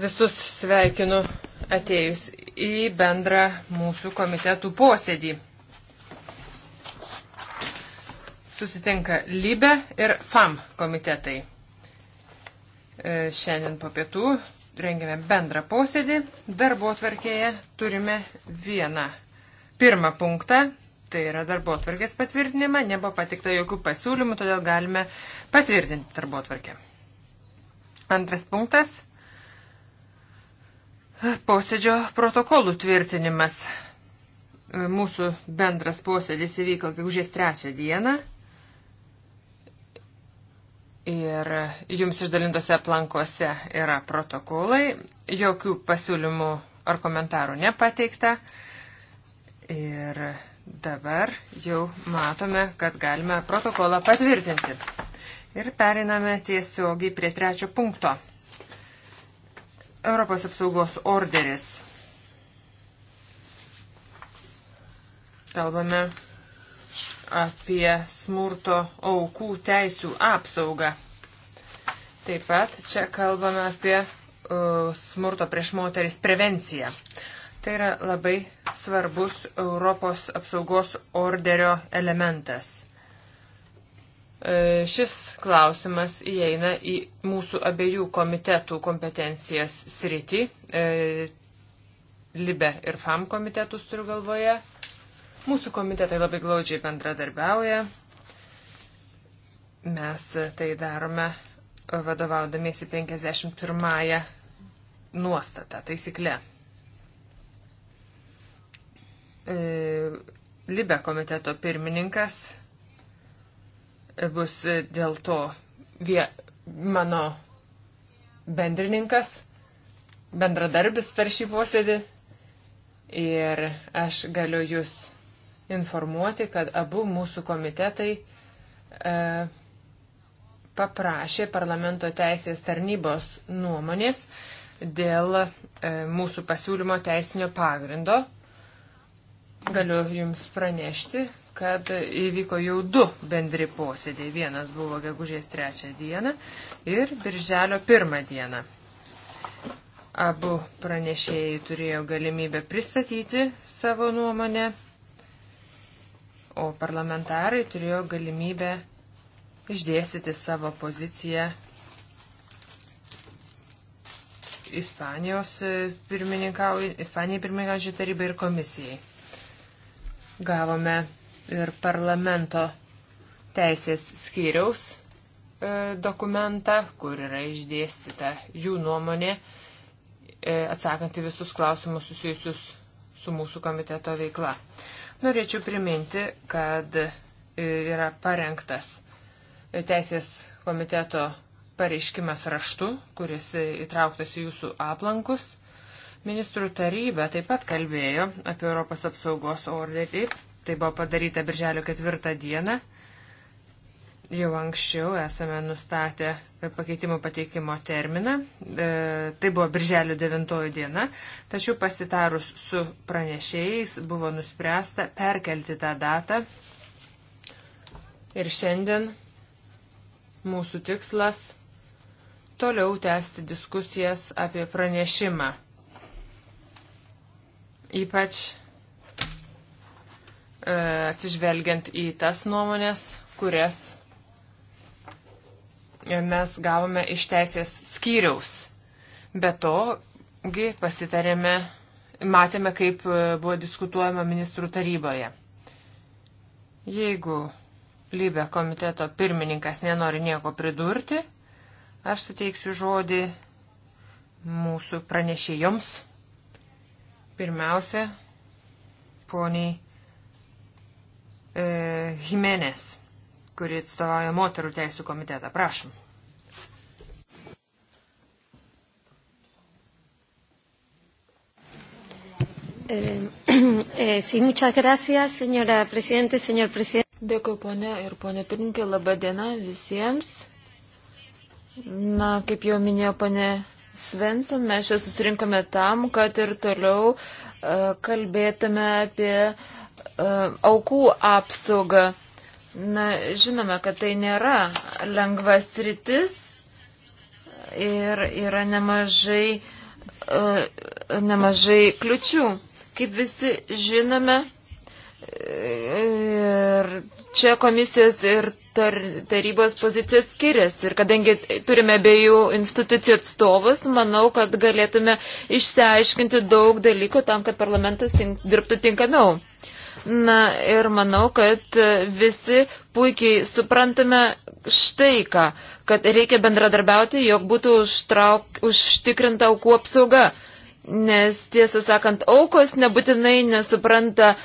Visus sveikinu atėjus į bendrą mūsų komitetų posėdį. Susitinka Libe ir FAM komitetai. E, šiandien po pietų rengiame bendrą posėdį. Darbo tvarkėje turime vieną. Pirmą punktą Tai yra darbo atvarkės patvirtinimą, nebuvo patikta jokių pasiūlymų, todėl galime patvirtinti darbo atvarkę. Antras punktas Posėdžio protokolų tvirtinimas. E, mūsų bendras posėdis įvyko gegužės trečią dieną. Ir jums išdalintose aplankose yra protokolai. Jokių pasiūlymų ar komentarų nepateikta. Ir dabar jau matome, kad galime protokolą patvirtinti. Ir periname tiesiogiai prie trečio punkto. Europos apsaugos orderis. Kalbame apie smurto aukų teisų apsaugą. Taip pat čia kalbame apie uh, smurto prieš moteris prevenciją. Tai yra labai svarbus Europos apsaugos orderio elementas. E, šis klausimas įeina į mūsų abiejų komitetų kompetencijas sritį, e, Libe ir FAM komitetus turiu galvoje. Mūsų komitetai labai glaudžiai bendradarbiauja. Mes tai darome vadovaudamiesi 51 nuostatą, taisyklę. E, Libe komiteto pirmininkas bus dėl to vie, mano bendrininkas, bendradarbis per šį posėdį. Ir aš galiu jūs informuoti, kad abu mūsų komitetai e, paprašė parlamento teisės tarnybos nuomonės dėl e, mūsų pasiūlymo teisinio pagrindo. Galiu jums pranešti, kad įvyko jau du bendri posėdėjai. Vienas buvo gegužės trečią dieną ir birželio pirmą dieną. Abu pranešėjai turėjo galimybę pristatyti savo nuomonę, o parlamentarai turėjo galimybę išdėstyti savo poziciją Ispanijos e, pirmininkaujančiai tarybai ir komisijai. Gavome ir parlamento teisės skyriaus e, dokumentą, kur yra išdėstyta jų nuomonė, e, atsakant į visus klausimus susijusius su mūsų komiteto veikla. Norėčiau priminti, kad e, yra parengtas teisės komiteto pareiškimas raštu, kuris įtrauktas į jūsų aplankus. Ministrų taryba taip pat kalbėjo apie Europos apsaugos orderį Tai buvo padaryta birželio ketvirtą dieną. Jau anksčiau esame nustatę pakeitimo pateikimo terminą. E, tai buvo birželio 9 diena. Tačiau pasitarus su pranešėjais buvo nuspręsta perkelti tą datą. Ir šiandien mūsų tikslas toliau tęsti diskusijas apie pranešimą. Ypač E, atsižvelgiant į tas nuomonės, kurias mes gavome iš teisės skyriaus. Be togi pasitarėme, matėme, kaip e, buvo diskutuojama ministrų taryboje. Jeigu lybė komiteto pirmininkas nenori nieko pridurti, aš suteiksiu žodį mūsų pranešėjoms. Pirmiausia, poniai e, Jimenez, kuri atstovauja moterų teisų komitetą. Prašom. Eh, eh, sí, muchas gracias, señora presidente, señor presidente. Dėkui, ponė ir ponė pirmininkė, laba diena visiems. Na, kaip jau minėjo ponė Svensson, mes čia susirinkome tam, kad ir toliau uh, kalbėtume apie uh, E, aukų apsaugą. Na, žinome, kad tai nėra lengvas rytis ir yra nemažai, e, nemažai kliučių. Kaip visi žinome, e, ir čia komisijos ir tar, tarybos pozicijos skiriasi. Ir kadangi turime abiejų institucijų atstovus, manau, kad galėtume išsiaiškinti daug dalykų tam, kad parlamentas tink, dirbtų tinkamiau. Uh, Na ir manau, kad visi puikiai suprantame štai ką, kad reikia bendradarbiauti, jog būtų užtrauk, užtikrinta aukų apsauga. Nes tiesą sakant, aukos nebūtinai nesupranta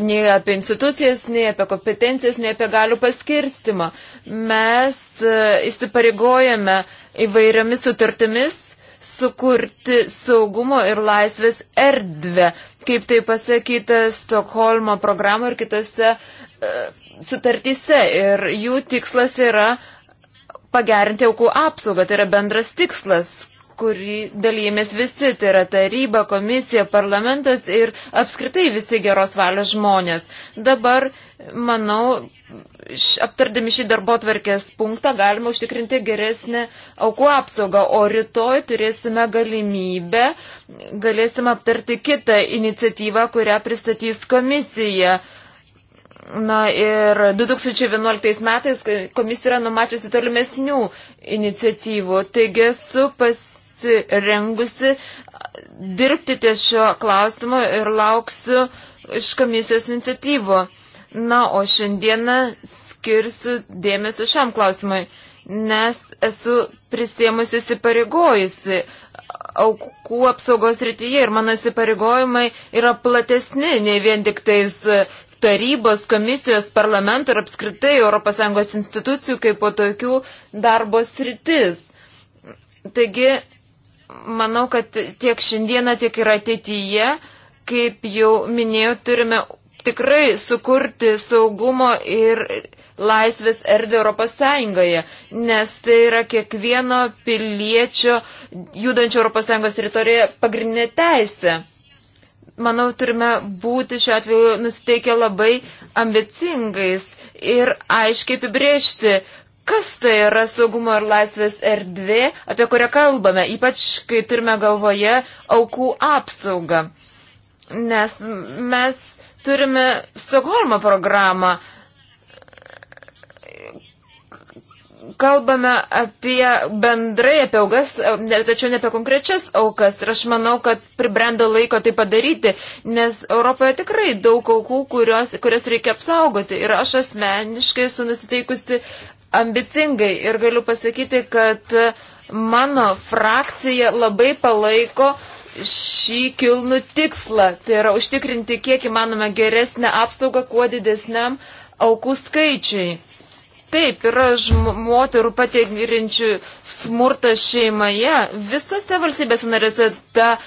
nei apie institucijas, nei apie kompetencijas, nei apie galių paskirstimą. Mes e, įsipareigojame įvairiomis sutartimis sukurti saugumo ir laisvės erdvę, kaip tai pasakyta Stokholmo programų ir kitose e, sutartyse. Ir jų tikslas yra pagerinti aukų apsaugą. Tai yra bendras tikslas, kurį dalyjėmės visi, tai yra taryba, komisija, parlamentas ir apskritai visi geros valios žmonės. Dabar manau, aptardami šį darbo tvarkės punktą galima užtikrinti geresnę aukų apsaugą, o rytoj turėsime galimybę, galėsime aptarti kitą iniciatyvą, kurią pristatys komisija. Na ir 2011 metais komisija yra numačiusi tolimesnių iniciatyvų, taigi esu pasirengusi dirbti ties šio klausimu ir lauksiu iš komisijos iniciatyvų. Na, o šiandieną skirsiu dėmesio šiam klausimui, nes esu prisėmusi įsipareigojusi aukų apsaugos rytyje ir mano įsipareigojimai yra platesni, nei vien tik tais e, tarybos, komisijos, parlamento ir apskritai ES institucijų kaip po tokių darbo sritis. Taigi, manau, kad tiek šiandieną, tiek ir ateityje, kaip jau minėjau, turime tikrai sukurti saugumo ir laisvės erdvę Europos Sąjungoje, nes tai yra kiekvieno piliečio judančio Europos Sąjungos teritorijoje pagrindinė teisė. Manau, turime būti šiuo atveju nusiteikę labai ambicingais ir aiškiai apibriežti, kas tai yra saugumo ir laisvės erdvė, apie kurią kalbame, ypač kai turime galvoje aukų apsaugą. Nes mes Turime Stokholmo programą. Kalbame apie bendrai apie augas, tačiau ne apie konkrečias aukas. Ir aš manau, kad pribrendo laiko tai padaryti, nes Europoje tikrai daug aukų, kurios, kurias reikia apsaugoti. Ir aš asmeniškai esu nusiteikusi ambicingai ir galiu pasakyti, kad mano frakcija labai palaiko uh, šį kilnų tikslą, tai yra užtikrinti kiek įmanoma geresnę apsaugą kuo didesniam aukų skaičiai. Taip, yra moterų patirinčių smurtą šeimoje. Visose valstybėse narėse ta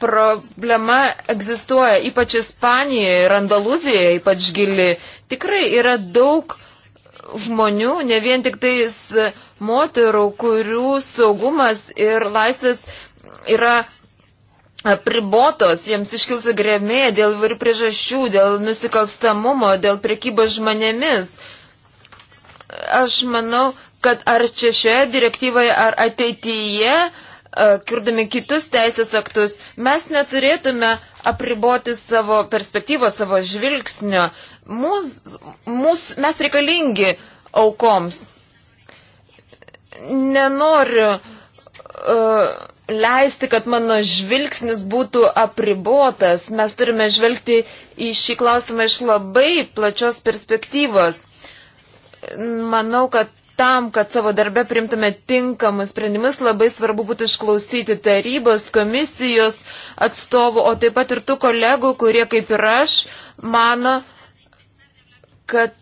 problema egzistuoja, ypač Ispanijoje ir Andaluzijoje, ypač gili. Tikrai yra daug žmonių, ne vien tik tais moterų, kurių saugumas ir laisvės yra pribotos, jiems iškils grėmė dėl įvairių priežasčių, dėl nusikalstamumo, dėl prekybos žmonėmis. Aš manau, kad ar čia šioje direktyvoje, ar ateityje, e, kirdami kitus teisės aktus, mes neturėtume apriboti savo perspektyvos, savo žvilgsnio. Mūs, mūs, mes reikalingi aukoms. Nenoriu. Uh, leisti, kad mano žvilgsnis būtų apribotas. Mes turime žvelgti į šį klausimą iš labai plačios perspektyvos. Manau, kad tam, kad savo darbę primtume tinkamus sprendimus, labai svarbu būtų išklausyti tarybos, komisijos atstovų, o taip pat ir tų kolegų, kurie kaip ir aš mano, kad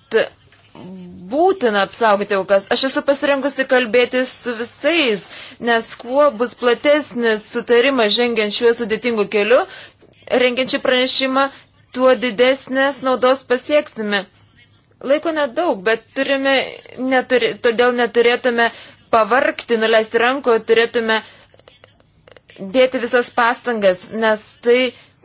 būtina apsaugoti aukas. Aš esu pasirengusi kalbėti su visais, nes kuo bus platesnis sutarimas žengiant šiuo sudėtingu keliu, rengiant šį pranešimą, tuo didesnės naudos pasieksime. Laiko nedaug, bet turime, neturi, todėl neturėtume pavarkti, nuleisti ranko, turėtume dėti visas pastangas, nes tai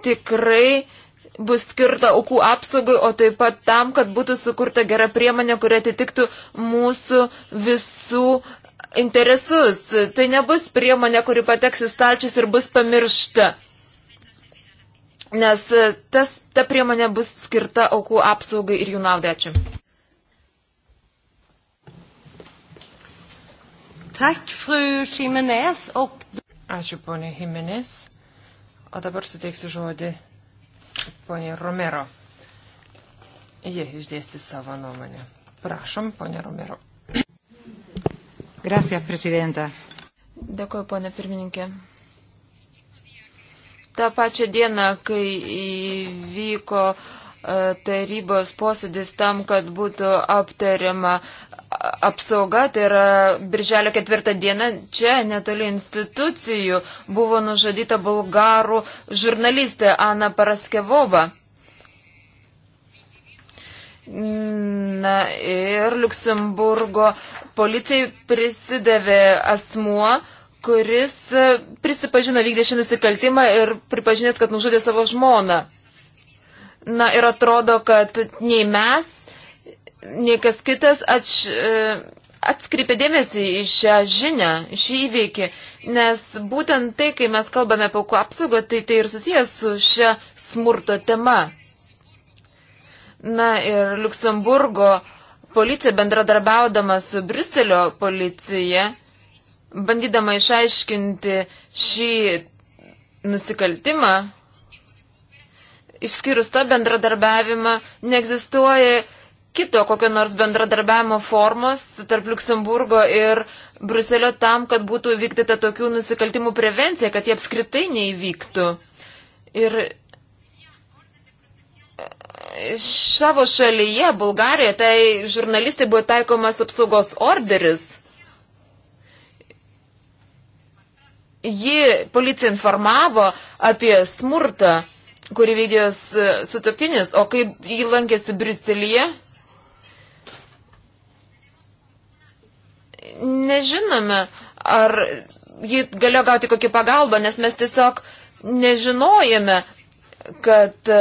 tikrai uh, bus skirta aukų apsaugai, o taip pat tam, kad būtų sukurta gera priemonė, kuri atitiktų mūsų visų interesus. Tai nebus priemonė, kuri pateks į stalčius ir bus pamiršta. Nes e, tas, ta priemonė bus skirta aukų apsaugai ir jų naudai. Ačiū. Tak, fru Jimenez. Ačiū, ponė Jimenez. O dabar suteiksiu žodį ponė Romero. Jie išdėsti savo nuomonę. Prašom, ponė Romero. Gracias, prezidenta. Dėkuoju, ponė pirmininkė. Ta pačia diena, kai įvyko e, tarybos posėdis tam, kad būtų aptariama apsauga, tai yra birželio ketvirtą dieną čia netoli institucijų buvo nužudyta bulgarų žurnalistė Ana Paraskevova. Na ir Luksemburgo policijai prisidavė asmuo, kuris prisipažino vykdėšį nusikaltimą ir pripažinęs, kad nužudė savo žmoną. Na ir atrodo, kad nei mes, niekas kitas atš, e, atskripė dėmesį į šią žinę, šį įveikį, nes būtent tai, kai mes kalbame apie aukų apsaugą, tai tai ir susijęs su šia smurto tema. Na ir Luksemburgo policija bendradarbiaudama su Briuselio policija, bandydama išaiškinti šį nusikaltimą, išskyrus tą bendradarbiavimą, neegzistuoja kito, kokio nors bendradarbiavimo formos tarp Luksemburgo ir Bruselio tam, kad būtų vykdyta tokių nusikaltimų prevencija, kad jie apskritai neįvyktų. Ir e, savo šalyje, Bulgarijoje, tai žurnalistai buvo taikomas apsaugos orderis. Ji policija informavo apie smurtą kurį vykdė jos e, sutartinis, o kai jį lankėsi Briuselėje, nežinome, ar ji galėjo gauti kokį pagalbą, nes mes tiesiog nežinojame, kad e,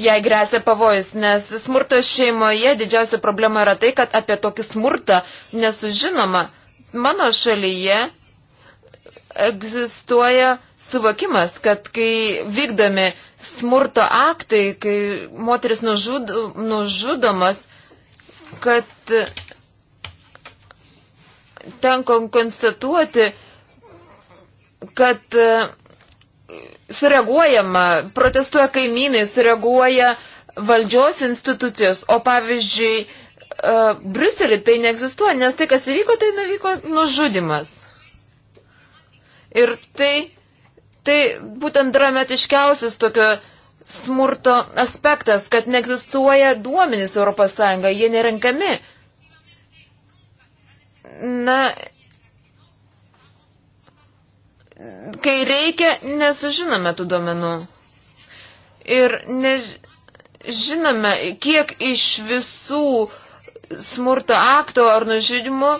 jai grėsia pavojus, nes smurto šeimoje didžiausia problema yra tai, kad apie tokį smurtą nesužinoma. Mano šalyje egzistuoja suvokimas, kad kai vykdomi smurto aktai, kai moteris nužud, nužudomas, kad tenko konstatuoti, kad e, sureaguojama, protestuoja kaimynai, sureaguoja valdžios institucijos, o pavyzdžiui, e, Briuselį tai neegzistuoja, nes tai, kas įvyko, tai nuvyko nužudimas. Ir tai, tai būtent dramatiškiausias tokio smurto aspektas, kad neegzistuoja duomenys ES, jie nerenkami. Na, kai reikia, nesužinome tų duomenų. Ir nežinome, kiek iš visų smurto akto ar nužudimų,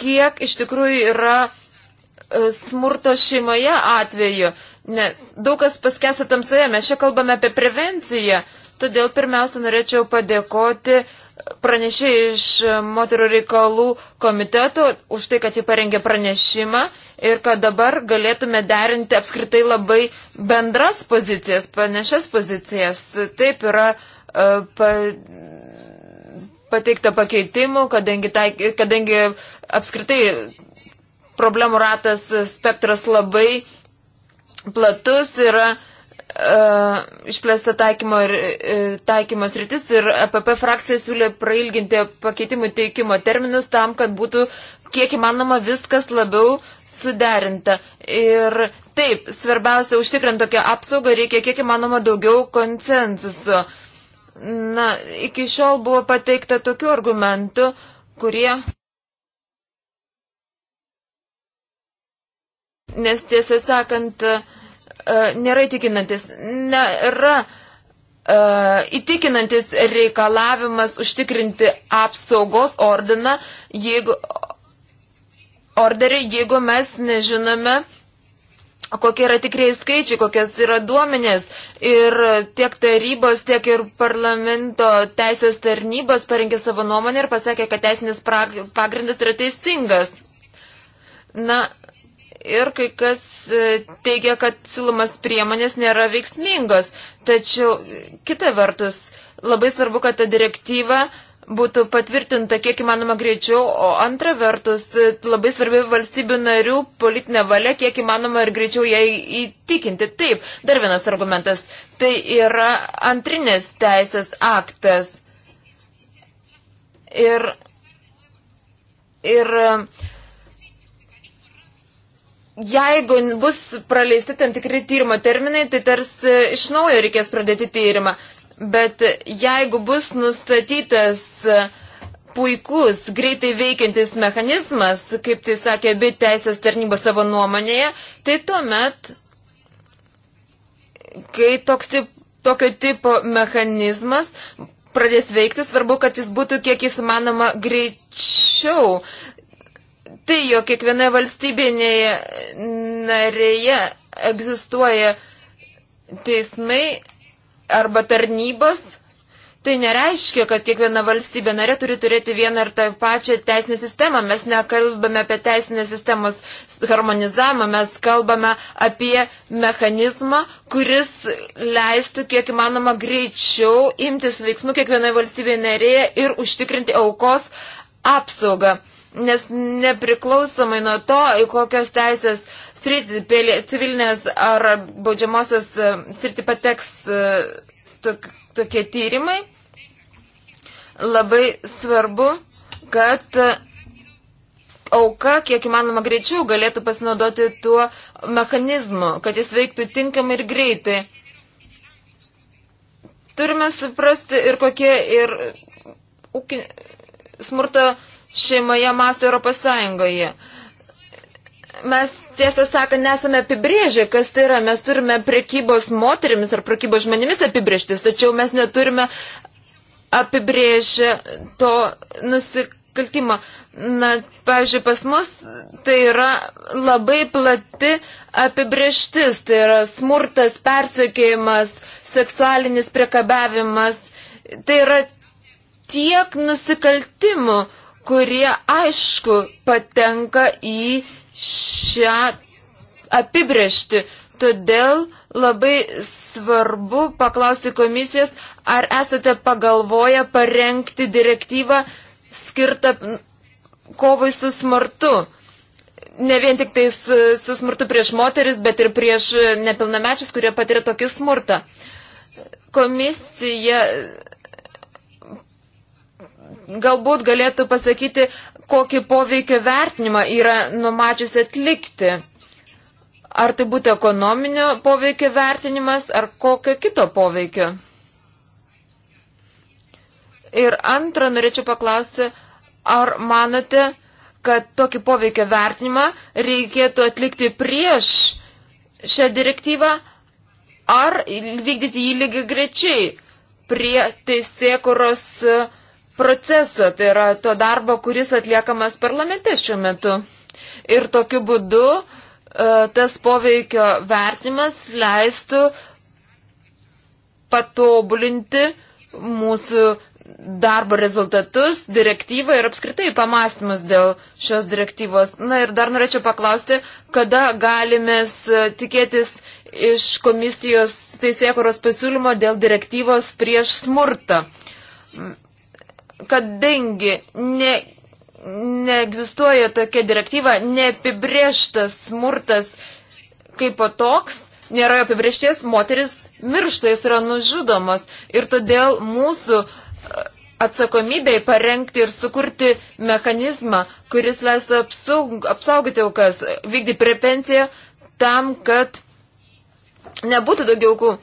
kiek iš tikrųjų yra e, smurto šeimoje atveju. Nes daug kas paskęsta tamsoje, mes čia kalbame apie prevenciją, Todėl pirmiausia norėčiau padėkoti pranešėjai iš moterų reikalų komiteto už tai, kad jį parengė pranešimą ir kad dabar galėtume derinti apskritai labai bendras pozicijas, panašias pozicijas. Taip yra e, pa, pateikta pakeitimų, kadangi, taik, kadangi apskritai problemų ratas spektras labai platus yra E, išplėsta taikymo ir e, taikymas rytis ir APP e frakcija siūlė prailginti pakeitimų teikimo terminus tam, kad būtų kiek įmanoma viskas labiau suderinta. Ir taip, svarbiausia, užtikrint tokią apsaugą reikia kiek įmanoma daugiau konsensuso. Na, iki šiol buvo pateikta tokių argumentų, kurie. Nes tiesą sakant, uh, E, nėra įtikinantis. Nėra e, įtikinantis reikalavimas užtikrinti apsaugos ordiną, jeigu, orderį, jeigu mes nežinome, kokie yra tikrai skaičiai, kokias yra duomenės. Ir tiek tarybos, tiek ir parlamento teisės tarnybos parengė savo nuomonę ir pasakė, kad teisinis pagrindas yra teisingas. Na, ir kai kas e, teigia, kad siūlomas priemonės nėra veiksmingos. Tačiau kita vertus, labai svarbu, kad ta direktyva būtų patvirtinta kiek įmanoma greičiau, o antra vertus, e, labai svarbi valstybių narių politinė valia, kiek įmanoma ir greičiau ją įtikinti. Taip, dar vienas argumentas, tai yra antrinės teisės aktas. Ir, ir jeigu bus praleisti tam tikri tyrimo terminai, tai tarsi iš naujo reikės pradėti tyrimą. Bet jeigu bus nustatytas puikus, greitai veikiantis mechanizmas, kaip tai sakė abi teisės tarnybos savo nuomonėje, tai tuomet, kai toks tip, tokio tipo mechanizmas pradės veikti, svarbu, kad jis būtų kiek įmanoma greičiau tai, jog kiekvienoje valstybinėje narėje egzistuoja teismai arba tarnybos, tai nereiškia, kad kiekviena valstybė narė turi turėti vieną ar tą pačią teisinę sistemą. Mes nekalbame apie teisinės sistemos harmonizavimą, mes kalbame apie mechanizmą, kuris leistų kiek įmanoma greičiau imtis veiksmų kiekvienoje valstybėje narėje ir užtikrinti aukos apsaugą nes nepriklausomai nuo to, į kokios teisės sritį, civilinės ar baudžiamosios e, sritį pateks e, tok, tokie tyrimai, labai svarbu, kad auka kiek įmanoma greičiau galėtų pasinaudoti tuo mechanizmu, kad jis veiktų tinkamai ir greitai. Turime suprasti ir kokie ir ūkin... smurto šeimoje masto Europos Sąjungoje. Mes tiesą sakant nesame apibrėžę, kas tai yra. Mes turime prekybos moterimis ar prekybos žmonėmis apibrėžtis, tačiau mes neturime apibrėžę to nusikaltimo. Na, pavyzdžiui, pas mus tai yra labai plati apibrieštis, tai yra smurtas, persekėjimas, seksualinis priekabiavimas, tai yra tiek nusikaltimų, kurie aišku patenka į šią apibriešti. Todėl labai svarbu paklausti komisijos, ar esate pagalvoję parengti direktyvą skirtą kovai su smartu. Ne vien tik tai su, su smurtu prieš moteris, bet ir prieš nepilnamečius, kurie patiria tokį smurtą. Komisija galbūt galėtų pasakyti, kokį poveikio vertinimą yra numačiusi atlikti. Ar tai būtų ekonominio poveikio vertinimas, ar kokio kito poveikio. Ir antrą norėčiau paklausti, ar manote, kad tokį poveikio vertinimą reikėtų atlikti prieš šią direktyvą, ar vykdyti jį lygiai grečiai prie teisėkuros uh, proceso, tai yra to darbo, kuris atliekamas parlamente šiuo metu. Ir tokiu būdu e, tas poveikio vertinimas leistų patobulinti mūsų darbo rezultatus, direktyvą ir apskritai pamastymus dėl šios direktyvos. Na ir dar norėčiau paklausti, kada galime tikėtis iš komisijos teisėkuros pasiūlymo dėl direktyvos prieš smurtą kadangi ne, neegzistuoja tokia direktyva, neapibrieštas smurtas kaip o toks, nėra apibriešties, moteris miršta, jis yra nužudomas. Ir todėl mūsų e, atsakomybei parengti ir sukurti mechanizmą, kuris leistų apsaugoti aukas, vykdyti prevenciją tam, kad nebūtų daugiau aukų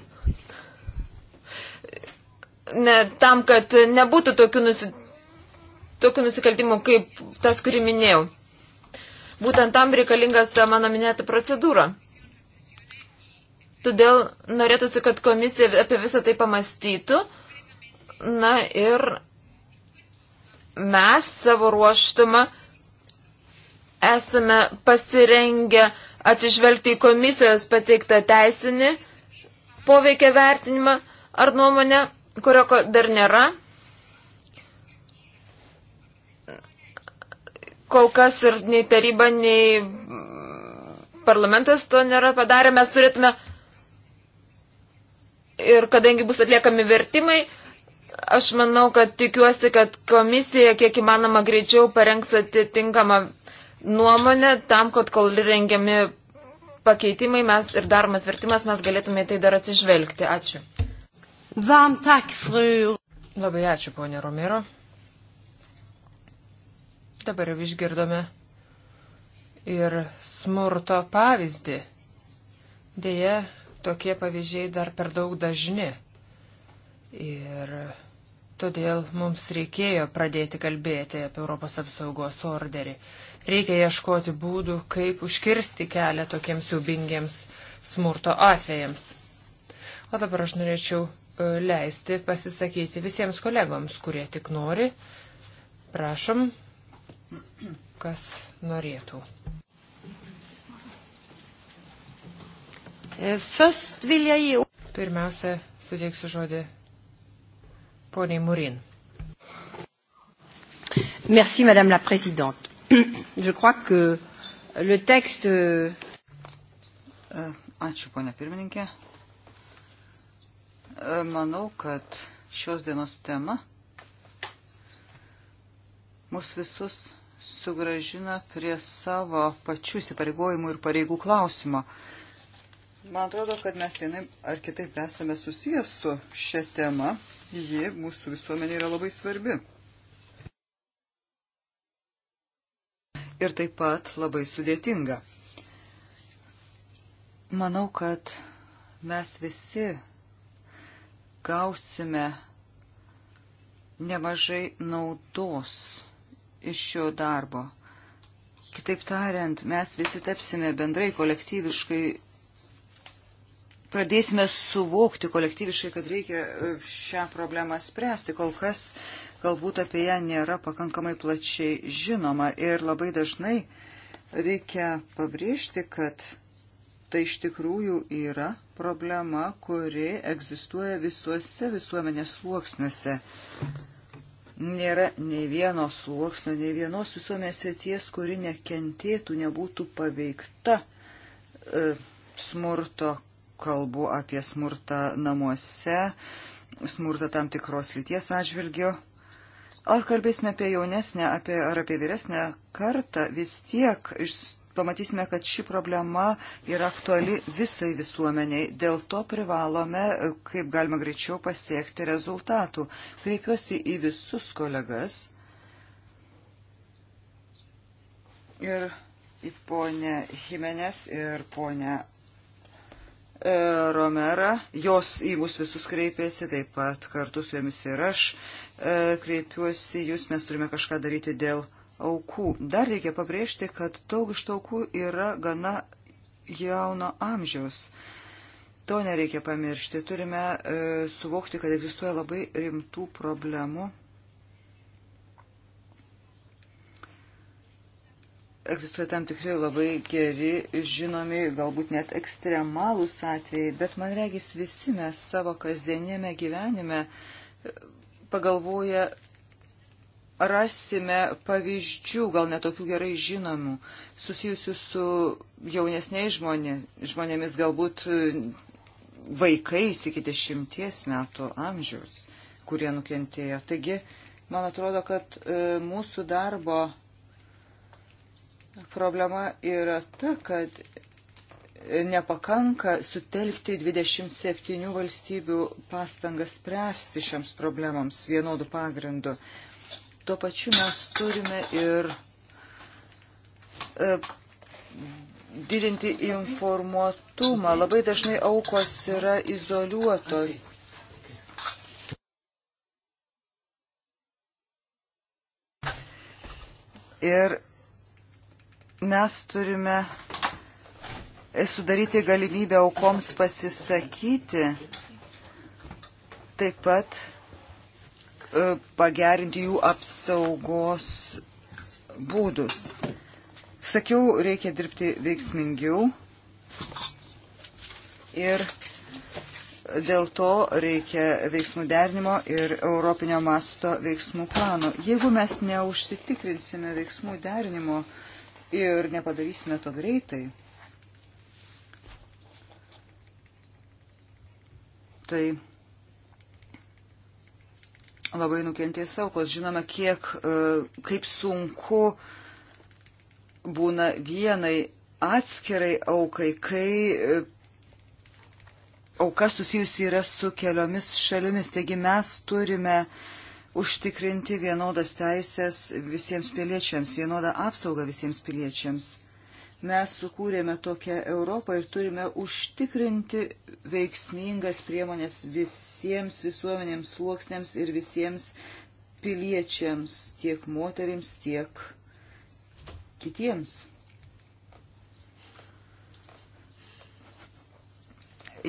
ne, tam, kad nebūtų tokių, nusi, tokių nusikaltimų kaip tas, kurį minėjau. Būtent tam reikalingas ta mano minėta procedūra. Todėl norėtųsi, kad komisija apie visą tai pamastytų. Na ir mes savo ruoštumą esame pasirengę atsižvelgti į komisijos pateiktą teisinį poveikia vertinimą ar nuomonę, kurio dar nėra. Kol kas ir nei taryba, nei parlamentas to nėra padarę. Mes turėtume ir kadangi bus atliekami vertimai, aš manau, kad tikiuosi, kad komisija kiek įmanoma greičiau parengs atitinkamą nuomonę tam, kad kol rengiami pakeitimai mes ir daromas vertimas mes galėtume į tai dar atsižvelgti. Ačiū. Varmt tak, fru. Labai ačiū, ponė Romero. Dabar jau išgirdome ir smurto pavyzdį. Deja, tokie pavyzdžiai dar per daug dažni. Ir todėl mums reikėjo pradėti kalbėti apie Europos apsaugos orderį. Reikia ieškoti būdų, kaip užkirsti kelią tokiems siubingiems smurto atvejams. O dabar aš norėčiau leisti pasisakyti visiems kolegoms, kurie tik nori. Prašom, kas norėtų. Eh, Pirmiausia, suteiksiu žodį poniai Murin. Merci, Madame la Présidente. Je crois que le texte. Eh, ačiū, ponia pirmininkė. E, manau, kad šios dienos tema mus visus sugražina prie savo pačių įsipareigojimų ir pareigų klausimo. Man atrodo, kad mes vienai ar kitaip esame susijęs su šia tema. Ji mūsų visuomenė yra labai svarbi. Ir taip pat labai sudėtinga. Manau, kad mes visi gausime nemažai naudos iš šio darbo. Kitaip tariant, mes visi tapsime bendrai kolektyviškai, pradėsime suvokti kolektyviškai, kad reikia e, šią problemą spręsti. Kol kas galbūt apie ją nėra pakankamai plačiai žinoma ir labai dažnai reikia pabrėžti, kad tai iš tikrųjų yra problema, kuri egzistuoja visuose visuomenės sluoksniuose. Nėra nei vieno sluoksnio, nei vienos visuomenės srities, kuri nekentėtų, nebūtų paveikta e, smurto, kalbu apie smurtą namuose, smurtą tam tikros lyties atžvilgio. Ar kalbėsime apie jaunesnę apie, ar apie vyresnę kartą, vis tiek iš pamatysime, kad ši problema yra aktuali visai visuomeniai. Dėl to privalome, kaip galima greičiau, pasiekti rezultatų. Kreipiuosi į visus kolegas ir į ponę Jimenez ir ponę e, Romera, jos į mus visus kreipėsi, taip pat kartu su jomis ir aš e, kreipiuosi, jūs mes turime kažką daryti dėl aukų. Dar reikia pabrėžti, kad daug iš aukų yra gana jauno amžiaus. To nereikia pamiršti. Turime e, suvokti, kad egzistuoja labai rimtų problemų. Egzistuoja tam tikrai labai geri, žinomi, galbūt net ekstremalūs atvejai, bet man regis visi mes savo kasdienėme gyvenime e, pagalvoja rasime pavyzdžių, gal netokių gerai žinomų, susijusių su jaunesniais žmonė, žmonėmis, galbūt e, vaikais iki dešimties metų amžiaus, kurie nukentėjo. Taigi, man atrodo, kad e, mūsų darbo problema yra ta, kad nepakanka sutelkti 27 valstybių pastangas spręsti šiams problemams vienodų pagrindų. Tuo pačiu mes turime ir e, didinti informuotumą. Labai dažnai aukos yra izoliuotos. Ir mes turime e, sudaryti galimybę aukoms pasisakyti. Taip pat E, pagerinti jų apsaugos būdus. Sakiau, reikia dirbti veiksmingiau ir dėl to reikia veiksmų derinimo ir europinio masto veiksmų plano. Jeigu mes neužsitikrinsime veiksmų derinimo ir nepadarysime to greitai, tai labai nukentės aukos. Žinome, kiek, e, kaip sunku būna vienai atskirai aukai, kai e, auka susijusi yra su keliomis šalimis. Taigi mes turime užtikrinti vienodas teisės visiems piliečiams, vienodą apsaugą visiems piliečiams. Mes sukūrėme tokią Europą ir turime užtikrinti veiksmingas priemonės visiems visuomenėms sluoksniams ir visiems piliečiams, tiek moterims, tiek kitiems.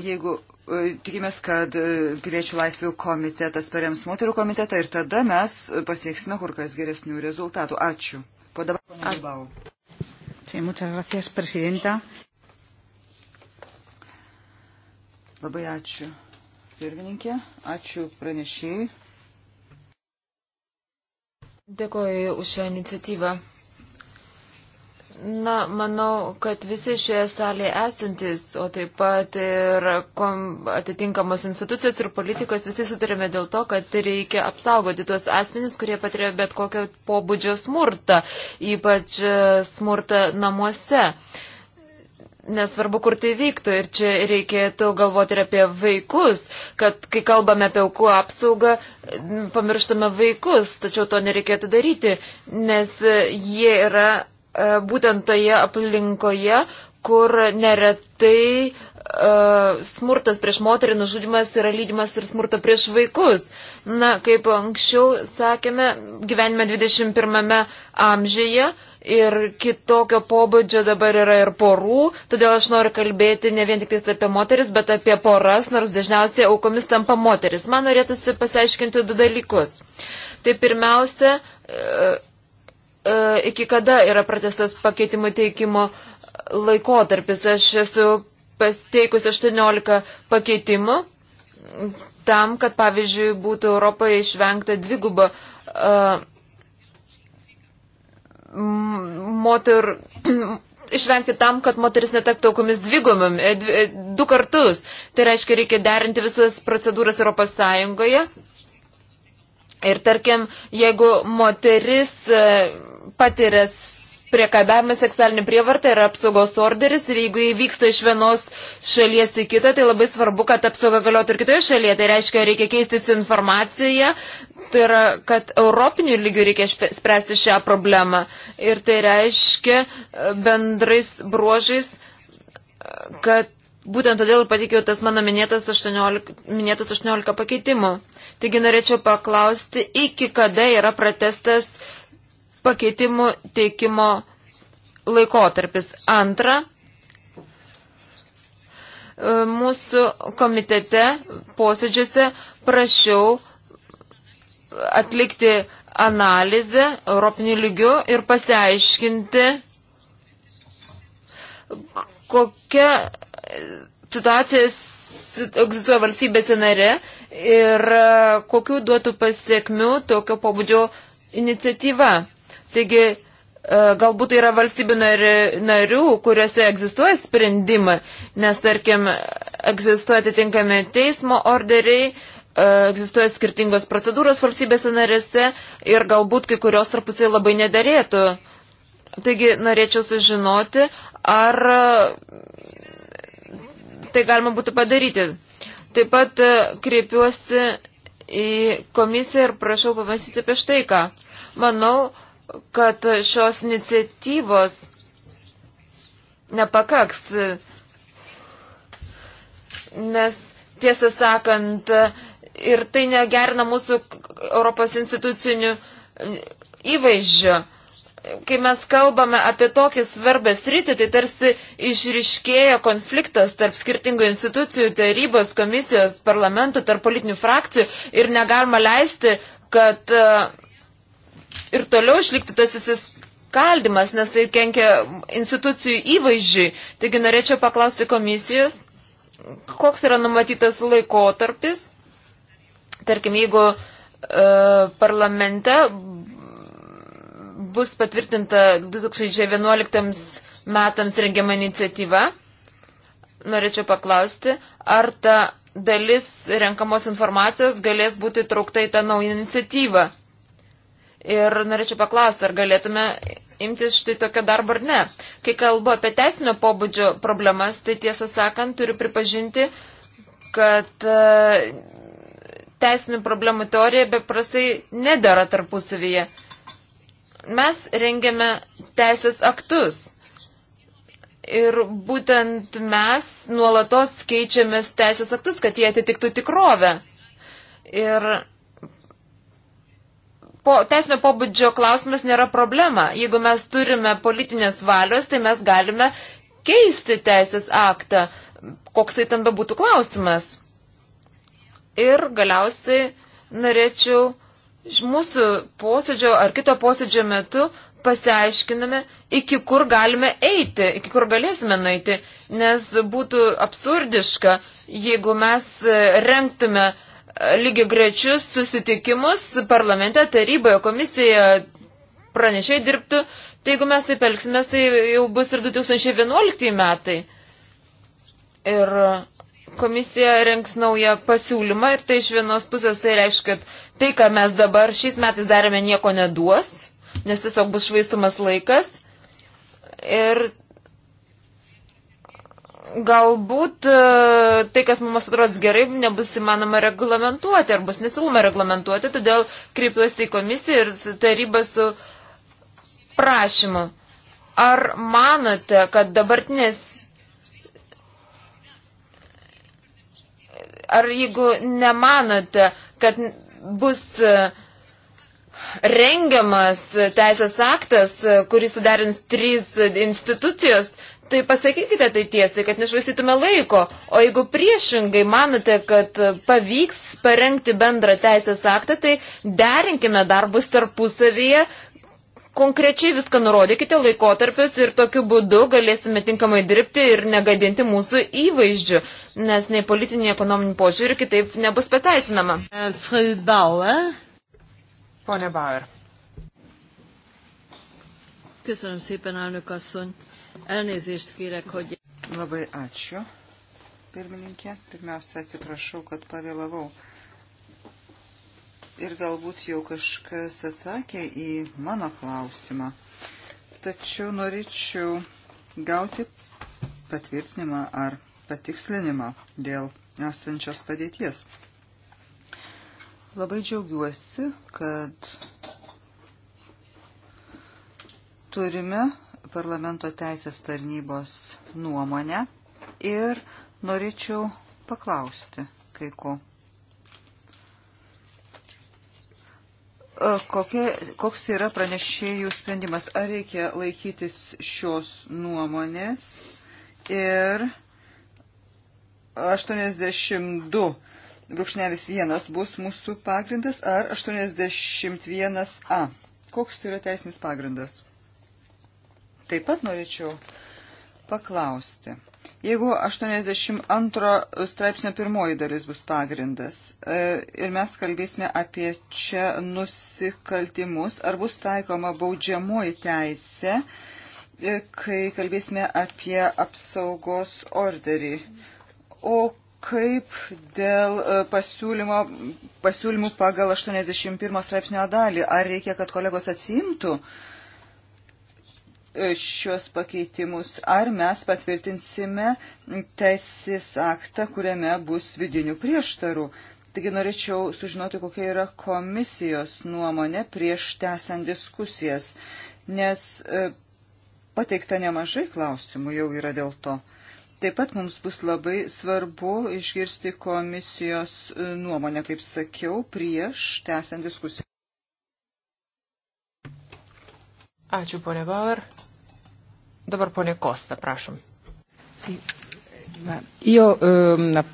Jeigu e, tikimės, kad e, piliečių laisvių komitetas parems moterų komitetą ir tada mes pasieksime kur kas geresnių rezultatų. Ačiū. Po dabar, ponė Bilbao. Sí, muchas gracias, prezidenta. Labai ačiū pirmininkė, ačiū pranešėjai. Dėkoju už šią iniciatyvą. Na, manau, kad visi šioje salėje esantis, o taip pat ir atitinkamos institucijos ir politikos, visi sutarėme dėl to, kad reikia apsaugoti tuos asmenys, kurie patiria bet kokio pobūdžio smurtą, ypač e, smurtą namuose. Nesvarbu, kur tai vyktų ir čia reikėtų galvoti ir apie vaikus, kad kai kalbame apie aukų apsaugą, pamirštame vaikus, tačiau to nereikėtų daryti, nes jie yra E, būtent toje aplinkoje, kur neretai e, smurtas prieš moterį nužudimas yra lydimas ir smurto prieš vaikus. Na, kaip anksčiau sakėme, gyvenime 21 amžiuje ir kitokio pobūdžio dabar yra ir porų, todėl aš noriu kalbėti ne vien tik apie moteris, bet apie poras, nors dažniausiai aukomis tampa moteris. Man norėtųsi pasiaiškinti du dalykus. Tai pirmiausia, e, E, iki kada yra pratestas pakeitimų teikimo laikotarpis. Aš esu pasteikusi 18 pakeitimų tam, kad pavyzdžiui būtų Europoje išvengta dvigubo uh, moter, išvengti tam, kad moteris netektų aukomis dvigumam, e, dvi, du kartus. Tai reiškia, reikia derinti visas procedūras Europos Sąjungoje Ir tarkim, jeigu moteris e, patiria priekabiavimą seksualinį prievartą ir apsaugos orderis ir jeigu įvyksta iš vienos šalies į kitą, tai labai svarbu, kad apsauga galiotų ir kitoje šalyje. Tai reiškia, reikia keistis informaciją, tai yra, kad europinių lygių reikia spręsti šią problemą. Ir tai reiškia e, bendrais bruožais, e, kad būtent todėl pateikiau tas mano minėtas 18, minėtas 18 pakeitimų. Taigi norėčiau paklausti, iki kada yra pratestas pakeitimų teikimo laikotarpis. Antra, e, mūsų komitete posėdžiuose prašiau atlikti analizę Europinių lygių ir pasiaiškinti, kokia situacija egzistuoja valstybėse nare ir e, kokiu duotų pasiekmių tokio pobūdžio iniciatyva. Taigi, e, galbūt yra valstybių narių, kuriuose egzistuoja sprendimai, nes, tarkim, egzistuoja atitinkami teismo orderiai, e, egzistuoja skirtingos procedūros valstybėse narėse ir galbūt kai kurios tarpusiai labai nedarėtų. Taigi, norėčiau sužinoti, ar tai galima būtų padaryti. Taip pat e, kreipiuosi į komisiją ir prašau pamastyti apie štai ką. Manau, kad šios iniciatyvos nepakaks, e, nes tiesą sakant, e, ir tai negerina mūsų Europos institucinių įvaizdžio kai mes kalbame apie tokį svarbę sritį, tai tarsi išriškėja konfliktas tarp skirtingų institucijų, tarybos, komisijos, parlamento, tarp politinių frakcijų ir negalima leisti, kad e, ir toliau išliktų tas įsiskaldimas, nes tai kenkia institucijų įvaizdžiui. Taigi norėčiau paklausti komisijos, koks yra numatytas laikotarpis, tarkim, jeigu e, parlamente bus patvirtinta 2011 metams rengiama iniciatyva. Norėčiau paklausti, ar ta dalis renkamos informacijos galės būti traukta į tą naują iniciatyvą. Ir norėčiau paklausti, ar galėtume imtis štai tokio darbo ar ne. Kai kalbu apie teisinio pobūdžio problemas, tai tiesą sakant, turiu pripažinti, kad e, teisinių problemų teorija beprastai nedara tarpusavyje. Mes rengiame teisės aktus. Ir būtent mes nuolatos keičiamės teisės aktus, kad jie atitiktų tikrovę. Ir po, teisinio pobūdžio klausimas nėra problema. Jeigu mes turime politinės valios, tai mes galime keisti teisės aktą, koksai ten bebūtų klausimas. Ir galiausiai norėčiau mūsų posėdžio ar kito posėdžio metu pasiaiškiname, iki kur galime eiti, iki kur galėsime nueiti, nes būtų absurdiška, jeigu mes e, renktume lygi grečius susitikimus parlamente, taryboje, komisijoje pranešiai dirbtų, tai jeigu mes taip elgsime, tai jau bus ir 2011 metai. Ir komisija renks naują pasiūlymą ir tai iš vienos pusės tai reiškia, kad tai, ką mes dabar šiais metais darėme, nieko neduos, nes tiesiog bus švaistumas laikas. Ir galbūt e, tai, kas mums atrodys gerai, nebus įmanoma reglamentuoti ar bus nesiluma reglamentuoti, todėl kreipiuosi į komisiją ir tarybą su prašymu. Ar manote, kad dabartinės ar jeigu nemanote, kad bus e, rengiamas teisės aktas, e, kurį suderins trys institucijos, tai pasakykite tai tiesiai, kad nešvaistytume laiko. O jeigu priešingai manote, kad pavyks parengti bendrą teisės aktą, tai derinkime darbus tarpusavyje, Konkrečiai viską nurodykite laikotarpius ir tokiu būdu galėsime tinkamai dirbti ir negadinti mūsų įvaizdžių, nes nei politinį, nei ekonominį požiūrį kitaip nebus pateisinama. Eh, fru Bauer. Pone Bauer. Köszönöm szépen, elnök asszony. Elnézést kérek, hogy... Labai ačiū, pirmininkė. Pirmiausia, atsiprašau, kad pavėlavau. Uh, ir galbūt jau kažkas atsakė į mano klausimą. Tačiau norėčiau gauti patvirtinimą ar patikslinimą dėl esančios padėties. Labai džiaugiuosi, kad turime parlamento teisės tarnybos nuomonę ir norėčiau paklausti kai ko. E, Kokie, koks yra pranešėjų sprendimas? Ar reikia laikytis šios nuomonės? Ir 82 brūkšnelis 1 bus mūsų pagrindas ar 81a. Koks yra teisinis pagrindas? Taip pat norėčiau paklausti. Jeigu 82 straipsnio pirmoji dalis bus pagrindas e, ir mes kalbėsime apie čia nusikaltimus, ar bus taikoma baudžiamoji teisė, e, kai kalbėsime apie apsaugos orderį. O kaip dėl e, pasiūlymo, pasiūlymų pagal 81 straipsnio dalį, ar reikia, kad kolegos atsimtų uh, šios pakeitimus, ar mes patvirtinsime teisės aktą, kuriame bus vidinių prieštarų. Taigi norėčiau sužinoti, kokia yra komisijos nuomonė prieš tęsiant diskusijas, nes e, pateikta nemažai klausimų jau yra dėl to. Taip pat mums bus labai svarbu išgirsti komisijos e, nuomonę, kaip sakiau, prieš tęsiant diskusiją. Ačiū, ponė Bauer. Dabar ponė Kosta, prašom. Sì. Io eh,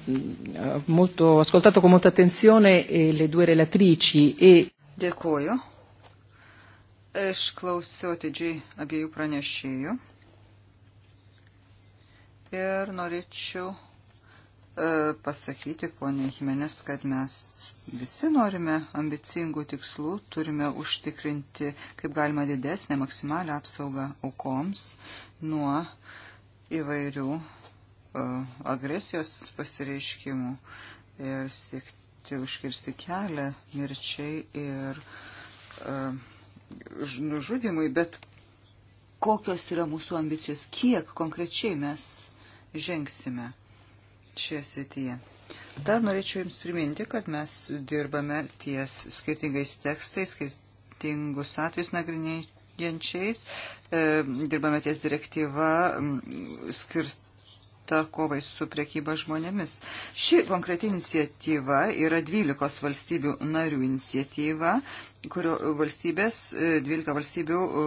molto, ho ascoltato con molta attenzione eh, le due relatrici e... Dėkuoju. Išklausiau atidžiai abiejų pranešėjų. Ir norėčiau e, pasakyti, ponė Jimenez, kad mes Visi norime ambicingų tikslų, turime užtikrinti kaip galima didesnę maksimalę apsaugą aukoms nuo įvairių uh, agresijos pasireiškimų ir siekti užkirsti kelią mirčiai ir uh, e, nužudimui, bet kokios yra mūsų ambicijos, kiek konkrečiai mes žengsime šioje srityje. Dar norėčiau Jums priminti, kad mes dirbame ties skirtingais tekstais, skirtingus atvejus nagrinėjančiais, e, dirbame ties direktyva skirta skirta kovai su priekyba žmonėmis. Ši konkreti iniciatyva yra 12 valstybių narių iniciatyva, kurio valstybės, 12 e, valstybių e,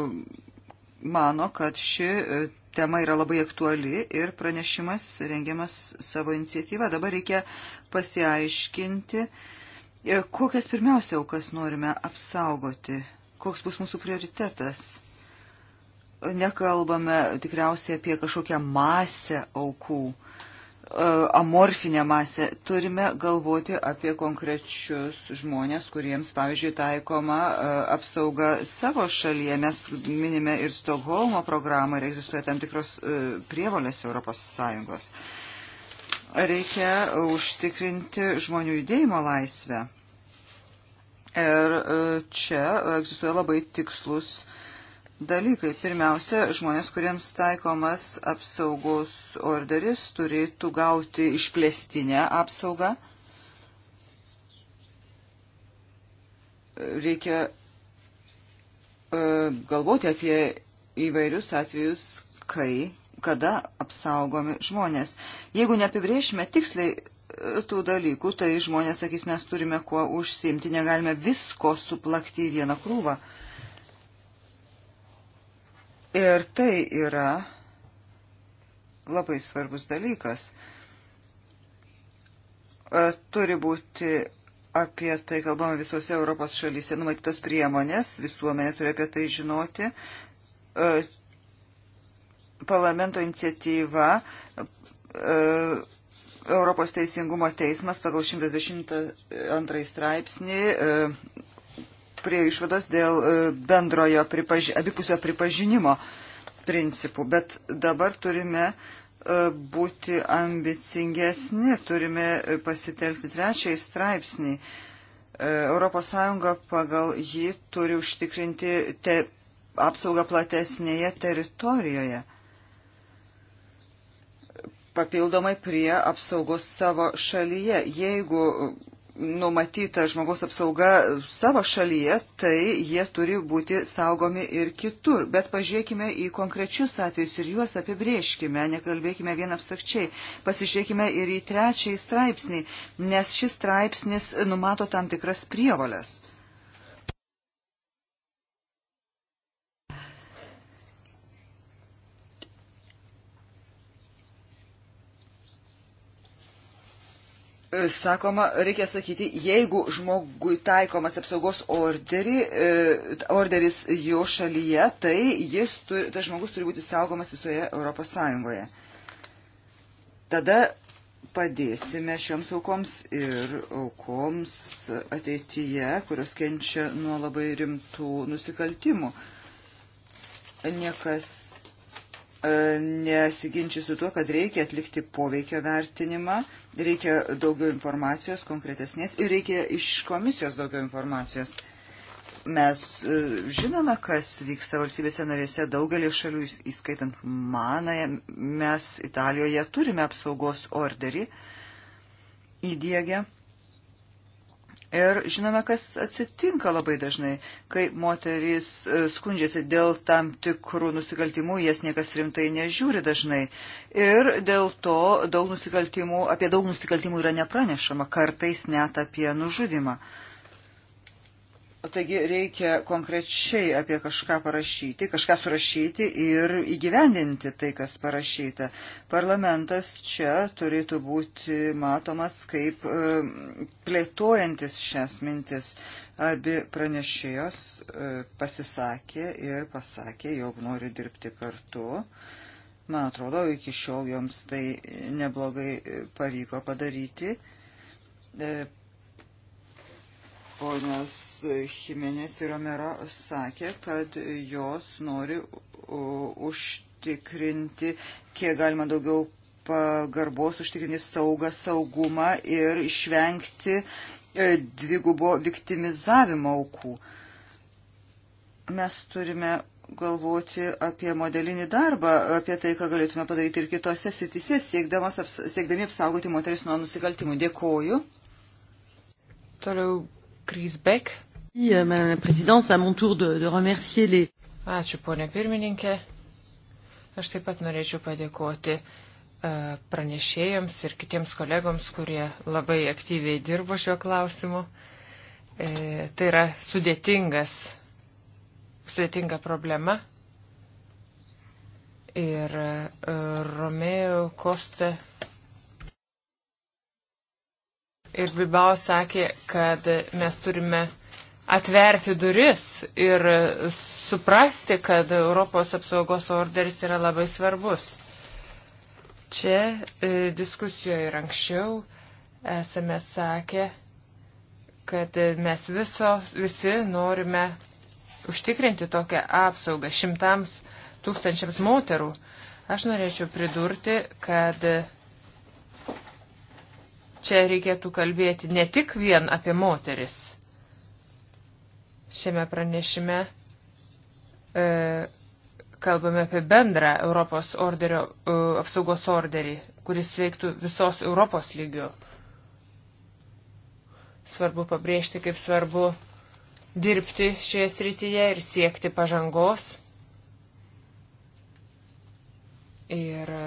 mano, kad ši tema yra labai aktuali ir pranešimas rengiamas savo iniciatyvą. Dabar reikia pasiaiškinti, e, kokias pirmiausia aukas norime apsaugoti, koks bus mūsų prioritetas. Nekalbame tikriausiai apie kažkokią masę aukų amorfinė masė. Turime galvoti apie konkrečius žmonės, kuriems, pavyzdžiui, taikoma e, apsauga savo šalyje. Mes minime ir Stokholmo programą ir egzistuoja tam tikros e, prievolės Europos Sąjungos. Reikia užtikrinti žmonių judėjimo laisvę. Ir e, čia egzistuoja labai tikslus uh, dalykai. Pirmiausia, žmonės, kuriems taikomas apsaugos orderis, turėtų gauti išplėstinę apsaugą. Reikia e, galvoti apie įvairius atvejus, kai, kada apsaugomi žmonės. Jeigu neapibrėšime tiksliai e, tų dalykų, tai žmonės sakys, mes turime kuo užsiimti, negalime visko suplakti į vieną krūvą. Uh, Ir tai yra labai svarbus dalykas. E, turi būti apie tai kalbama visose Europos šalyse numatytos priemonės, visuomenė turi apie tai žinoti. E, parlamento iniciatyva e, Europos teisingumo teismas pagal 122 straipsnį prie išvados dėl e, bendrojo pripaži abipusio pripažinimo principų, bet dabar turime e, būti ambicingesni, turime e, pasitelkti trečiąjį straipsnį. ES pagal jį turi užtikrinti te, apsaugą platesnėje teritorijoje papildomai prie apsaugos savo šalyje. Jeigu numatyta žmogaus apsauga savo šalyje, tai jie turi būti saugomi ir kitur. Bet pažiūrėkime į konkrečius atvejus ir juos apibrieškime, nekalbėkime vien abstrakčiai. Pasižiūrėkime ir į trečiąjį straipsnį, nes šis straipsnis numato tam tikras prievalės. E, sakoma, reikia sakyti, jeigu žmogui taikomas apsaugos orderį, e, orderis jo šalyje, tai jis, turi, tas žmogus turi būti saugomas visoje Europos Sąjungoje. Tada padėsime šioms aukoms ir aukoms ateityje, kurios kenčia nuo labai rimtų nusikaltimų. Niekas E, nesiginčiu tuo, kad reikia atlikti poveikio vertinimą, reikia daugiau informacijos, konkretesnės ir reikia iš komisijos daugiau informacijos. Mes e, žinome, kas vyksta valstybėse narėse daugelį šalių, įskaitant maną, mes Italijoje turime apsaugos orderį įdėgę Ir žinome, kas atsitinka labai dažnai, kai moterys e, skundžiasi dėl tam tikrų nusikaltimų, jas niekas rimtai nežiūri dažnai. Ir dėl to daug nusikaltimų, apie daug nusikaltimų yra nepranešama, kartais net apie nužudimą. Uh, Taigi reikia konkrečiai apie kažką parašyti, kažką surašyti ir įgyvendinti tai, kas parašyta. Parlamentas čia turėtų būti matomas kaip plėtojantis šias mintis. Abi pranešėjos e, pasisakė ir pasakė, jog nori dirbti kartu. Man atrodo, iki šiol joms tai neblogai e, pavyko padaryti. E, ponios Jimenez ir Romero sakė, kad jos nori užtikrinti kiek galima daugiau pagarbos, užtikrinti saugą, saugumą ir išvengti e, dvigubo viktimizavimo aukų. Mes turime galvoti apie modelinį darbą, apie tai, ką galėtume padaryti ir kitose sitise, aps, siekdami apsaugoti moteris nuo nusikaltimų. Dėkoju. Toliau Krisbek. Euh, Ačiū, ponė pirmininkė. Aš taip pat norėčiau padėkoti e, pranešėjams ir kitiems kolegoms, kurie labai aktyviai dirbo šiuo klausimu. E, tai yra sudėtingas, sudėtinga problema. Ir e, Romeo Kosta ir Bibao sakė, kad mes turime uh, atverti duris ir suprasti, kad Europos apsaugos orderis yra labai svarbus. Čia e, diskusijoje ir anksčiau esame sakę, kad e, mes visos, visi norime užtikrinti tokią apsaugą šimtams tūkstančiams moterų. Aš norėčiau pridurti, kad e, čia reikėtų kalbėti ne tik vien apie moteris Šiame pranešime e, kalbame apie bendrą Europos orderio, e, apsaugos orderį, kuris veiktų visos Europos lygių. Svarbu pabrėžti, kaip svarbu dirbti šioje srityje ir siekti pažangos. Ir e,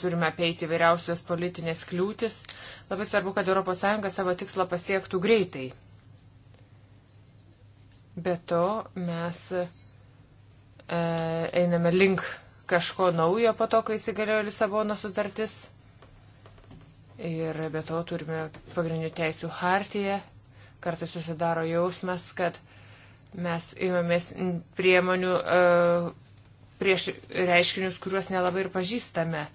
turime apeiti vairiausios politinės kliūtis. Labai svarbu, kad ES savo tikslą pasiektų greitai. Be to mes e, einame link kažko naujo po to, kai įsigaliojo Lisabono sutartis. Ir be to turime pagrindinių teisų hartiją. Kartais susidaro jausmas, kad mes imamės priemonių e, prieš reiškinius, kuriuos nelabai ir pažįstame.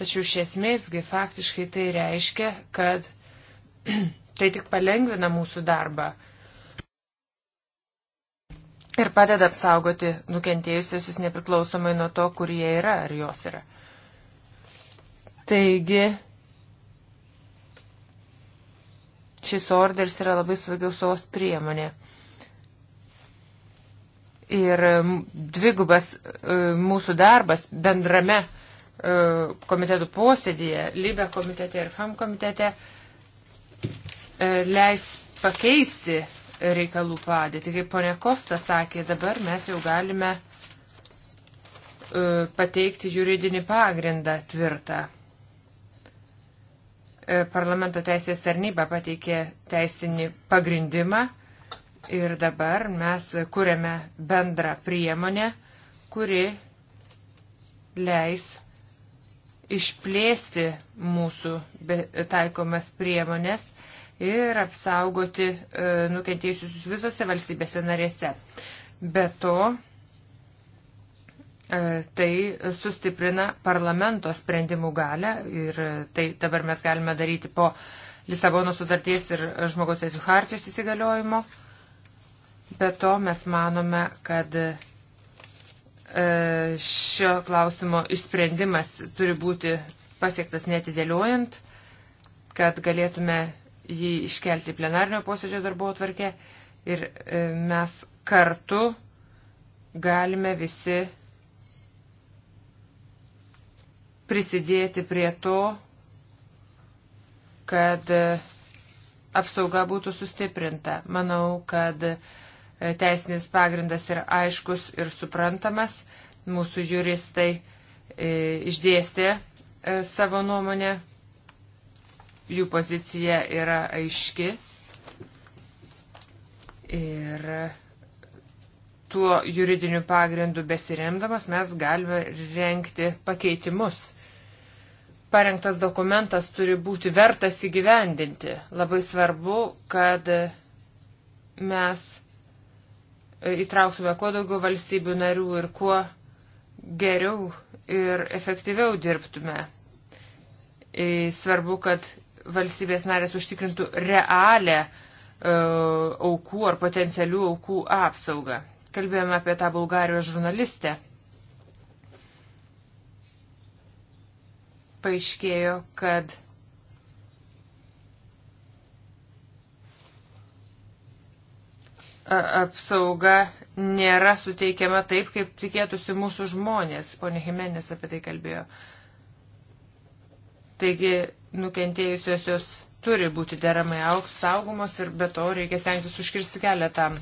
Tačiau iš esmėsgi faktiškai tai reiškia, kad tai tik palengvina mūsų darbą ir padeda apsaugoti nukentėjusius nepriklausomai nuo to, kur jie yra ar jos yra. Taigi, šis orderis yra labai svarbiausios priemonė. Ir dvigubas e, mūsų darbas bendrame e, komitetų posėdėje, Libe komitete ir FAM komitete, e, leis pakeisti reikalų padėtį. Kaip ponė Kosta sakė, dabar mes jau galime e, pateikti juridinį pagrindą tvirtą. E, parlamento teisės tarnyba pateikė teisinį pagrindimą ir dabar mes kuriame bendrą priemonę, kuri leis išplėsti mūsų taikomas priemonės ir apsaugoti e, nukentėjusius visose valstybėse narėse. Be to, e, tai sustiprina parlamento sprendimų galę ir e, tai dabar mes galime daryti po Lisabono sutarties ir žmogaus teisų hartijos įsigaliojimo. Be to mes manome, kad šio klausimo išsprendimas turi būti pasiektas netidėliojant, kad galėtume jį iškelti plenarnio posėdžio darbo atvarkę ir e, mes kartu galime visi prisidėti prie to, kad e, apsauga būtų sustiprinta. Manau, kad e, teisinis pagrindas yra aiškus ir suprantamas. Mūsų juristai išdėstė savo nuomonę jų pozicija yra aiški ir tuo juridiniu pagrindu besiremdamas mes galime renkti pakeitimus. Parengtas dokumentas turi būti vertas įgyvendinti. Labai svarbu, kad mes įtrauksime kuo daugiau valstybių narių ir kuo geriau ir efektyviau dirbtume. Svarbu, kad valstybės narės užtikrintų realią e, aukų ar potencialių aukų apsaugą. Kalbėjome apie tą Bulgarijos žurnalistę. Paaiškėjo, kad apsauga nėra suteikiama taip, kaip tikėtųsi mūsų žmonės. Pone Jimenės apie tai kalbėjo. Taigi nukentėjusiosios turi būti deramai saugomos ir be to reikia stengtis užkirsti kelią tam.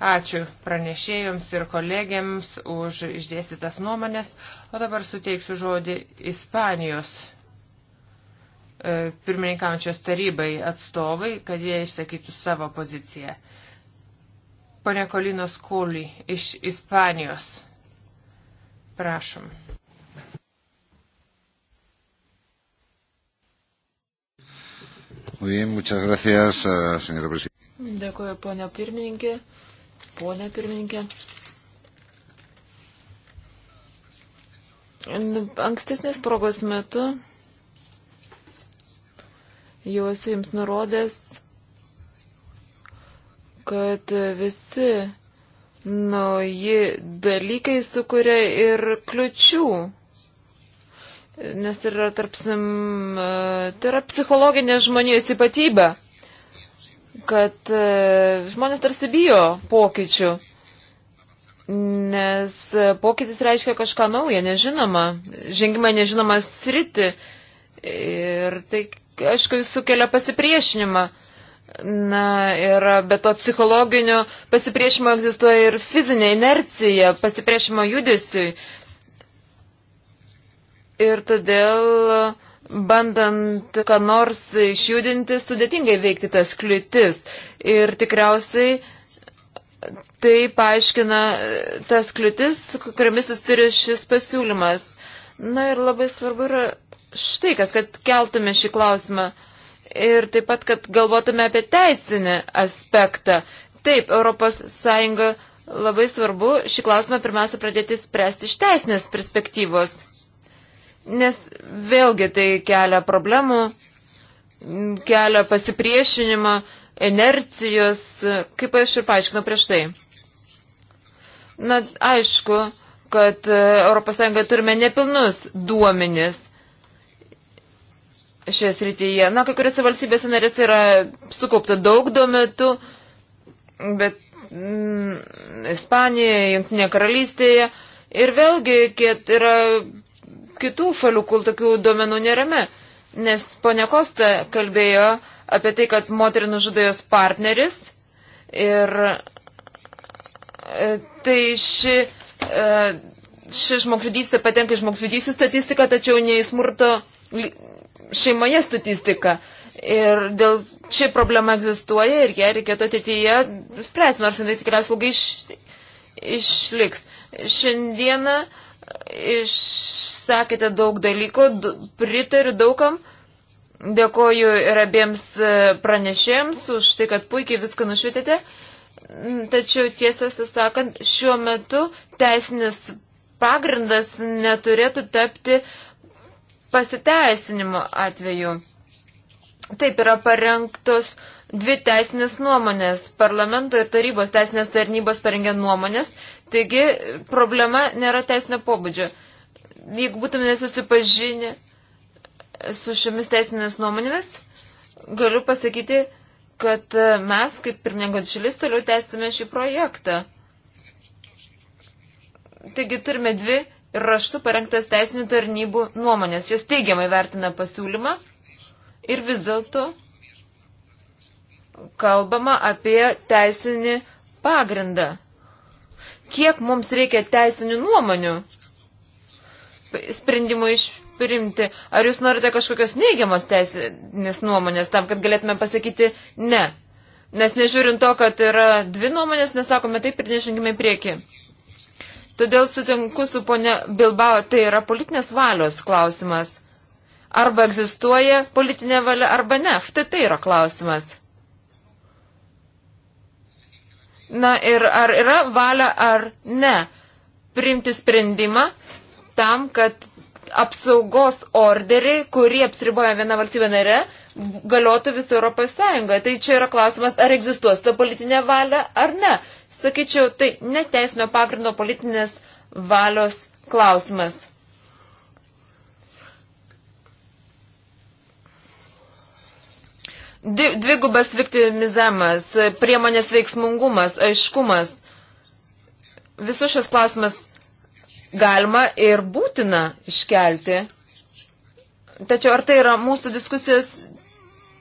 Ačiū pranešėjoms ir kolegėms už išdėstytas nuomonės, o dabar suteiksiu žodį Ispanijos e, pirmininkaujančios tarybai atstovai, kad jie išsakytų savo poziciją. Pone Kolinos Kūly iš Ispanijos. Prašom. Muy bien, muchas gracias, eh, señora prezidentė. Dėkuoju, ponia pirmininkė. Ponia pirmininkė. Ankstesnės progos metu jau esu jums nurodęs, kad visi nauji dalykai sukuria ir kliučių Nes yra, tarpsim, e, tai yra psichologinė žmonijos ypatybė, kad e, žmonės tarsi bijo pokyčių, nes e, pokytis reiškia kažką naują, nežinomą, žengimą nežinomą sritį ir tai, aišku, sukelia pasipriešinimą. Na ir be to psichologinio pasipriešimo egzistuoja ir fizinė inercija pasipriešimo judesiui, ir todėl bandant ką nors išjudinti, sudėtingai veikti tas kliūtis. Ir tikriausiai tai paaiškina tas kliūtis, kuriamis susituri šis pasiūlymas. Na ir labai svarbu yra štai kas, kad keltume šį klausimą. Ir taip pat, kad galvotume apie teisinį aspektą. Taip, ES labai svarbu šį klausimą pirmiausia pradėti spręsti iš teisinės perspektyvos nes vėlgi tai kelia problemų, kelia pasipriešinimą, inercijos, kaip aš ir paaiškinau prieš tai. Na, aišku, kad ES turime nepilnus duomenis šioje srityje. Na, kai kuriuose valstybėse narėse yra sukaupta daug duometų, bet mm, Ispanijoje, Junktinėje karalystėje ir vėlgi, kiek yra kitų šalių, kur tokių duomenų nerame. Nes ponė Kosta kalbėjo apie tai, kad moterį nužudo jos partneris. Ir e, tai ši, e, ši žmogžudystė patenka į žmogžudysių statistiką, tačiau ne į smurto šeimoje statistiką. Ir dėl ši problema egzistuoja ir ją reikėtų ateityje spręsti, nors jinai tikriausiai ilgai iš, išliks. Šiandieną uh, išsakėte daug dalykų, pritariu daugam. Dėkoju ir abiems e, pranešėjams už tai, kad puikiai viską nušvietėte. Mm, tačiau tiesą sakant, šiuo metu teisinis pagrindas neturėtų tapti pasiteisinimo atveju. Taip yra parengtos dvi teisinės nuomonės. Parlamento ir tarybos teisinės tarnybos parengė nuomonės, Taigi problema nėra teisinio pobūdžio. Jeigu būtume nesusipažinę su šiomis teisinėmis nuomonėmis, galiu pasakyti, kad mes, kaip ir negod šalis, toliau tęsime šį projektą. Taigi turime dvi raštų parengtas teisinių tarnybų nuomonės. Jos teigiamai vertina pasiūlymą ir vis dėlto kalbama apie teisinį pagrindą kiek mums reikia teisinių nuomonių sprendimų išprimti. Ar jūs norite kažkokios neigiamos teisinės nuomonės tam, kad galėtume pasakyti ne? Nes nežiūrint to, kad yra dvi nuomonės, nesakome taip ir nežinkime į priekį. Todėl sutinku su ponia Bilbao, tai yra politinės valios klausimas. Arba egzistuoja politinė valia, arba ne. Štai tai yra klausimas. Na ir ar yra valia ar ne priimti sprendimą tam, kad apsaugos orderiai, kurie apsiriboja viena valstybė nare, galiotų visą Europos Sąjungą. Tai čia yra klausimas, ar egzistuos ta politinė valia ar ne. Sakyčiau, tai neteisinio pagrindo politinės valios klausimas. Dvigubas viktimizamas, priemonės veiksmungumas, aiškumas. Visus šios klausimas galima ir būtina iškelti. Tačiau ar tai yra mūsų diskusijos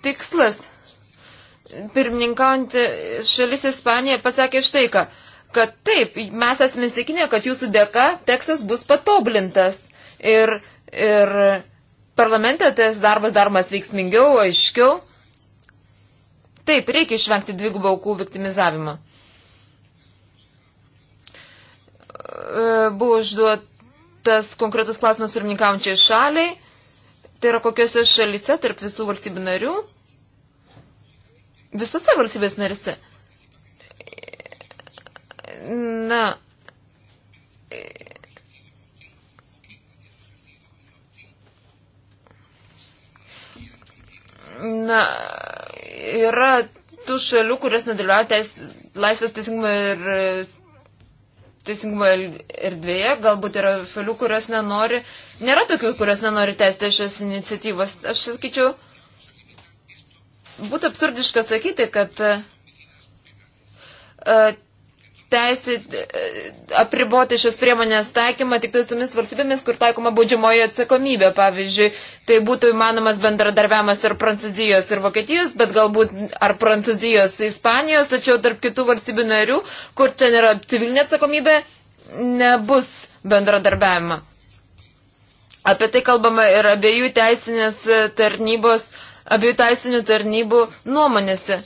tikslas? Pirmininkaujantį šalis Ispanija pasakė štai ką, kad taip, mes esame įsitikinę, kad jūsų dėka tekstas bus patoblintas. Ir, ir parlamente tas darbas daromas veiksmingiau, aiškiau. Taip, reikia išvengti dvigubą aukų viktimizavimą. E, buvo užduotas konkretus klausimas pirmininkaujančiai šaliai. Tai yra kokiuose šalyse tarp visų valstybių narių? Visose valstybės narise. Na, Na, yra tų šalių, kurios nedalyvauja teis, laisvės teisingumo ir teisingumo erdvėje, galbūt yra šalių, kurios nenori, nėra tokių, kurios nenori tęsti šios iniciatyvos. Aš sakyčiau, būtų absurdiška sakyti, kad e, teisė e, apriboti šios priemonės taikymą tik tomis valstybėmis, kur taikoma baudžiamoji atsakomybė. Pavyzdžiui, tai būtų įmanomas bendradarbiavimas tarp Prancūzijos ir Vokietijos, bet galbūt ar Prancūzijos ir Ispanijos, tačiau tarp kitų valstybių narių, kur ten yra civilinė atsakomybė, nebus bendradarbiavimo. Apie tai kalbama ir abiejų teisinės tarnybos, abiejų teisinių tarnybų nuomonėse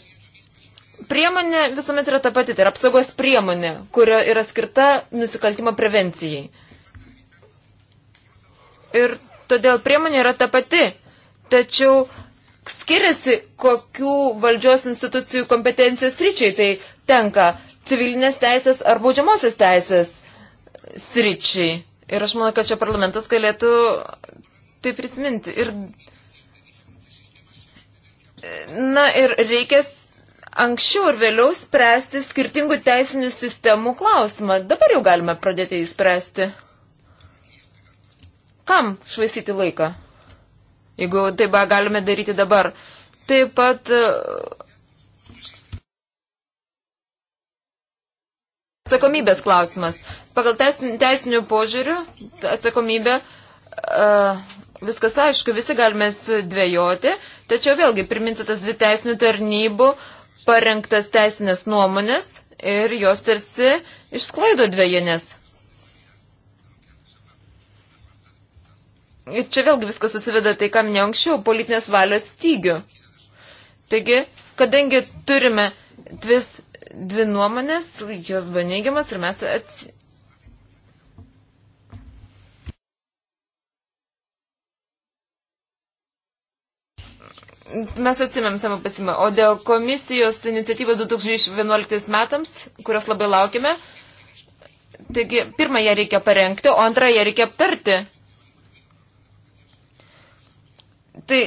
priemonė visuomet yra ta pati, tai yra apsaugos priemonė, kurio yra skirta nusikaltimo prevencijai. Ir todėl priemonė yra ta pati, tačiau skiriasi kokių valdžios institucijų kompetencijos ryčiai tai tenka civilinės teisės ar baudžiamosios teisės sričiai. Ir aš manau, kad čia parlamentas galėtų tai prisiminti. Ir, na ir reikės anksčiau ir vėliau spręsti skirtingų teisinių sistemų klausimą. Dabar jau galime pradėti jį spręsti. Kam švaistyti laiką, jeigu tai ba galime daryti dabar? Taip pat e, atsakomybės klausimas. Pagal teisinių požiūrių atsakomybė uh, viskas aišku, visi galime sudvėjoti, tačiau vėlgi priminsiu tas dvi teisinių tarnybų uh, parengtas teisinės nuomonės ir jos tarsi išsklaido dviejonės. Ir čia vėlgi viskas susiveda tai, kam ne anksčiau, politinės valios stygių. Taigi, kadangi turime dvis, dvi nuomonės, jos buvo neigiamas ir mes ats, Mes atsimėm savo pasimą. O dėl komisijos iniciatyvos 2011 metams, kurios labai laukime, taigi pirmą ją reikia parengti, o antrą ją reikia aptarti. Tai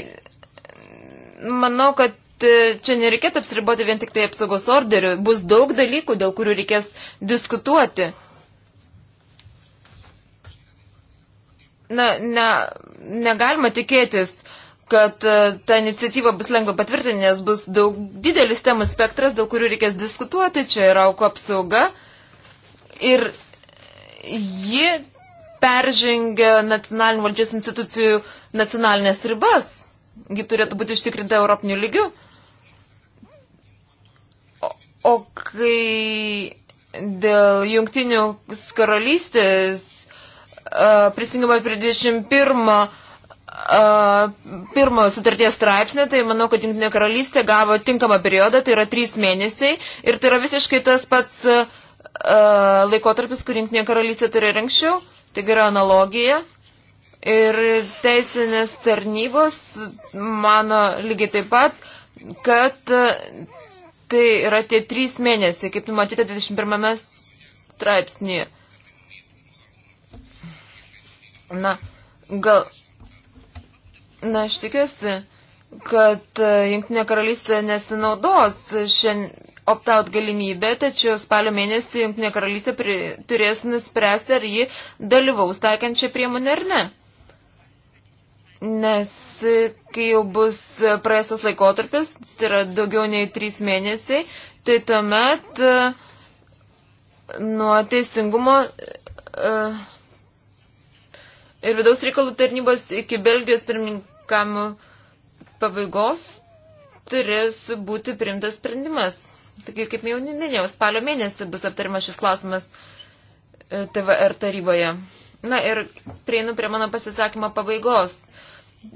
manau, kad e, čia nereikėtų apsiriboti vien tik tai apsaugos orderiu. Bus daug dalykų, dėl kurių reikės diskutuoti. Na, ne, negalima tikėtis kad e, ta iniciatyva bus lengva patvirtinti, nes bus daug didelis temų spektras, dėl kurių reikės diskutuoti, čia yra auko apsauga. Ir ji peržengia nacionalinių valdžios institucijų nacionalinės ribas. Ji turėtų būti ištikrinta europiniu lygiu. O, o kai dėl jungtinių karalystės e, prisijungimo prie 21 pirmo sutarties straipsnio, tai manau, kad Junktinė karalystė gavo tinkamą periodą, tai yra trys mėnesiai ir tai yra visiškai tas pats uh, laikotarpis, kur Junktinė karalystė turėjo anksčiau, tai yra analogija. Ir teisinės tarnybos mano lygiai taip pat, kad tai yra tie trys mėnesiai, kaip numatyta 21 straipsnėje. Na, gal Na, aš tikiuosi, kad e, Junktinė karalystė nesinaudos šiandien opt-out galimybę, tačiau spalio mėnesį Junktinė karalystė pri, turės nuspręsti, ar ji dalyvaus taikančią priemonę ar ne. Nes e, kai jau bus praėstas laikotarpis, tai yra daugiau nei trys mėnesiai, tai tuomet e, nuo teisingumo ir vidaus reikalų tarnybos iki Belgijos pirmininko kamų pabaigos turės būti primtas sprendimas. Taigi, kaip jau minėjau, spalio mėnesį bus aptarimas šis klausimas e, TVR taryboje. Na ir prieinu prie mano pasisakymo pabaigos.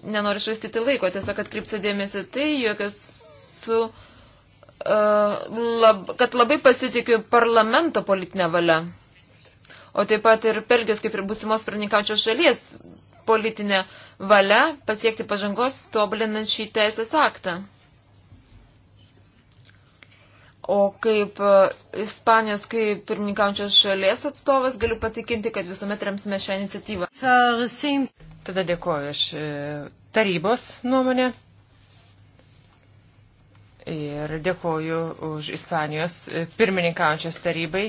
Nenoriu švaistyti laiko, tiesiog atkreipsiu dėmesį tai, jog esu, uh, lab, kad labai pasitikiu parlamento politinę valią. O taip pat ir Pelgės, kaip ir būsimos praninkaučios šalies politinė valia pasiekti pažangos, tobulinant šį teisės aktą. O kaip e, Ispanijos, kaip pirmininkaujančios šalies atstovas, galiu patikinti, kad visuomet remsime šią iniciatyvą. Tada dėkoju aš e, tarybos nuomonę ir dėkoju už Ispanijos e, pirmininkaujančios tarybai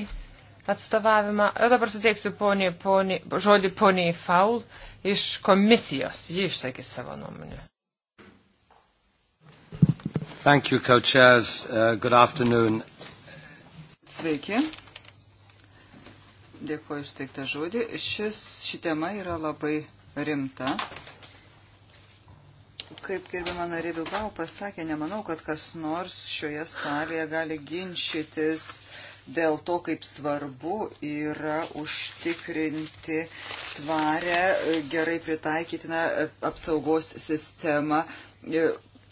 atstovavimą. O dabar suteiksiu poni, poni, žodį poniai Faul iš komisijos. Ji išsakys savo nuomonę. Thank you, co-chairs. Uh, good afternoon. Sveiki. Dėkuoju išteiktą žodį. Šis, ši tema yra labai rimta. Kaip gerbima narė Bilbao pasakė, nemanau, kad kas nors šioje salėje gali ginčytis dėl to, kaip svarbu yra užtikrinti tvarę, gerai pritaikytiną apsaugos sistemą e,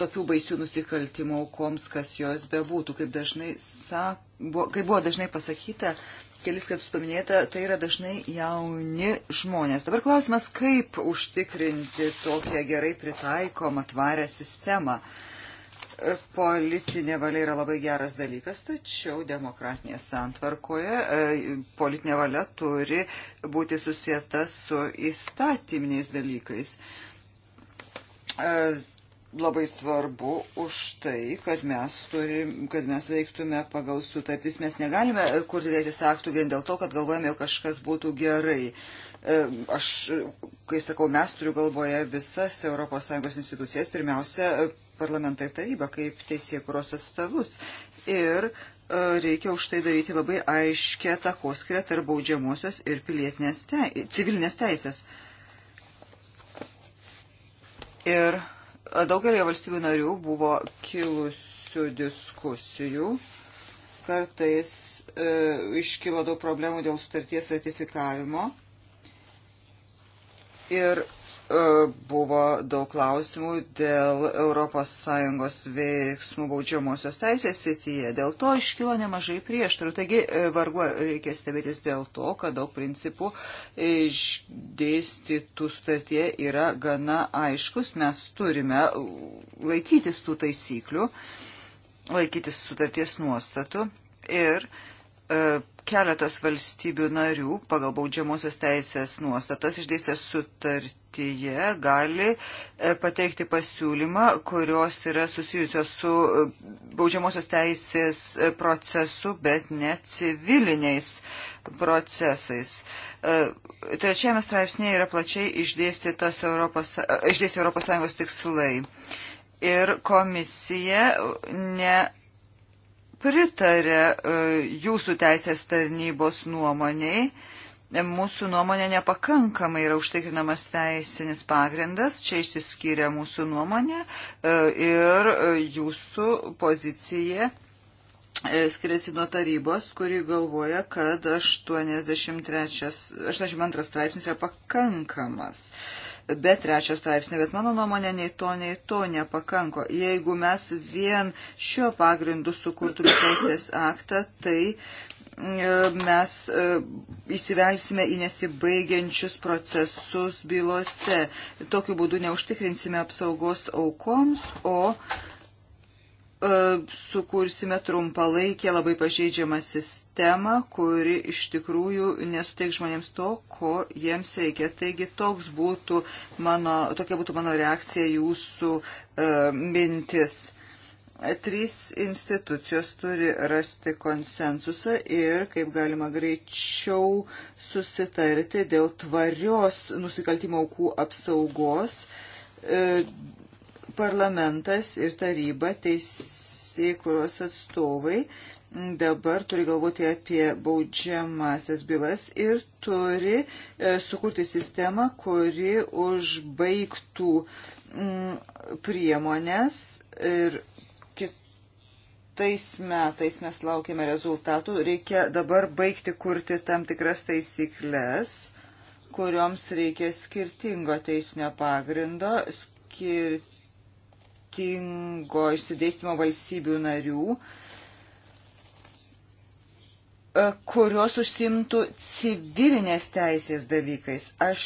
tokių baisių nusikaltimų aukoms, kas jos bebūtų. Kaip, dažnai, sa, buvo, kaip buvo dažnai pasakyta, kelis kartus paminėta, tai yra dažnai jauni žmonės. Dabar klausimas, kaip užtikrinti tokią gerai pritaikomą tvarę sistemą. Uh, politinė valia yra labai geras dalykas, tačiau demokratinėje santvarkoje e, politinė valia turi būti susijęta su įstatyminiais dalykais. E, labai svarbu už tai, kad mes, turim, kad mes veiktume pagal sutartis. Mes negalime kurti teisės aktų vien dėl to, kad galvojame, jog kažkas būtų gerai e, aš, kai sakau, mes turiu galvoje visas ES institucijas, pirmiausia, parlamentą ir tarybą kaip teisėkuros atstovus. Ir e, reikia už tai daryti labai aiškę takoskirę tarp baudžiamosios ir pilietinės te, civilinės teisės. Ir daugelio valstybių narių buvo kilusių diskusijų. Kartais e, iškilo daug problemų dėl sutarties ratifikavimo. Ir E, buvo daug klausimų dėl ES veiksmų baudžiamosios teisės sityje. Dėl to iškilo nemažai prieštarų. Taigi e, vargu reikia stebėtis dėl to, kad daug principų išdėstytų sutartie yra gana aiškus. Mes turime laikytis tų taisyklių, laikytis sutarties nuostatų ir e, keletas valstybių narių pagal baudžiamosios teisės nuostatas išdėstęs sutartyje gali e, pateikti pasiūlymą, kurios yra susijusios su e, baudžiamosios teisės e, procesu, bet ne civiliniais procesais. Trečiajame straipsnėje yra plačiai išdėstytos Europos, išdėstyti Europos Sąjungos tikslai. Ir komisija ne pritarė e, jūsų teisės tarnybos nuomoniai. Mūsų nuomonė nepakankamai yra užtikrinamas teisinis pagrindas, čia išsiskyrė mūsų nuomonė e, ir e, jūsų pozicija skiriasi nuo tarybos, kuri galvoja, kad 83, 82 straipsnis yra pakankamas. Uh, be trečio straipsnio. Bet mano nuomonė, nei to, nei to nepakanko. Jeigu mes vien šio pagrindu sukurtume teisės aktą, tai e, mes e, įsivelsime į nesibaigiančius procesus bylose. Tokiu būdu neužtikrinsime apsaugos aukoms, o E, sukursime trumpalaikę labai pažeidžiamą sistemą, kuri iš tikrųjų nesuteik žmonėms to, ko jiems reikia. Taigi toks būtų mano, tokia būtų mano reakcija jūsų e, mintis. E, trys institucijos turi rasti konsensusą ir kaip galima greičiau susitarti dėl tvarios nusikaltimo aukų apsaugos. E, parlamentas ir taryba, teisėkuros atstovai dabar turi galvoti apie baudžiamasias bylas ir turi e, sukurti sistemą, kuri užbaigtų mm, priemonės ir kitais metais mes laukiame rezultatų. Reikia dabar baigti kurti tam tikras taisyklės, kurioms reikia skirtingo teisinio pagrindo, skirtingo skirtingo išsideistimo valstybių narių, e, kurios užsimtų civilinės teisės dalykais. Aš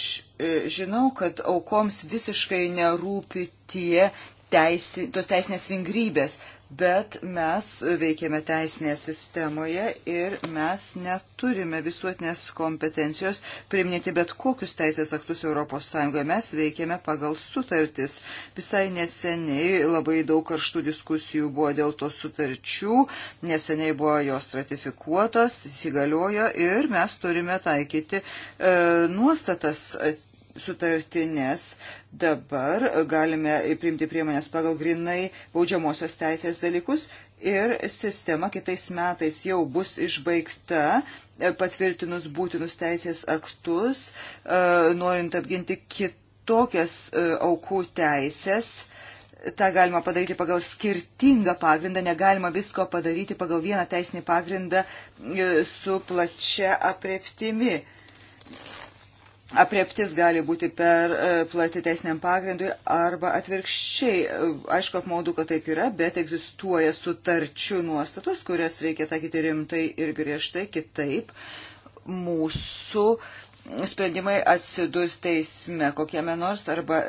e, žinau, kad aukoms visiškai nerūpi tie teisi, tos teisinės vingrybės, bet mes veikiame teisinėje sistemoje ir mes neturime visuotinės kompetencijos priminėti bet kokius teisės aktus ES. Mes veikiame pagal sutartis. Visai neseniai labai daug karštų diskusijų buvo dėl to sutarčių, neseniai buvo jos ratifikuotos, įsigaliojo ir mes turime taikyti e, nuostatas sutartį, nes dabar galime priimti priemonės pagal grinai baudžiamosios teisės dalykus ir sistema kitais metais jau bus išbaigta, patvirtinus būtinus teisės aktus, e, norint apginti kitokias e, aukų teisės. Ta galima padaryti pagal skirtingą pagrindą, negalima visko padaryti pagal vieną teisinį pagrindą e, su plačia apreptimi apreptis gali būti per e, plati teisiniam pagrindui arba atvirkščiai. E, aišku, apmaudu, kad taip yra, bet egzistuoja sutarčių nuostatos, kurias reikia taikyti rimtai ir griežtai, kitaip mūsų sprendimai atsidus teisme kokiame nors arba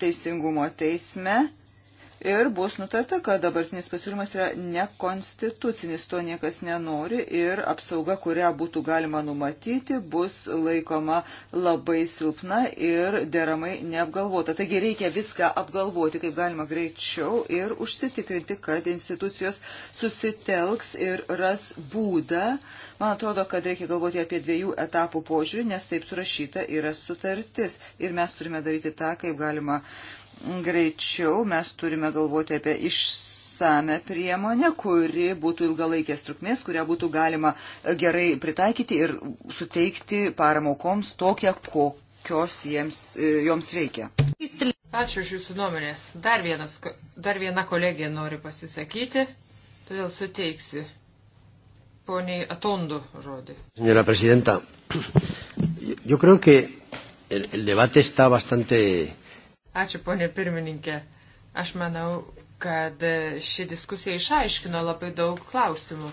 teisingumo teisme ir bus nutarta, kad dabartinis pasiūlymas yra nekonstitucinis, to niekas nenori ir apsauga, kurią būtų galima numatyti, bus laikoma labai silpna ir deramai neapgalvota. Taigi reikia viską apgalvoti kaip galima greičiau ir užsitikrinti, kad institucijos susitelks ir ras būdą. Man atrodo, kad reikia galvoti apie dviejų etapų požiūrį, nes taip surašyta yra sutartis ir mes turime daryti tą, kaip galima greičiau mes turime galvoti apie išsame priemonę, kuri būtų ilgalaikės trukmės, kurią būtų galima gerai pritaikyti ir suteikti paramaukoms tokią, kokios jiems, e, joms reikia. Ačiū iš jūsų nuomonės. Dar, vienas, dar viena kolegija nori pasisakyti, todėl suteiksiu poniai Atondu žodį. Señora prezidenta, yo creo que el, el debate está bastante Ačiū, ponė pirmininkė. Aš manau, kad ši diskusija išaiškino labai daug klausimų.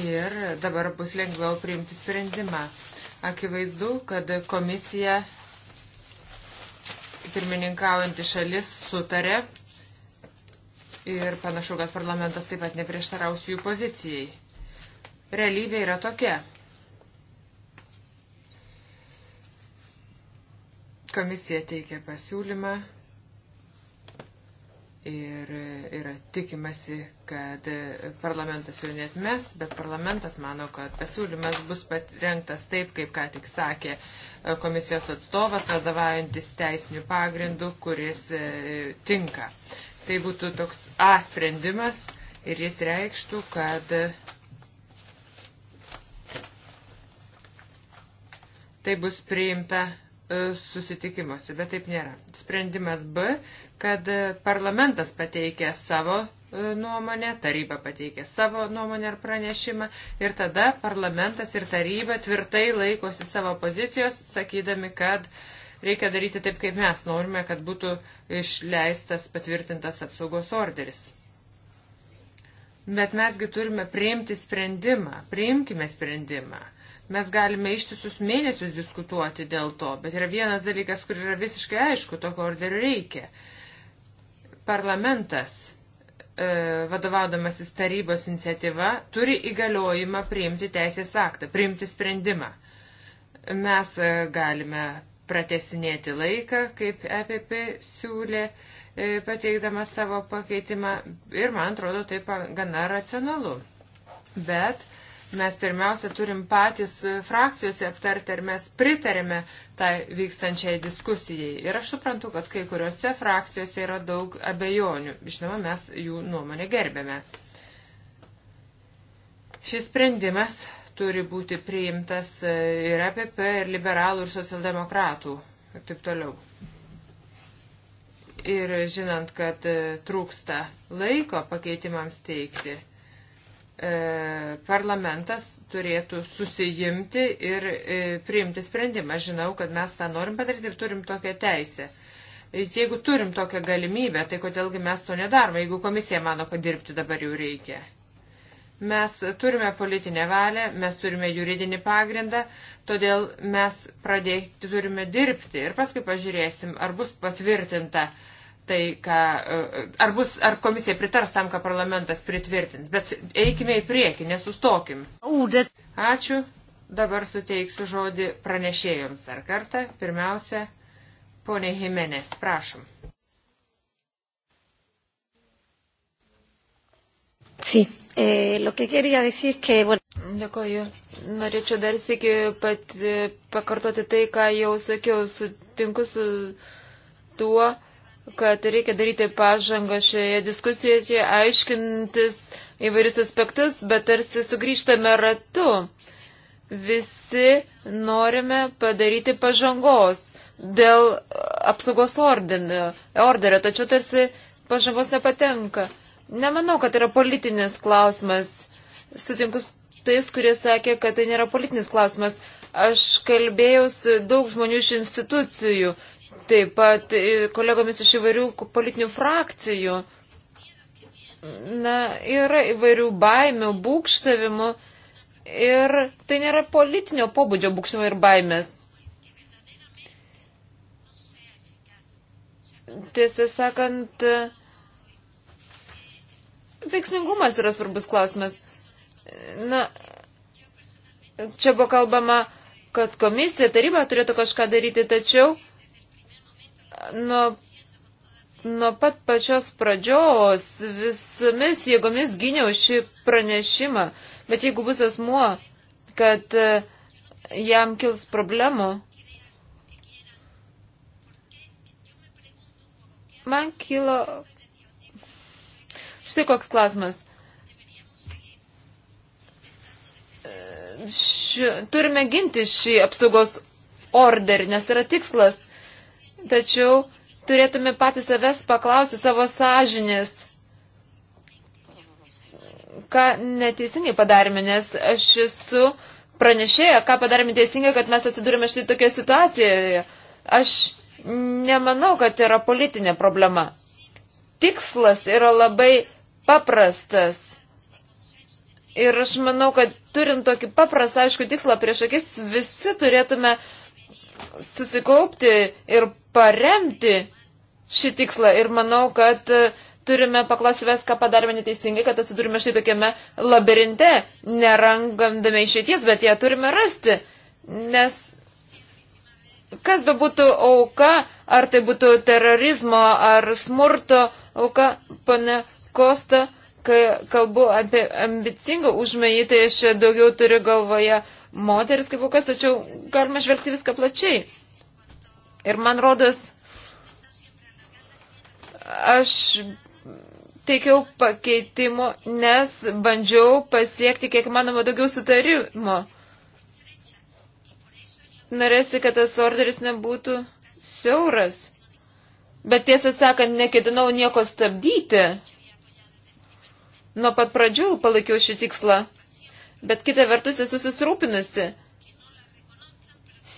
Ir dabar bus lengviau priimti sprendimą. Akivaizdu, kad komisija pirmininkaujantį šalis sutarė ir panašu, kad parlamentas taip pat neprieštaraus jų pozicijai. Realybė yra tokia. komisija teikia pasiūlymą ir yra tikimasi, kad parlamentas jo net mes, bet parlamentas mano, kad pasiūlymas bus patrenktas taip, kaip ką tik sakė komisijos atstovas, vadovaujantis teisinių pagrindų, kuris e, tinka. Tai būtų toks A sprendimas ir jis reikštų, kad tai bus priimta E, susitikimuose, bet taip nėra. Sprendimas B, kad parlamentas pateikė savo e, nuomonę, taryba pateikė savo nuomonę ar pranešimą ir tada parlamentas ir taryba tvirtai laikosi savo pozicijos, sakydami, kad reikia daryti taip, kaip mes norime, kad būtų išleistas patvirtintas apsaugos orderis. Bet mesgi turime priimti sprendimą, priimkime sprendimą Mes galime ištisus mėnesius diskutuoti dėl to, bet yra vienas dalykas, kur yra visiškai aišku, tokio orderio reikia. Parlamentas, e, vadovaudamasis tarybos iniciatyva, turi įgaliojimą priimti teisės aktą, priimti sprendimą. Mes e, galime pratesinėti laiką, kaip EPP siūlė, e, pateikdama savo pakeitimą ir man atrodo tai gana racionalu. Bet e, Mes pirmiausia turim patys frakcijose aptarti, ar mes pritarėme tai vykstančiai diskusijai. Ir aš suprantu, kad kai kuriuose frakcijose yra daug abejonių. Žinoma, mes jų nuomonę gerbėme. Šis sprendimas turi būti priimtas e, ir APP, ir liberalų, ir socialdemokratų, ir taip toliau. Ir žinant, kad e, trūksta laiko pakeitimams teikti, E, parlamentas turėtų susijimti ir e, priimti sprendimą. Žinau, kad mes tą norim padaryti ir turim tokią teisę. Jeigu turim tokią galimybę, tai kodėlgi mes to nedarome, jeigu komisija mano, kad dirbti dabar jau reikia. Mes turime politinę valią, mes turime juridinį pagrindą, todėl mes pradėti turime dirbti ir paskui pažiūrėsim, ar bus patvirtinta uh, tai, ką, e, ar, bus, ar komisija pritars tam, ką parlamentas pritvirtins. Bet eikime į priekį, nesustokim. Ačiū. Dabar suteiksiu žodį pranešėjams dar kartą. Pirmiausia, ponė Jimenez, prašom. Sí, eh, lo que quería decir que, bueno... Dėkoju. Norėčiau dar sėki pat, pakartoti tai, ką jau sakiau. Sutinku su tuo, kad reikia daryti pažangą šioje diskusijoje, aiškintis įvairius aspektus, bet tarsi sugrįžtame ratu. Visi norime padaryti pažangos dėl apsaugos ordinio, orderio, tačiau tarsi pažangos nepatenka. Nemanau, kad yra politinis klausimas. Sutinku su tais, kurie sakė, kad tai nėra politinis klausimas. Aš kalbėjau su daug žmonių iš institucijų taip pat e, kolegomis iš įvairių politinių frakcijų. Na, yra įvairių baimių, būkštavimų ir tai nėra politinio pobūdžio būkštavimai ir baimės. Tiesą sakant, veiksmingumas yra svarbus klausimas. Na, čia buvo kalbama, kad komisija, taryba turėtų kažką daryti, tačiau nuo, nuo pat pačios pradžios visomis jėgomis gyniau šį pranešimą, bet jeigu bus asmuo, kad e, jam kils problemų, man kilo štai koks klausimas. Ši, turime ginti šį apsaugos orderį, nes yra tikslas tačiau turėtume patys savęs paklausti savo sąžinės, ką neteisingai padarėme, nes aš esu pranešėja, ką padarėme teisingai, kad mes atsidūrėme štai tokioje situacijoje. Aš nemanau, kad yra politinė problema. Tikslas yra labai paprastas. Ir aš manau, kad turint tokį paprastą, aišku, tikslą prieš akis, visi turėtume uh, susikaupti ir paremti šį tikslą. Ir manau, kad e, turime paklausivęs, ką padarėme neteisingai, kad atsidurime štai tokiame labirinte, nerangandame išėties, bet ją turime rasti. Nes kas be būtų auka, ar tai būtų terorizmo ar smurto auka, pane Kosta, kai kalbu apie ambicingą užmėjį, tai aš daugiau turiu galvoje moteris kaip aukas, tačiau galima žvelgti viską plačiai. Ir man rodas, aš teikiau pakeitimo, nes bandžiau pasiekti kiek manoma daugiau sutarimo. Norėsi, kad tas orderis nebūtų siauras. Bet tiesą sakant, neketinau nieko stabdyti. Nuo pat pradžių palaikiau šį tikslą bet kitą vertus esu susirūpinusi,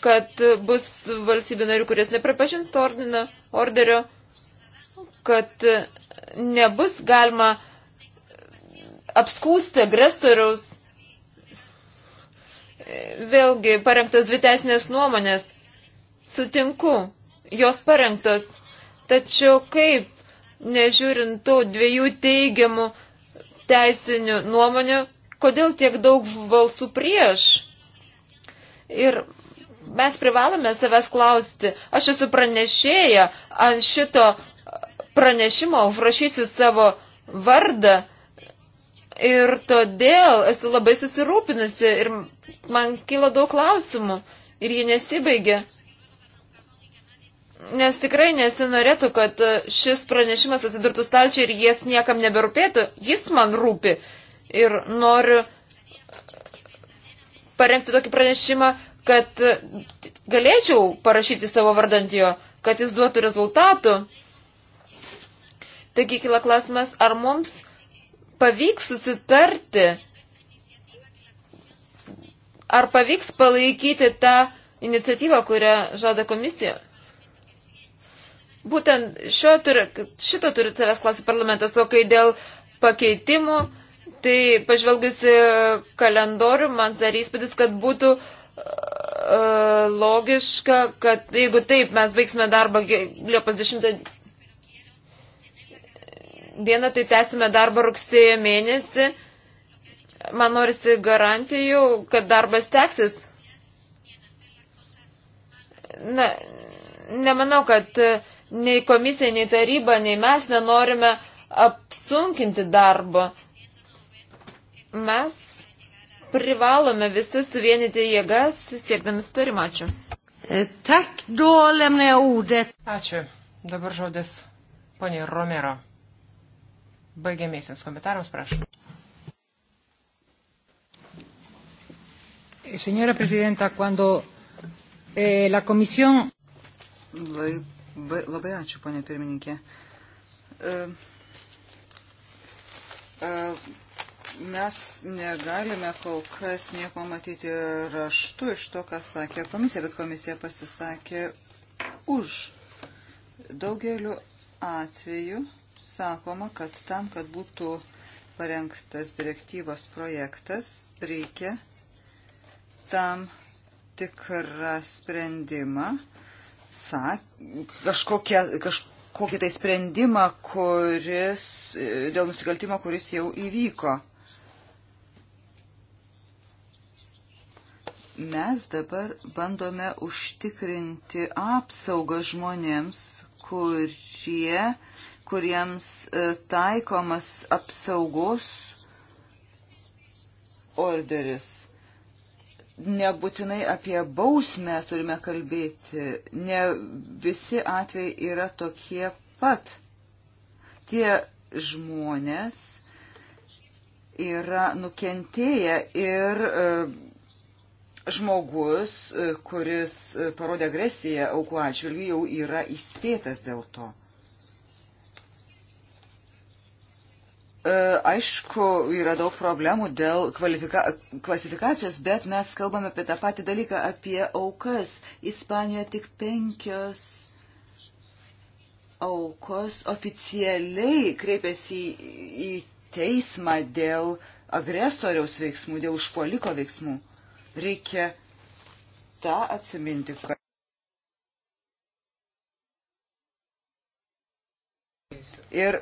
kad bus valstybių narių, kurios nepripažins ordino, orderio, kad nebus galima apskūsti agresoriaus. Vėlgi parengtos dvi teisinės nuomonės. Sutinku, jos parengtos. Tačiau kaip, nežiūrint tų dviejų teigiamų teisinių nuomonių, Kodėl tiek daug balsų prieš? Ir mes privalome savęs klausti, aš esu pranešėja, ant šito pranešimo užrašysiu savo vardą ir todėl esu labai susirūpinusi ir man kilo daug klausimų ir jie nesibaigė. Nes tikrai nesinorėtų, kad šis pranešimas atsidurtų stalčiai ir jas niekam neberūpėtų, jis man rūpi ir noriu parengti tokį pranešimą, kad galėčiau parašyti savo vardantijo, kad jis duotų rezultatų. Taigi kila klausimas, ar mums pavyks susitarti, ar pavyks palaikyti tą iniciatyvą, kurią žada komisija. Būtent turi, šito turi savęs klausyti parlamentas, o kai dėl pakeitimų Tai pažvelgus į kalendorių, man dar įspūdis, kad būtų e, logiška, kad jeigu taip, mes baigsime darbą Liepos 10 dieną, tai tęsime darbą rugsėjo mėnesį. Man norisi garantijų, kad darbas teksis. Na, nemanau, kad e, nei komisija, nei taryba, nei mes nenorime apsunkinti darbo mes privalome visi suvienyti jėgas siekdami sutarimą. Ačiū. E, tak, dolėmė audet. Ačiū. Dabar žodis poniai Romero. Baigiamėsiams komentarams, prašau. Eh, señora Presidenta, cuando eh, la Comisión. Labai, labai ačiū, ponė pirmininkė. Uh, uh, Mes negalime kol kas nieko matyti raštu iš to, ką sakė komisija, bet komisija pasisakė už. Daugeliu atveju sakoma, kad tam, kad būtų parengtas direktyvos projektas, reikia tam tikrą sprendimą, sak, kažkokia, kažkokį tai sprendimą, kuris, dėl nusikaltimo, kuris jau įvyko. Mes dabar bandome užtikrinti apsaugą žmonėms, kurie, kuriems e, taikomas apsaugos orderis. Nebūtinai apie bausmę turime kalbėti, ne visi atvejai yra tokie pat. Tie žmonės yra nukentėję ir e, žmogus, e, kuris e, parodė agresiją aukų atžvilgių, jau yra įspėtas dėl to. E, aišku, yra daug problemų dėl klasifikacijos, bet mes kalbame apie tą patį dalyką, apie aukas. Ispanijoje tik penkios aukos oficialiai kreipiasi į, į teismą dėl agresoriaus veiksmų, dėl užpuoliko veiksmų. Reikia tą atsiminti, kad Ir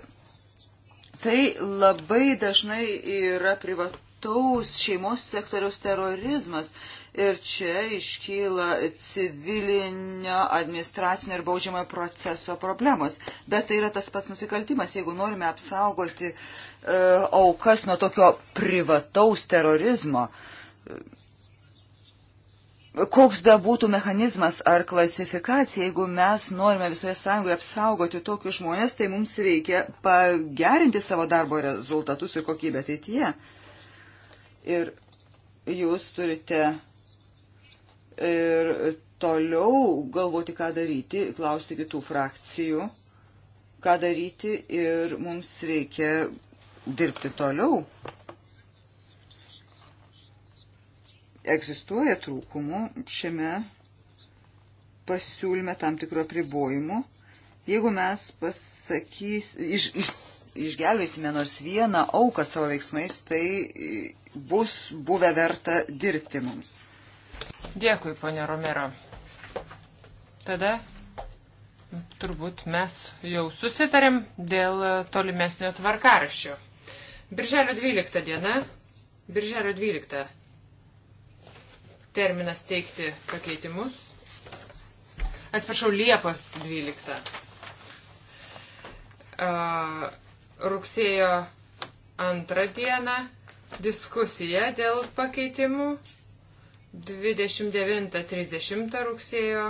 tai labai dažnai yra privataus šeimos sektoriaus terorizmas. Ir čia iškyla civilinio, administracinio ir baudžiamojo proceso problemos. Bet tai yra tas pats nusikaltimas, jeigu norime apsaugoti e, aukas nuo tokio privataus terorizmo. E, koks be būtų mechanizmas ar klasifikacija, jeigu mes norime visoje sąjungoje apsaugoti tokius žmonės, tai mums reikia pagerinti savo darbo rezultatus ir kokybę ateityje. Ir jūs turite ir toliau galvoti, ką daryti, klausti kitų frakcijų, ką daryti ir mums reikia dirbti toliau. egzistuoja trūkumų šiame pasiūlyme tam tikro pribojimu. Jeigu mes pasakys, iš, iš, išgelbėsime nors vieną auką savo veiksmais, tai bus buvę verta dirbti mums. Dėkui, ponė Romero. Tada turbūt mes jau susitarėm dėl tolimesnio tvarkaraščio. Birželio 12 diena. Birželio 12 terminas teikti pakeitimus. Atsiprašau, Liepos 12. Uh, rugsėjo antrą dieną diskusija dėl pakeitimų. 29-30 rugsėjo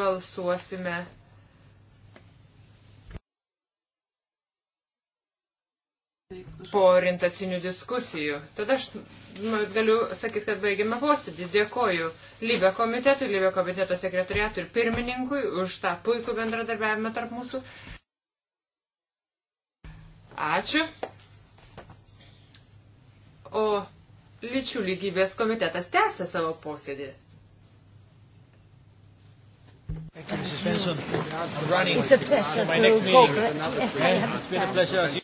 balsuosime po orientacinių diskusijų. Tada aš galiu sakyti, kad baigėme posėdį. Dėkoju Lybė komitetui, Lybė komiteto sekretariatui ir pirmininkui už tą puikų bendradarbiavimą tarp mūsų. Ačiū. O lyčių lygybės komitetas tęsia savo posėdį. Thank you, Mrs. Benson, for running. It's a pleasure. My next meeting. It's been a pleasure.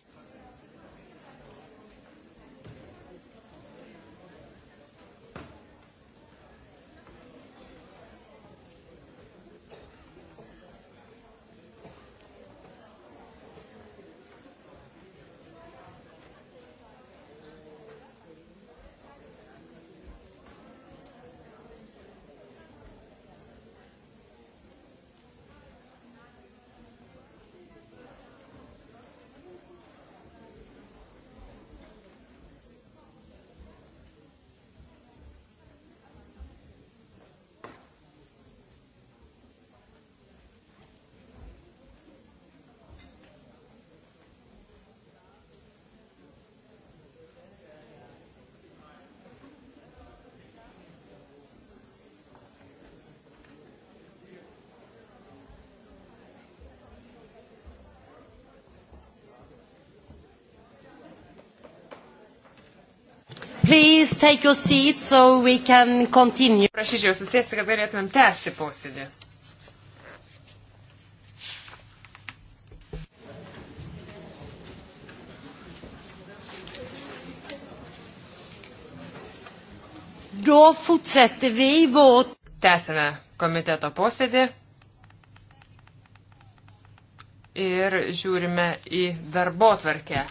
Please take your seat so we can continue. Prašyčiau susėsti, kad galėtumėm tęsti posėdį. Då fortsätter vi vårt... Tęsime komiteto posėdį ir žiūrime į darbo tvarkę.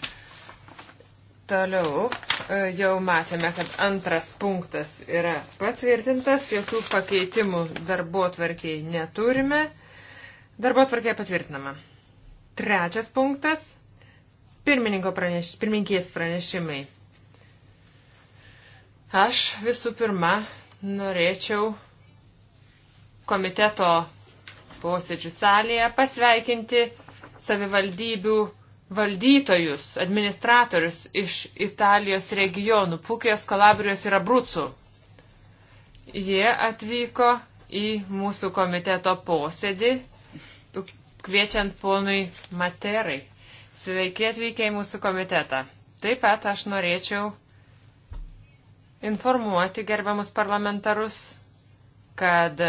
Toliau e, jau matėme, kad antras punktas yra patvirtintas, jokių pakeitimų darbo tvarkiai neturime. Darbo tvarkiai patvirtinama. Trečias punktas - praneš, pirmininkės pranešimai. Aš visų pirma norėčiau komiteto posėdžių salėje pasveikinti savivaldybių valdytojus, administratorius iš Italijos regionų, Pukės, Kalabrijos ir Abrucų. Jie atvyko į mūsų komiteto posėdį, kviečiant ponui Materai. Sveiki atvykę į mūsų komitetą. Taip pat aš norėčiau informuoti gerbiamus parlamentarus, kad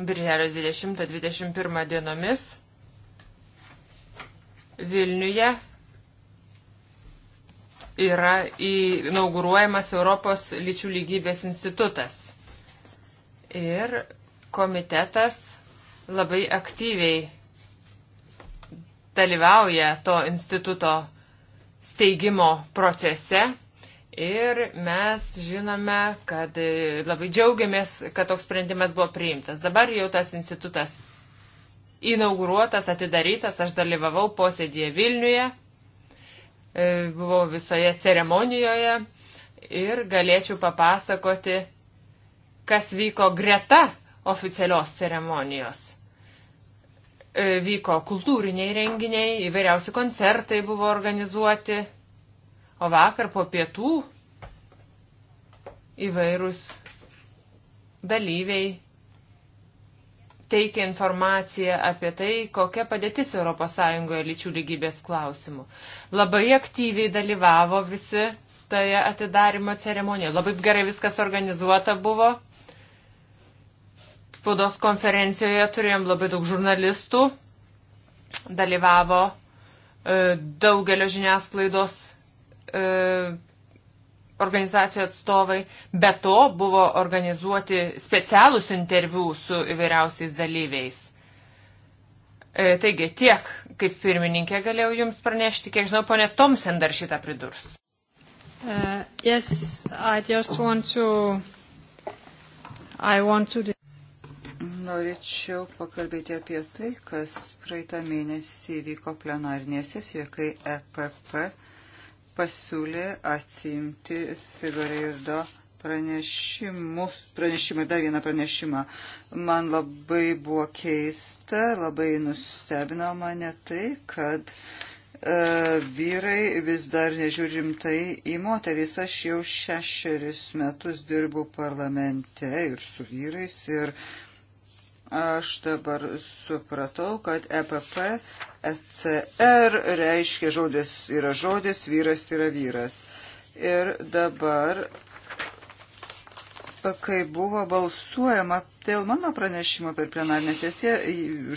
Birželio 20-21 dienomis Vilniuje yra inauguruojamas Europos lyčių lygybės institutas. Ir komitetas labai aktyviai dalyvauja to instituto steigimo procese. Ir mes žinome, kad labai džiaugiamės, kad toks sprendimas buvo priimtas. Dabar jau tas institutas inauguruotas, atidarytas, aš dalyvavau posėdėje Vilniuje, e, buvau visoje ceremonijoje ir galėčiau papasakoti, kas vyko greta oficialios ceremonijos. E, vyko kultūriniai renginiai, įvairiausi koncertai buvo organizuoti, o vakar po pietų įvairūs dalyviai teikia informaciją apie tai, kokia padėtis ES lyčių lygybės klausimų. Labai aktyviai dalyvavo visi toje atidarimo ceremonijoje. Labai gerai viskas organizuota buvo. Spaudos konferencijoje turėjom labai daug žurnalistų. Dalyvavo e, daugelio žiniasklaidos e, organizacijų atstovai. Be to buvo organizuoti specialūs interviu su įvairiausiais dalyviais. E, taigi tiek, kaip pirmininkė galėjau Jums pranešti, kiek žinau, ponė Tomsen dar šitą pridurs. Uh, yes, I just want to... I want to... Norėčiau pakalbėti apie tai, kas praeitą mėnesį vyko plenarnėje sesijoje, kai EPP pasiūlė atsimti Figoreido pranešimus, pranešimą, dar vieną pranešimą. Man labai buvo keista, labai nustebino mane tai, kad e, vyrai vis dar nežiūri rimtai į moteris. Aš jau šešeris metus dirbu parlamente ir su vyrais ir aš dabar supratau, kad EPP ECR reiškia žodis yra žodis, vyras yra vyras. Ir dabar, kai buvo balsuojama dėl mano pranešimo per plenarinę sesiją,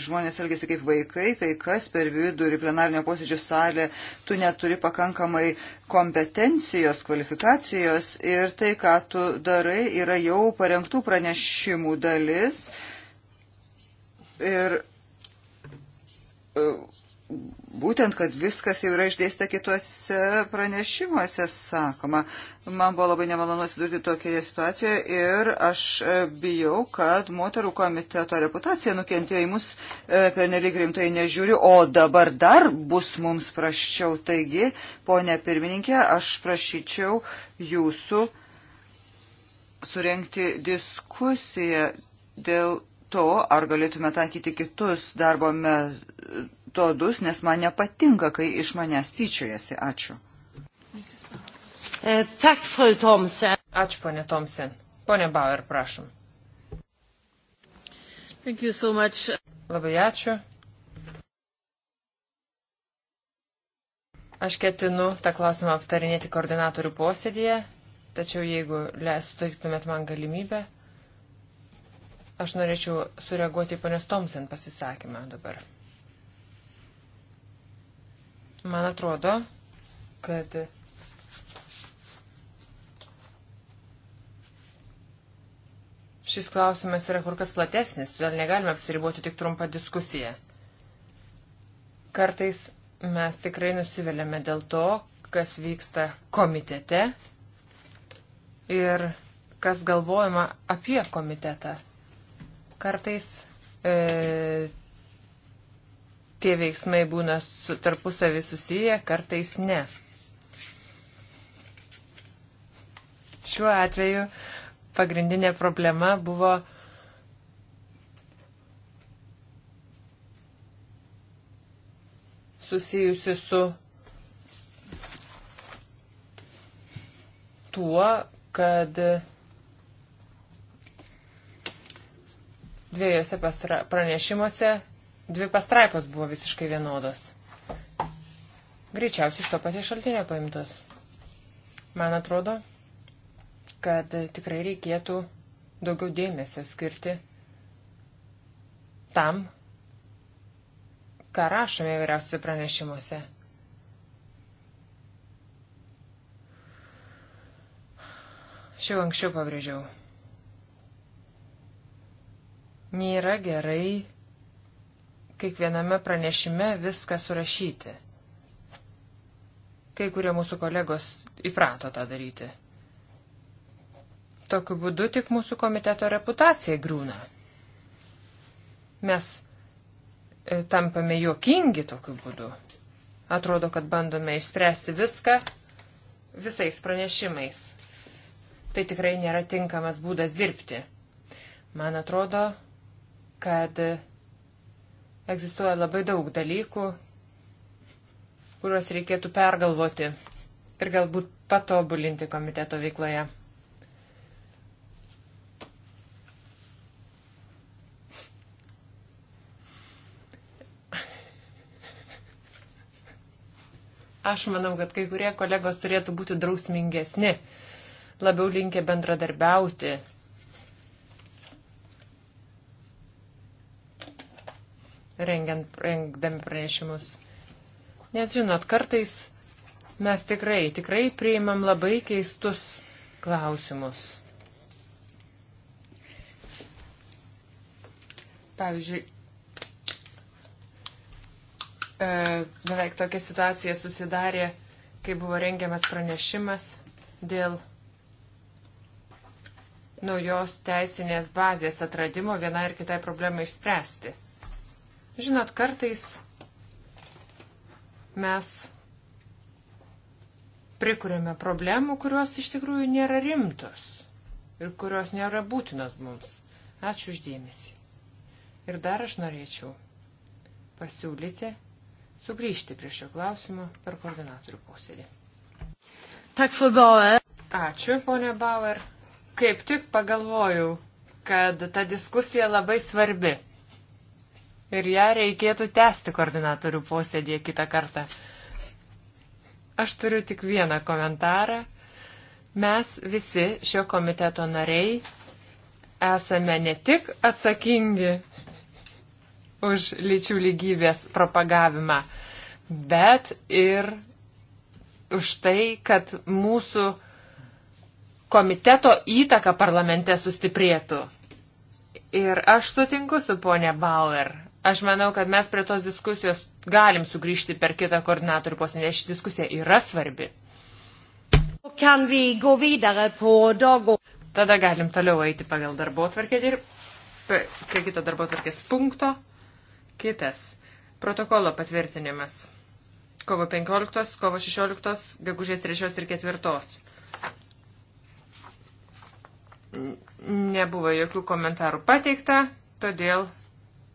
žmonės elgėsi kaip vaikai, kai kas per vidurį plenarinio posėdžio salę, tu neturi pakankamai kompetencijos, kvalifikacijos ir tai, ką tu darai, yra jau parengtų pranešimų dalis. Ir E, būtent, kad viskas jau yra išdėsta kituose pranešimuose, sakoma. Man buvo labai nemalonu atsidurti tokioje situacijoje ir aš e, bijau, kad moterų komiteto reputacija nukentėjo į mus e, per nelik rimtai nežiūri, o dabar dar bus mums praščiau. Taigi, ponė pirmininkė, aš prašyčiau jūsų surenkti diskusiją dėl to, ar galėtume taikyti kitus darbo metodus, nes man nepatinka, kai iš manęs tyčiojasi. Ačiū. Eh, ačiū, ponė Tomsen. Pone Bauer, prašom. So much. Labai ačiū. Aš ketinu tą klausimą aptarinėti koordinatorių posėdėje, tačiau jeigu suteiktumėt man galimybę. Aš norėčiau sureaguoti į ponios Tomsen pasisakymą dabar. Man atrodo, kad šis klausimas yra kur kas platesnis, todėl negalime apsiriboti tik trumpą diskusiją. Kartais mes tikrai nusiveliame dėl to, kas vyksta komitete ir kas galvojama apie komitetą Kartais e, tie veiksmai būna su, tarpusavį susiję, kartais ne. Šiuo atveju pagrindinė problema buvo susijusi su tuo, kad Dviejose pastra... pranešimuose dvi pastraipos buvo visiškai vienodos. Greičiausiai iš to paties šaltinio paimtos. Man atrodo, kad tikrai reikėtų daugiau dėmesio skirti tam, ką rašome įvairiausiuose pranešimuose. Šiau anksčiau pabrėžiau nėra gerai kiekviename pranešime viską surašyti. Kai kurie mūsų kolegos įprato tą daryti. Tokiu būdu tik mūsų komiteto reputacija grūna. Mes e, tampame juokingi tokiu būdu. Atrodo, kad bandome išspręsti viską visais pranešimais. Tai tikrai nėra tinkamas būdas dirbti. Man atrodo, kad egzistuoja labai daug dalykų, kuriuos reikėtų pergalvoti ir galbūt patobulinti komiteto veikloje. Aš manau, kad kai kurie kolegos turėtų būti drausmingesni, labiau linkę bendradarbiauti rengiant, rengdami pranešimus. Nes žinot, kartais mes tikrai, tikrai priimam labai keistus klausimus. Pavyzdžiui, e, beveik tokia situacija susidarė, kai buvo rengiamas pranešimas dėl naujos teisinės bazės atradimo vienai ir kitai problemai išspręsti. Žinot, kartais mes prikuriame problemų, kurios iš tikrųjų nėra rimtos ir kurios nėra būtinos mums. Ačiū uždėmesi. Ir dar aš norėčiau pasiūlyti sugrįžti prie šio klausimo per koordinatorių posėdį. Ačiū, ponė Bauer. Kaip tik pagalvojau, kad ta diskusija labai svarbi ir ją reikėtų tęsti koordinatorių posėdėje kitą kartą. Aš turiu tik vieną komentarą. Mes visi šio komiteto nariai esame ne tik atsakingi už lyčių lygybės propagavimą, bet ir už tai, kad mūsų komiteto įtaka parlamente sustiprėtų. Ir aš sutinku su ponė Bauer. Aš manau, kad mes prie tos diskusijos galim sugrįžti per kitą koordinatorių posėdį, nes ši diskusija yra svarbi. Tada galim toliau eiti pagal darbo atvarkę ir prie kito darbo atvarkės punkto. Kitas. Protokolo patvirtinimas. Kovo 15, kovo 16, gegužės 3 ir 4 nebuvo jokių komentarų pateikta, todėl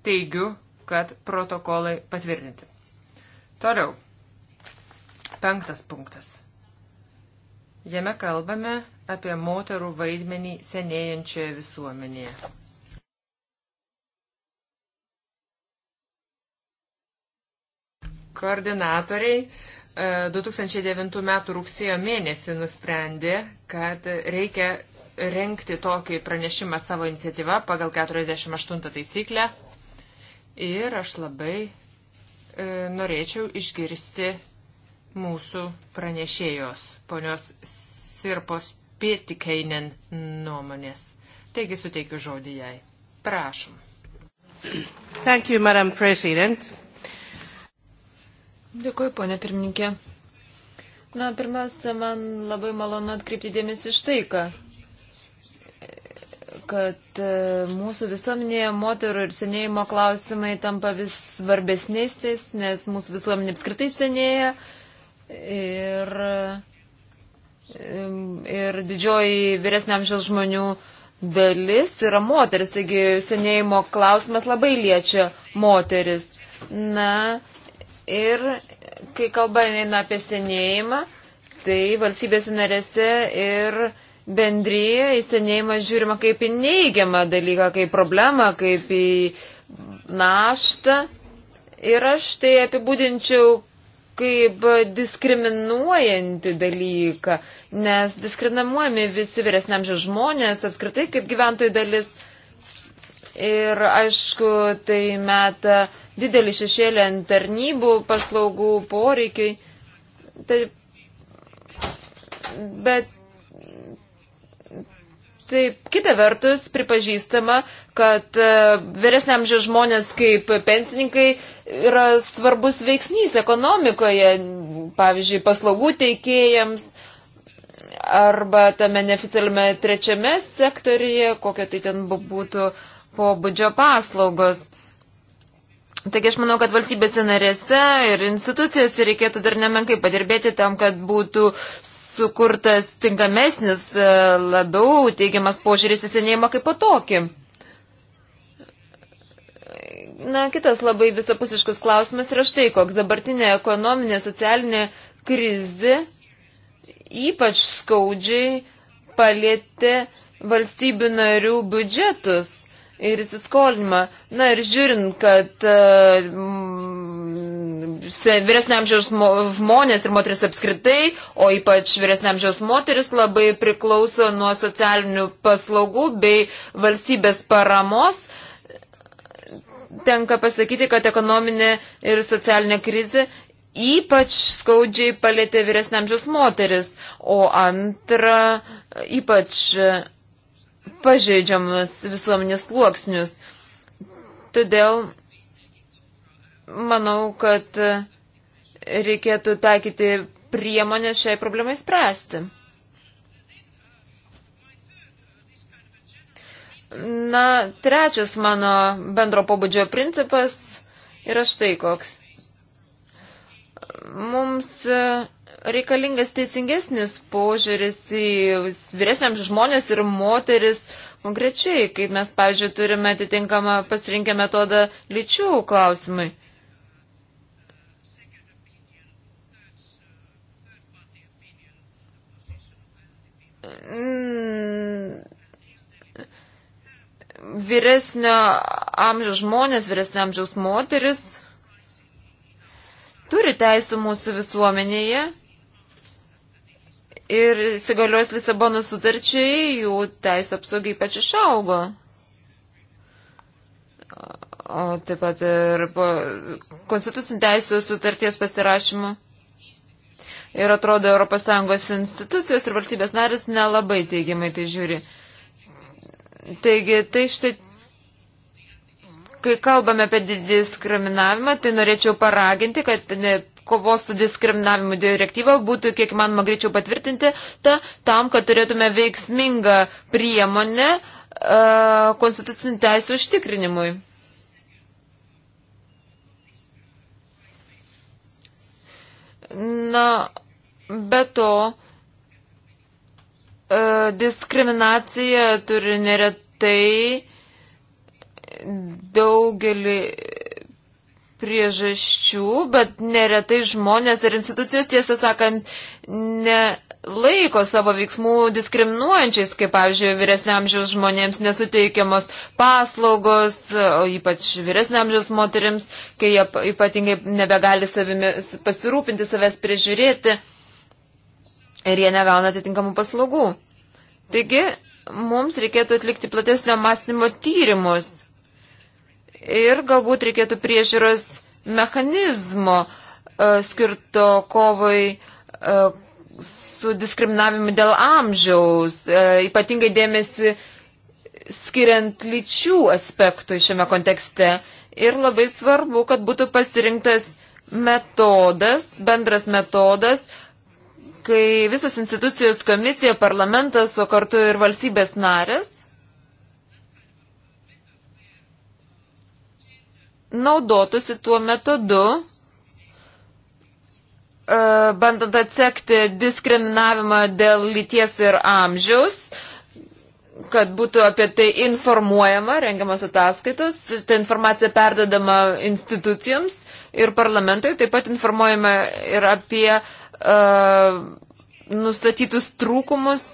teigiu, kad protokolai patvirtinti. Toliau. Penktas punktas. Jame kalbame apie moterų vaidmenį senėjančioje visuomenėje. Koordinatoriai 2009 e, m. rugsėjo mėnesį nusprendė, kad reikia renkti tokį pranešimą savo iniciatyvą pagal 48 taisyklę ir aš labai e, norėčiau išgirsti mūsų pranešėjos, ponios Sirpos Pietikainen nuomonės. Taigi suteikiu žodį jai. Prašom. Thank you, Madam President. Dėkuoju, ponė pirmininkė. Na, pirmiausia, man labai malonu atkreipti dėmesį iš tai, ką kad e, mūsų visuomenėje moterų ir senėjimo klausimai tampa vis svarbesniais, nes mūsų visuomenė apskritai senėja ir, e, ir didžioji vyresniam žiaus žmonių dalis yra moteris, taigi senėjimo klausimas labai liečia moteris. Na ir kai kalba eina apie senėjimą, tai valstybės narėse ir bendryje į senėjimą žiūrima kaip į neigiamą dalyką, kaip problemą, kaip į naštą. Ir aš tai apibūdinčiau kaip diskriminuojantį dalyką, nes diskriminuojami visi vyresniamžiaus žmonės, apskritai kaip gyventojų dalis. Ir aišku, tai meta didelį šešėlį ant tarnybų paslaugų poreikiai. Taip, bet Taip, kita vertus, pripažįstama, kad e, vyresniam žiūrės žmonės kaip pensininkai yra svarbus veiksnys ekonomikoje, pavyzdžiui, paslaugų teikėjams arba tame neoficialiame trečiame sektorije, kokia tai ten būtų pobūdžio paslaugos. Taigi aš manau, kad valstybėse narėse ir institucijose reikėtų dar nemenkai padirbėti tam, kad būtų sukurtas tinkamesnis, e, labiau teigiamas požiūris į senėjimą kaip patokį. Na, kitas labai visapusiškas klausimas yra štai, koks dabartinė ekonominė, socialinė krizi ypač skaudžiai palėtė valstybių narių biudžetus ir įsiskolinimą. Na ir žiūrint, kad uh, e, vyresniamžiaus žmonės ir moteris apskritai, o ypač vyresniamžiaus moteris labai priklauso nuo socialinių paslaugų bei valstybės paramos. Tenka pasakyti, kad ekonominė ir socialinė krizė ypač skaudžiai palėtė vyresniamžiaus moteris, o antra, ypač pažeidžiamus visuomenės sluoksnius. Todėl manau, kad reikėtų taikyti priemonės šiai problemai spręsti. Na, trečias mano bendro pobūdžio principas yra štai koks. Mums reikalingas teisingesnis požiūris į vyresniams žmonės ir moteris konkrečiai, kaip mes, pavyzdžiui, turime atitinkamą pasirinkę metodą lyčių klausimai. Mm. Vyresnio amžiaus žmonės, vyresnio amžiaus moteris turi teisų mūsų visuomenėje ir įsigaliojus Lisabono sutarčiai jų teisų apsaugai ypač išaugo. O taip pat ir po konstitucinių teisų sutarties pasirašymo. Ir atrodo, ES institucijos ir valstybės narės nelabai teigiamai tai žiūri. Taigi, tai štai, kai kalbame apie diskriminavimą, tai norėčiau paraginti, kad ne kovos su diskriminavimu direktyva būtų kiek manoma greičiau patvirtinti, ta, tam, kad turėtume veiksmingą priemonę e, konstitucinių teisų užtikrinimui. Na, be to, e, diskriminacija turi neretai daugelį priežasčių, bet neretai žmonės ir institucijos, tiesą sakant, nelaiko savo veiksmų diskriminuojančiais, kaip, pavyzdžiui, vyresniamžiaus žmonėms nesuteikiamos paslaugos, ypač vyresniamžiaus moteriams, kai jie ypatingai nebegali savimi, pasirūpinti savęs prižiūrėti ir jie negauna atitinkamų paslaugų. Taigi, mums reikėtų atlikti platesnio mąstymo tyrimus ir galbūt reikėtų priežiūros mechanizmo e, skirto kovai e, su diskriminavimu dėl amžiaus, e, ypatingai dėmesį skiriant lyčių aspektų šiame kontekste. Ir labai svarbu, kad būtų pasirinktas metodas, bendras metodas, kai visas institucijos komisija, parlamentas, o kartu ir valstybės narės naudotųsi tuo metodu, e, bandant atsekti diskriminavimą dėl lyties ir amžiaus, kad būtų apie tai informuojama, rengiamas ataskaitas, ta informacija perdodama institucijoms ir parlamentui, taip pat informuojama ir apie uh, nustatytus trūkumus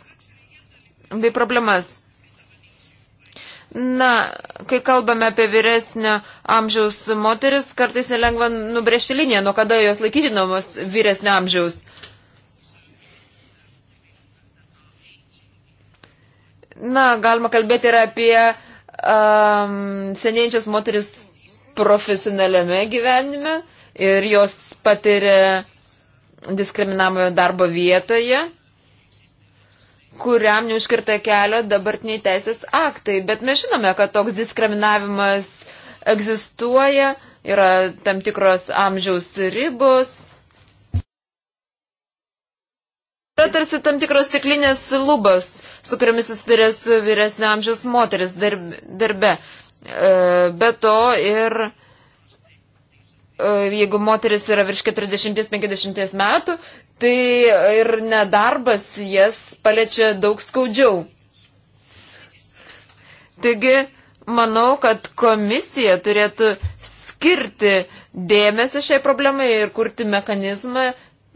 bei problemas. Na, kai kalbame apie vyresnio amžiaus moteris, kartais nelengva nubrėžti liniją, nuo kada jos laikytinomos vyresnio amžiaus. Na, galima kalbėti ir apie um, senėjančias moteris profesionaliame gyvenime ir jos patiria diskriminamojo darbo vietoje kuriam neužkirta kelio dabartiniai teisės aktai. Bet mes žinome, kad toks diskriminavimas egzistuoja, yra tam tikros amžiaus ribos. Yra tarsi tam tikros stiklinės lubos, su kuriamis susiduria su vyresnio amžiaus moteris darbe. E, be to ir e, jeigu moteris yra virš 40-50 metų, tai ir nedarbas jas paliečia daug skaudžiau. Taigi, manau, kad komisija turėtų skirti dėmesį šiai problemai ir kurti mechanizmą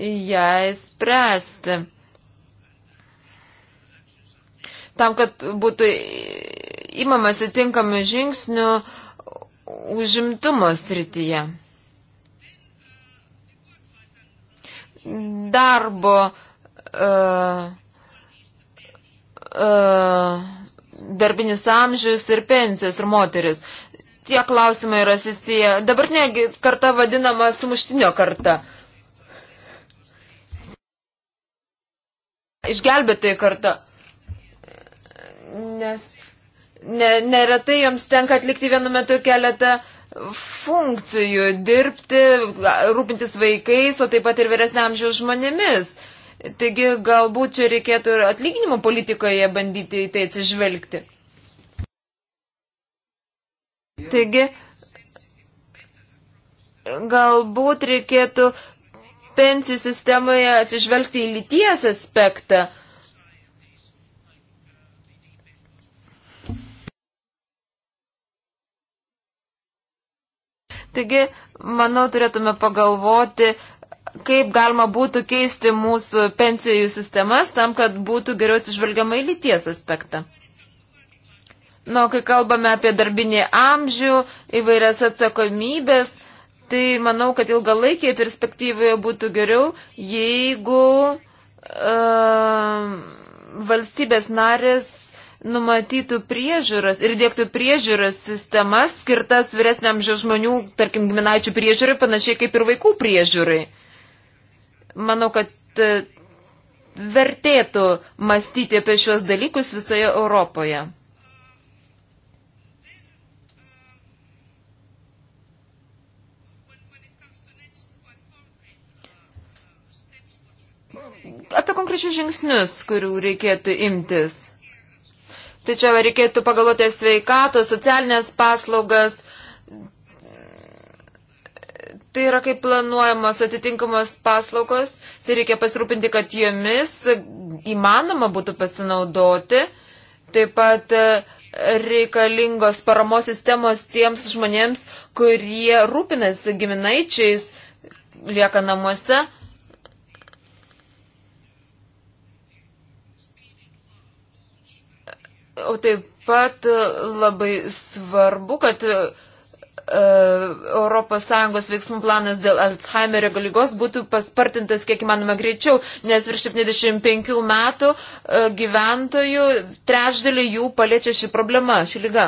jai spręsti. Tam, kad būtų įmamasi tinkami žingsnių užimtumo srityje. darbo uh, uh, darbinis amžius ir pensijos ir moteris. Tie klausimai yra susiję. Dabartinė karta vadinama sumuštinio karta. Išgelbėtai karta. Nes ne, neretai joms tenka atlikti vienu metu keletą funkcijų dirbti, rūpintis vaikais, o taip pat ir vyresniamžiaus žmonėmis. Taigi galbūt čia reikėtų ir atlyginimo politikoje bandyti į tai atsižvelgti. Taigi galbūt reikėtų pensijų sistemoje atsižvelgti į lyties aspektą. Taigi, manau, turėtume pagalvoti, kaip galima būtų keisti mūsų pensijų sistemas tam, kad būtų geriau atsižvelgiama į lyties aspektą. Nu, kai kalbame apie darbinį amžių, įvairias atsakomybės, tai manau, kad ilgalaikėje perspektyvoje būtų geriau, jeigu uh, valstybės narės numatytų priežiūros ir dėktų priežiūros sistemas skirtas vyresniam žmonių, tarkim, giminaičių priežiūrai, panašiai kaip ir vaikų priežiūrai. Manau, kad e, vertėtų mąstyti apie šios dalykus visoje Europoje. Apie konkrečius žingsnius, kurių reikėtų imtis. Tai čia reikėtų pagalvoti sveikatos, socialinės paslaugas. Tai yra kaip planuojamos atitinkamos paslaugos, tai reikia pasirūpinti, kad jomis įmanoma būtų pasinaudoti. Taip pat e, reikalingos paramos sistemos tiems žmonėms, kurie rūpinasi giminaičiais, lieka namuose. O taip pat e, labai svarbu, kad ES veiksmų planas dėl Alzheimerio lygos būtų paspartintas kiek įmanoma greičiau, nes virš 75 metų e, gyventojų trečdalį jų paliečia ši problema, ši lyga.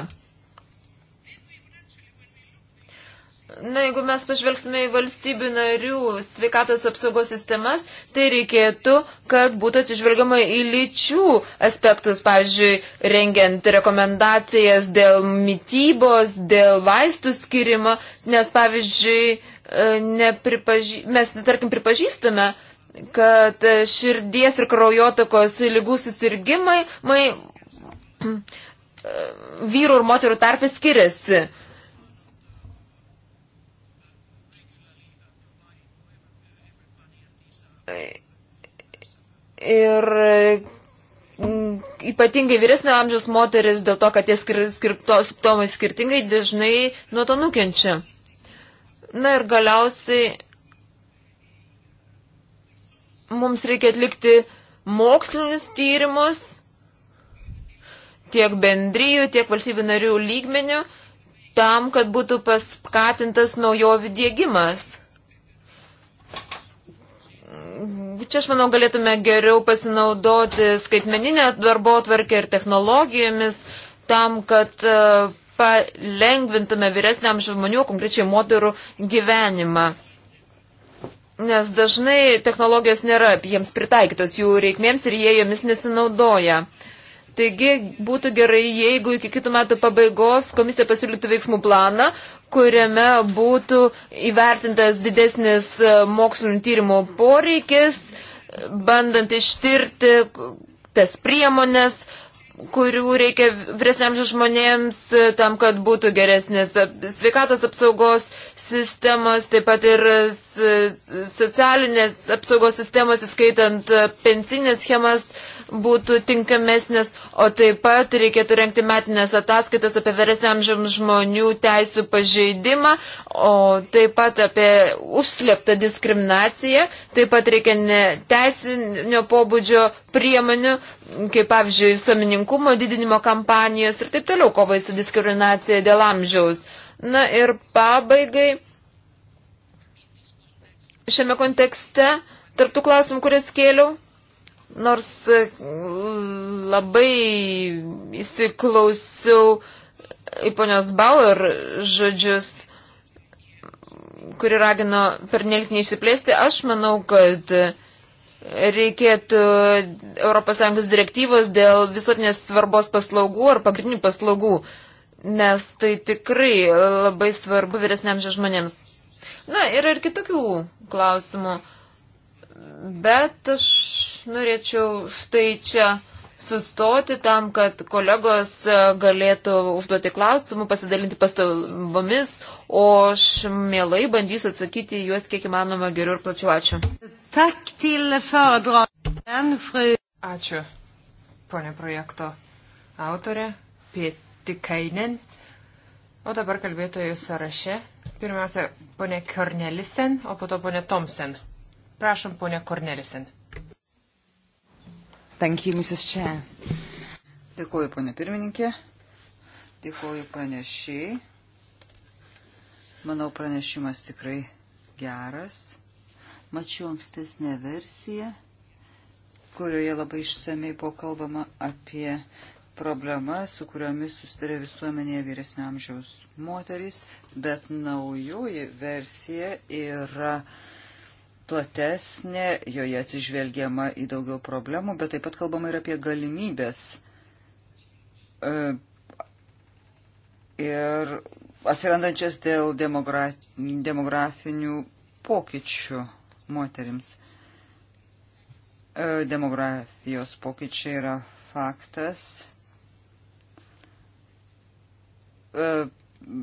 Na, jeigu mes pažvelgsime į valstybių narių sveikatos apsaugos sistemas, tai reikėtų, kad būtų atsižvelgiama į lyčių aspektus, pavyzdžiui, rengiant rekomendacijas dėl mytybos, dėl vaistų skirimo, nes, pavyzdžiui, e, nepripaži... mes, tarkim, pripažįstame, kad širdies ir kraujotakos lygų susirgymai mai, e, vyrų ir moterų tarpė skiriasi. Ir mm, ypatingai vyresnio amžiaus moteris dėl to, kad tie skir skirptomai skirtingai dažnai nuo to nukenčia. Na ir galiausiai mums reikia atlikti mokslinius tyrimus tiek bendryjų, tiek valstybių narių lygmenių tam, kad būtų paskatintas naujovių dėgymas čia aš manau galėtume geriau pasinaudoti skaitmeninę darbo tvarkę ir technologijomis tam, kad e, palengvintume vyresniam žmonių, konkrečiai moterų gyvenimą. Nes dažnai technologijos nėra jiems pritaikytos jų reikmėms ir jie jomis nesinaudoja. Taigi būtų gerai, jeigu iki kitų metų pabaigos komisija pasiūlytų veiksmų planą, kuriame būtų įvertintas didesnis e, mokslinio tyrimo poreikis, bandant ištirti tas priemonės, kurių reikia vyresniams žmonėms e, tam, kad būtų geresnės sveikatos apsaugos sistemos, taip pat ir socialinės apsaugos sistemos, įskaitant e, pensinės schemas, būtų tinkamesnis, o taip pat reikėtų renkti metinės ataskaitas apie vyresnio amžiaus žmonių teisų pažeidimą, o taip pat apie užslėptą diskriminaciją, taip pat reikia teisinio pobūdžio priemonių, kaip pavyzdžiui, samininkumo didinimo kampanijos ir taip toliau kovai su diskriminacija dėl amžiaus. Na ir pabaigai šiame kontekste, tarptų klausimų, kurias kėliau, Nors e, labai įsiklausiau į ponios Bauer žodžius, kuri ragino per nelik neišsiplėsti, aš manau, kad reikėtų ES direktyvos dėl visuotinės svarbos paslaugų ar pagrindinių paslaugų, nes tai tikrai labai svarbu vyresniamžiaus žmonėms. Na, yra ir kitokių klausimų, bet aš Aš norėčiau štai čia sustoti tam, kad kolegos e, galėtų užduoti klausimų, pasidalinti pastabomis, o aš mielai bandysiu atsakyti juos kiek įmanoma geriau ir plačiau. Ačiū. Ačiū, ponė projekto autorė, Pietikainen. O dabar kalbėtojų sąraše. Pirmiausia, ponė Kornelisen, o po to ponė Tomsen. Prašom, ponė Kornelisen. Thank you, Mrs. Chair. Dėkuoju, ponė pirmininkė. Dėkuoju pranešiai. Manau, pranešimas tikrai geras. Mačiau ankstesnę versiją, kurioje labai išsamei buvo kalbama apie problemas, su kuriomis susidarė visuomenėje vyresnio amžiaus moterys, bet naujoji versija yra uh, platesnė, joje atsižvelgiama į daugiau problemų, bet taip pat kalbama ir apie galimybės e, ir atsirandančias dėl demografinių pokyčių moterims. E, demografijos pokyčiai yra faktas. E,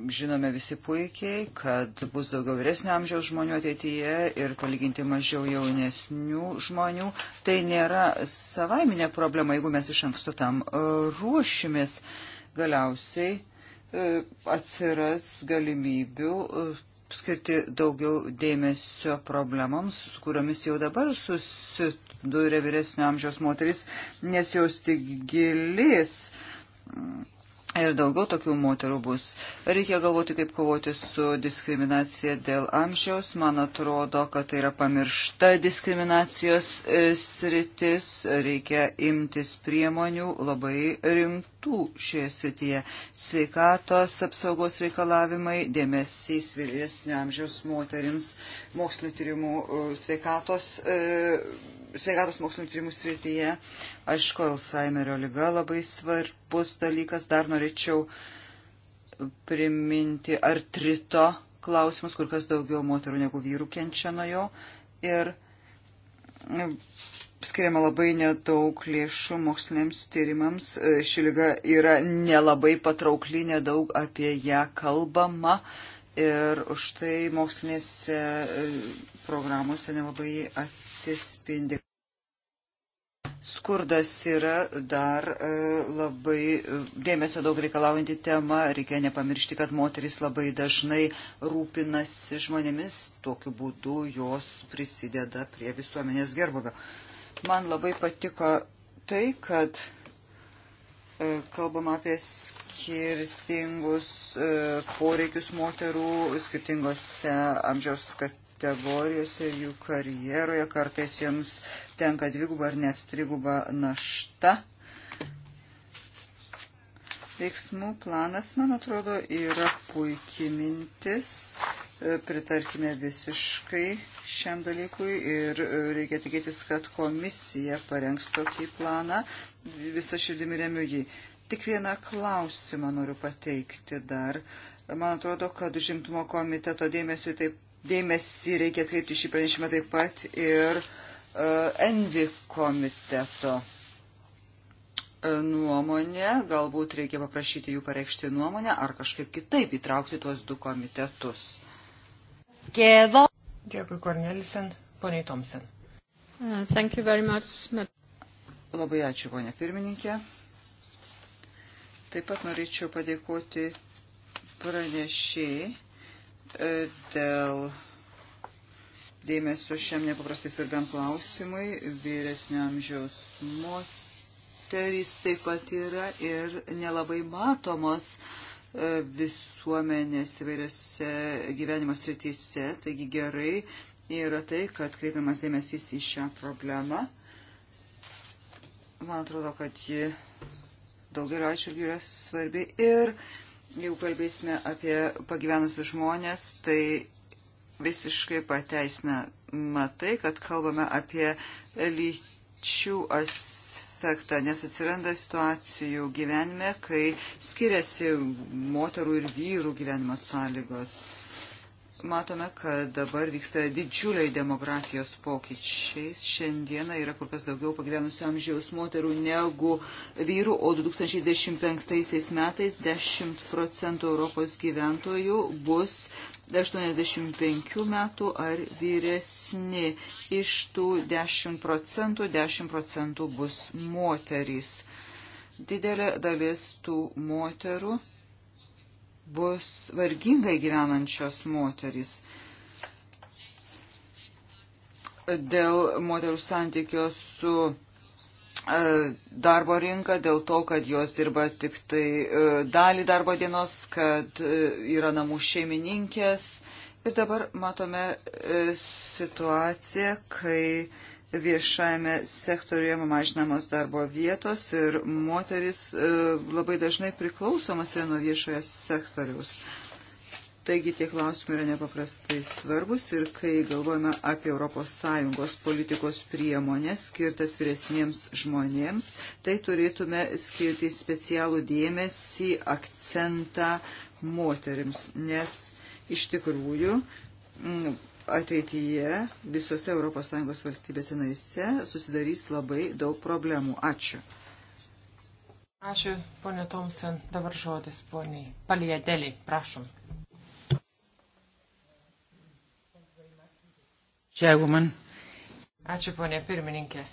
žinome visi puikiai, kad bus daugiau vyresnio amžiaus žmonių ateityje ir palyginti mažiau jaunesnių žmonių. Tai nėra savaiminė problema, jeigu mes iš anksto tam e, ruošimės. Galiausiai e, atsiras galimybių e, skirti daugiau dėmesio problemams, su kuriomis jau dabar susiduria vyresnio amžiaus moteris, nes jos tik gilės Ir daugiau tokių moterų bus. Reikia galvoti, kaip kovoti su diskriminacija dėl amžiaus. Man atrodo, kad tai yra pamiršta diskriminacijos e, sritis. Reikia imtis priemonių labai rimtų šioje srityje. Sveikatos apsaugos reikalavimai, dėmesys vyresnio amžiaus moterims, mokslinio tyrimų e, sveikatos. E, sveikatos mokslinių tyrimų srityje. Aišku, Alzheimerio lyga labai svarbus dalykas. Dar norėčiau priminti artrito klausimus, kur kas daugiau moterų negu vyrų kenčia nuo jo. Ir e, skiriama labai nedaug lėšų moksliniams tyrimams. E, ši lyga yra nelabai patraukli, nedaug apie ją kalbama. Ir už tai mokslinėse e, programuose nelabai at atsispindi. Skurdas yra dar e, labai e, dėmesio daug reikalaujanti tema. Reikia nepamiršti, kad moteris labai dažnai rūpinasi žmonėmis, tokiu būdu jos prisideda prie visuomenės gerbuvio. Man labai patiko tai, kad e, kalbam apie skirtingus poreikius moterų skirtingose amžiaus kategorijose ir jų karjeroje. Kartais joms tenka dviguba ar net triguba našta. Veiksmų planas, man atrodo, yra puikiai mintis. E, pritarkime visiškai šiam dalykui ir e, reikia tikėtis, kad komisija parengs tokį planą. Visą širdimi remiu jį. Tik vieną klausimą noriu pateikti dar. Man atrodo, kad užimtumo komiteto dėmesio taip dėmesį reikia atkreipti šį pranešimą taip pat ir e, Envi komiteto e, nuomonę, galbūt reikia paprašyti jų pareikšti nuomonę ar kažkaip kitaip įtraukti tuos du komitetus. Kėdo. Dėkui Kornelisen, poniai Tomsen. Uh, thank you very much. Labai ačiū, ponė pirmininkė. Taip pat norėčiau padėkoti pranešėjai E, dėl dėmesio šiam nepaprastai svarbiam klausimui. Vyresnio amžiaus moterys taip pat yra ir nelabai matomos e, visuomenės įvairiose gyvenimo srityse. Taigi gerai yra tai, kad kreipiamas dėmesys į šią problemą. Man atrodo, kad ji daugelio atžvilgių yra svarbi ir uh, Jeigu kalbėsime apie pagyvenusius žmonės, tai visiškai pateisina matai, kad kalbame apie lyčių aspektą, nes atsiranda situacijų gyvenime, kai skiriasi moterų ir vyrų gyvenimo sąlygos. Uh, Matome, kad dabar vyksta didžiuliai demografijos pokyčiais. Šiandieną yra kur kas daugiau pagyvenusių amžiaus moterų negu vyrų, o 2025 metais 10 procentų Europos gyventojų bus 85 metų ar vyresni. Iš tų 10 procentų 10 procentų bus moterys. Didelė dalis tų moterų bus vargingai gyvenančios moterys. Dėl moterų santykio su e, darbo rinką dėl to, kad jos dirba tik tai e, dalį darbo dienos, kad e, yra namų šeimininkės. Ir dabar matome situaciją, kai viešajame sektoriuje mažinamos darbo vietos ir moteris e, labai dažnai priklausomas yra nuo viešojo sektoriaus. Taigi tie klausimai yra nepaprastai svarbus ir kai galvojame apie ES politikos priemonės skirtas vyresniems žmonėms, tai turėtume skirti specialų dėmesį, akcentą moterims, nes iš tikrųjų ateityje visose ES valstybėse narise susidarys labai daug problemų. Ačiū. Ačiū, ponė Tomsen. Dabar žodis, poniai. Paliedėlį, prašom. Chairwoman. Ačiū, ponė pirmininkė.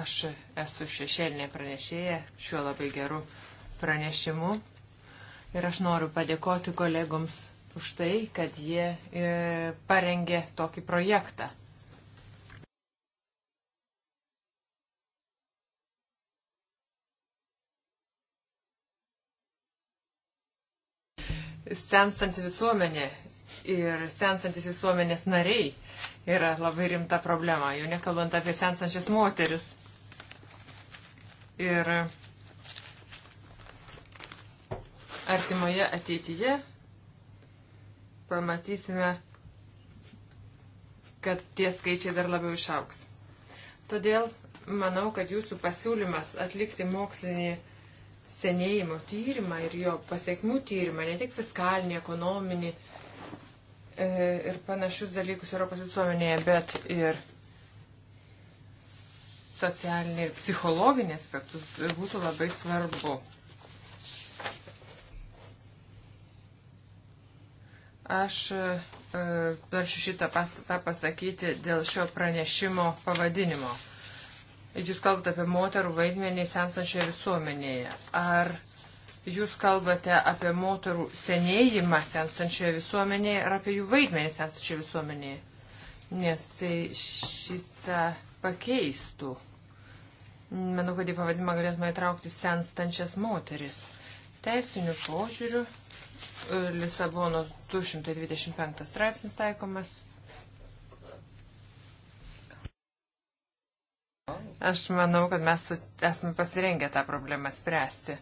Aš esu šešėlinė pranešėja šiuo labai geru pranešimu ir aš noriu padėkoti kolegoms už tai, kad jie e, parengė tokį projektą. sensanti visuomenė ir sensantis visuomenės nariai yra labai rimta problema, jau nekalbant apie sensančias moteris. Ir artimoje ateityje pamatysime, kad tie skaičiai dar labiau išauks. Todėl manau, kad jūsų pasiūlymas atlikti mokslinį senėjimo tyrimą ir jo pasiekmių tyrimą, ne tik fiskalinį, ekonominį e, ir panašius dalykus Europos visuomenėje, bet ir socialinį ir psichologinį aspektus būtų labai svarbu. Aš veršiu šitą pastatą pasakyti dėl šio pranešimo pavadinimo. Jūs kalbate apie moterų vaidmenį sensančioje visuomenėje. Ar jūs kalbate apie moterų senėjimą sensančioje visuomenėje ar apie jų vaidmenį sensančioje visuomenėje? Nes tai šitą pakeistų. Manau, kad į pavadimą galėtume įtraukti senstančias moteris. Teisinių požiūrių Lisabonos 225 straipsnis taikomas. Aš manau, kad mes esame pasirengę tą problemą spręsti.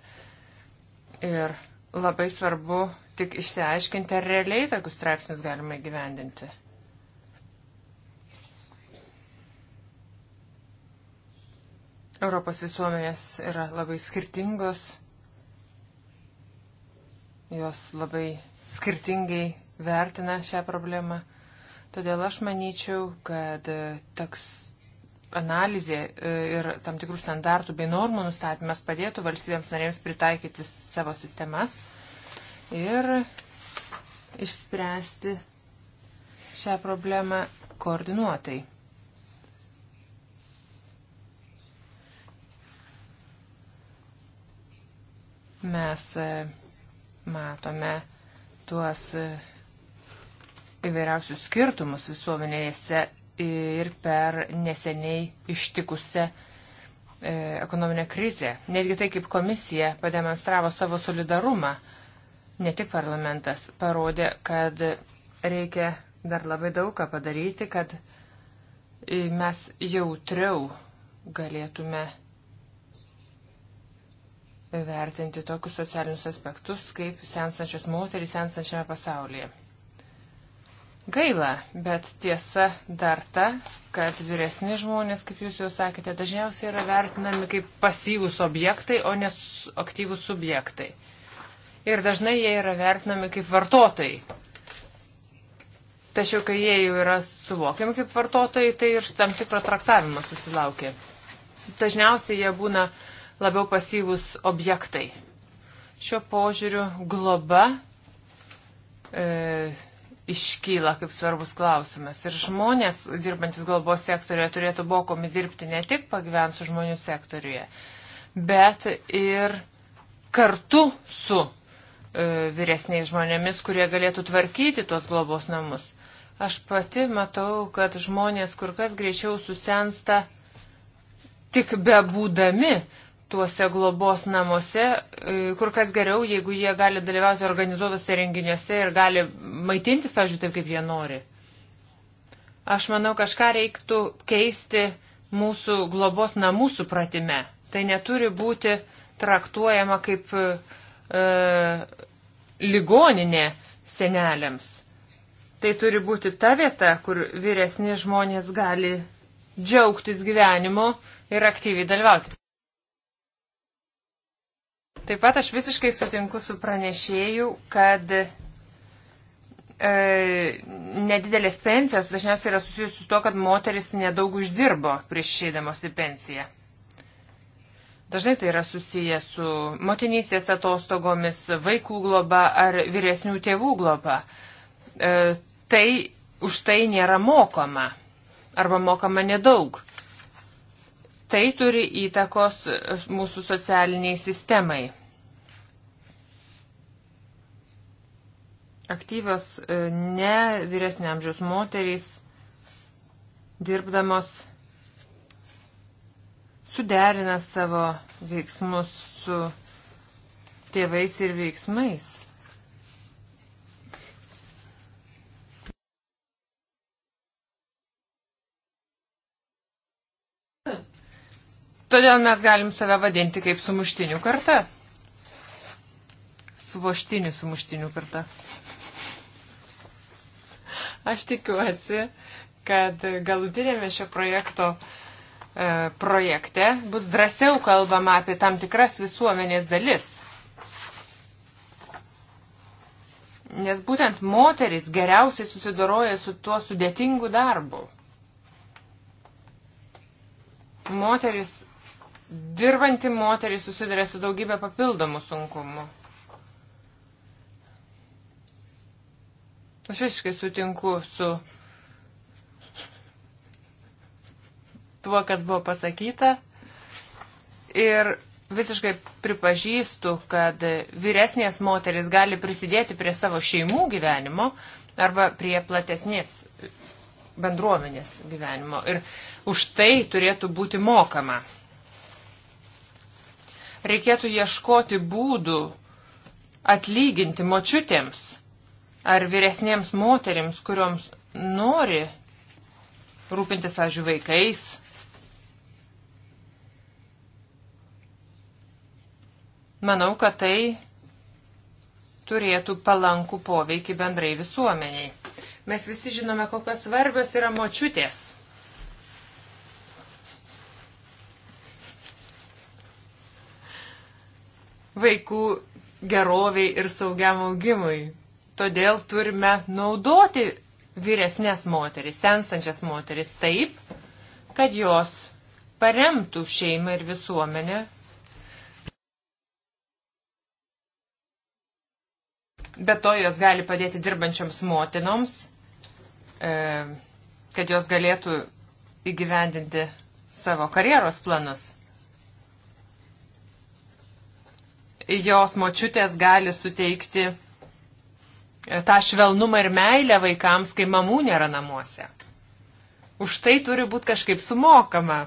Ir labai svarbu tik išsiaiškinti, ar realiai tokius straipsnius galima įgyvendinti. Europos visuomenės yra labai skirtingos Jos labai skirtingai vertina šią problemą. Todėl aš manyčiau, kad e, toks analizė e, ir tam tikrų standartų bei normų nustatymas padėtų valstybėms narėms pritaikyti savo sistemas ir išspręsti šią problemą koordinuotai. Mes e, matome tuos įvairiausius skirtumus visuomenėse ir per neseniai ištikusią e, ekonominę krizę. Netgi tai, kaip komisija pademonstravo savo solidarumą, ne tik parlamentas parodė, kad reikia dar labai daug ką padaryti, kad e, mes jautriau galėtume vertinti tokius socialinius aspektus, kaip sensančios moterys sensančiame pasaulyje. Gaila, bet tiesa dar ta, kad vyresni žmonės, kaip jūs jau sakėte, dažniausiai yra vertinami kaip pasyvūs objektai, o ne aktyvūs subjektai. Ir dažnai jie yra vertinami kaip vartotojai. Tačiau, kai jie jau yra suvokiami kaip vartotojai, tai ir tam tikro traktavimo susilaukia. Dažniausiai jie būna uh, labiau pasyvūs objektai. Šiuo požiūriu globa e, iškyla kaip svarbus klausimas. Ir žmonės, dirbantis globos sektoriuje, turėtų mokomi dirbti ne tik pagyvensių žmonių sektoriuje, bet ir kartu su e, vyresniais žmonėmis, kurie galėtų tvarkyti tuos globos namus. Aš pati matau, kad žmonės kur kas greičiau susensta tik be būdami tuose globos namuose, e, kur kas geriau, jeigu jie gali dalyvauti organizuotose renginiuose ir gali maitintis, pažiūrėjau, taip kaip jie nori. Aš manau, kažką reiktų keisti mūsų globos namų supratime. Tai neturi būti traktuojama kaip e, e ligoninė senelėms. Tai turi būti ta vieta, kur vyresni žmonės gali džiaugtis gyvenimu ir aktyviai dalyvauti. Taip pat aš visiškai sutinku su pranešėju, kad e, nedidelės pensijos dažniausiai yra susijusi su to, kad moteris nedaug uždirbo prieš išėdamos į pensiją. Dažnai tai yra susiję su motinysės atostogomis, vaikų globa ar vyresnių tėvų globa. E, tai už tai nėra mokama arba mokama nedaug. Tai turi įtakos mūsų socialiniai sistemai. Aktyvios e, ne vyresnio amžiaus moterys dirbdamos suderina savo veiksmus su tėvais ir veiksmais. Todėl mes galim save vadinti kaip sumuštinių karta. Suvoštinių sumuštinių karta. Aš tikiuosi, kad galutinėme šio projekto e, projekte bus drąsiau kalbama apie tam tikras visuomenės dalis. Nes būtent moteris geriausiai susidoroja su tuo sudėtingu darbu. Moteris dirbanti moteris susiduria su daugybė papildomų sunkumų. Aš visiškai sutinku su tuo, kas buvo pasakyta. Ir visiškai pripažįstu, kad vyresnės moteris gali prisidėti prie savo šeimų gyvenimo arba prie platesnės bendruomenės gyvenimo. Ir už tai turėtų būti mokama reikėtų ieškoti būdų atlyginti močiutėms ar vyresniems moterims, kurioms nori rūpintis, pavyzdžiui, vaikais. Manau, kad tai turėtų palankų poveikį bendrai visuomeniai. Mes visi žinome, kokios svarbios yra močiutės. vaikų geroviai ir saugiam augimui. Todėl turime naudoti vyresnės moteris, sensančias moteris taip, kad jos paremtų šeimą ir visuomenę. Be to jos gali padėti dirbančioms motinoms, e, kad jos galėtų įgyvendinti savo karjeros planus. jos močiutės gali suteikti e, tą švelnumą ir meilę vaikams, kai mamų nėra namuose. Už tai turi būti kažkaip sumokama.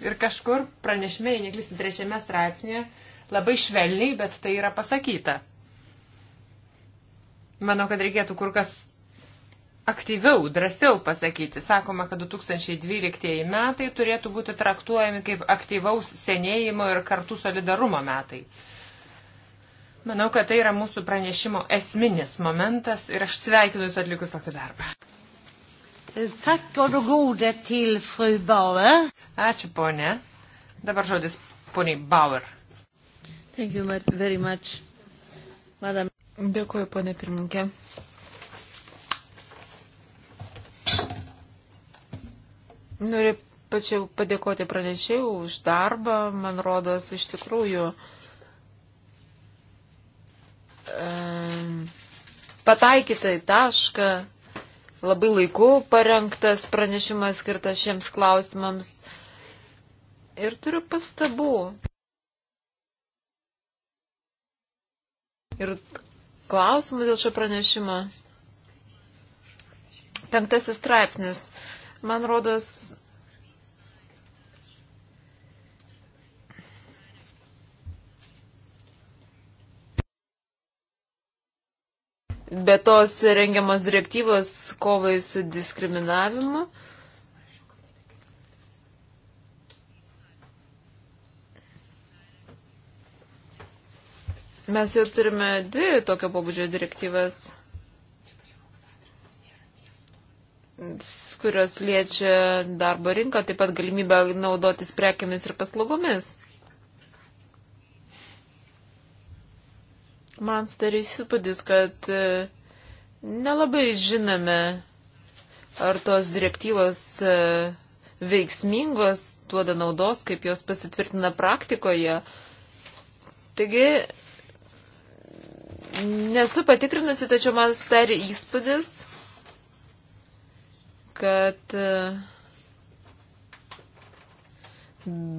Ir kažkur pranešmė, neklysi, trečiame straipsnėje labai švelniai, bet tai yra pasakyta. Manau, kad reikėtų kur kas aktyviau, drąsiau pasakyti. Sakoma, kad 2012 metai turėtų būti traktuojami kaip aktyvaus senėjimo ir kartų solidarumo metai. Manau, kad tai yra mūsų pranešimo esminis momentas ir aš sveikinu Jūs atlikus tokį darbą. Ačiū, ponė. Dabar žodis poniai Bauer. Thank you very much, madam. Dėkuoju, ponė pirmininkė. Noriu pačiau padėkoti pranešėjų už darbą. Man rodos, iš tikrųjų. Um, pataikyta į tašką, labai laiku parengtas pranešimas skirtas šiems klausimams. Ir turiu pastabų. Ir klausimų dėl šio pranešimo. Penktasis straipsnis. Man rodos, be tos rengiamos direktyvos kovai su diskriminavimu. Mes jau turime dvi tokio pobūdžio direktyvas. kurios liečia darbo rinką, taip pat galimybę naudotis prekiamis ir paslaugomis. Man sudarė įspūdis, kad e, nelabai žinome, ar tos direktyvos e, veiksmingos, duoda naudos, kaip jos pasitvirtina praktikoje. Taigi, nesu patikrinusi, tačiau man sudarė įspūdis, kad e,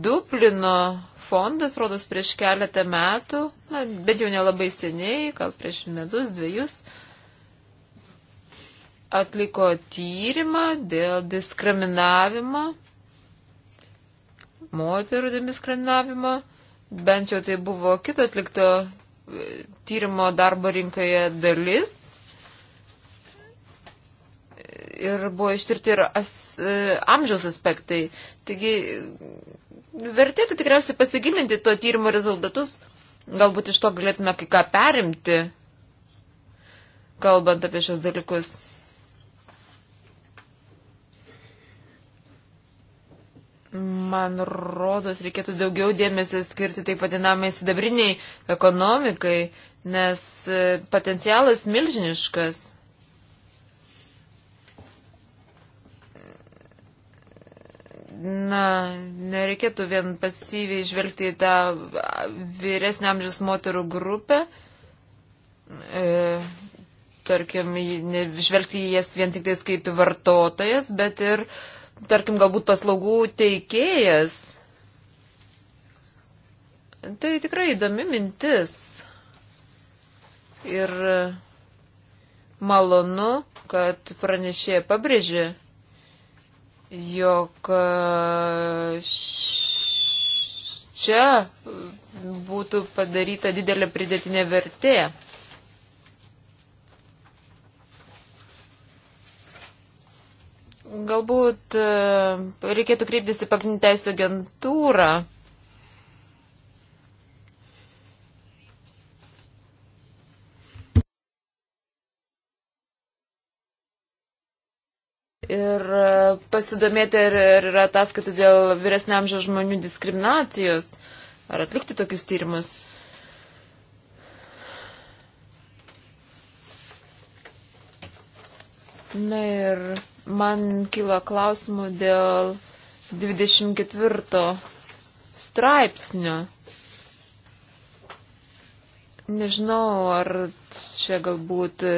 Dublino fondas, rodos, prieš keletą metų, na, bet jau nelabai seniai, gal prieš metus, dviejus, atliko tyrimą dėl diskriminavimo, moterų diskriminavimo, bent jau tai buvo kito atlikto e, tyrimo darbo rinkoje dalis ir buvo ištirti ir as, e, amžiaus aspektai. Taigi vertėtų tikriausiai pasigilinti to tyrimo rezultatus, galbūt iš to galėtume kai ką perimti, kalbant apie šios dalykus. Man rodos, reikėtų daugiau dėmesio skirti taip vadinamai sidabriniai ekonomikai, nes e, potencialas milžiniškas. na, nereikėtų vien pasyviai žvelgti į tą vyresnio amžiaus moterų grupę. E, tarkim, žvelgti į jas vien tik tais kaip į vartotojas, bet ir, tarkim, galbūt paslaugų teikėjas. Tai tikrai įdomi mintis. Ir malonu, kad pranešė pabrėžė jog e, čia būtų padaryta didelė pridėtinė vertė. Galbūt e, reikėtų kreiptis į pagrindinę teisų agentūrą ir e, pasidomėti, ar yra ataskaitų dėl vyresnio amžiaus žmonių diskriminacijos, ar atlikti tokius tyrimus. Na ir man kilo klausimų dėl 24 straipsnio. Nežinau, ar čia galbūt e,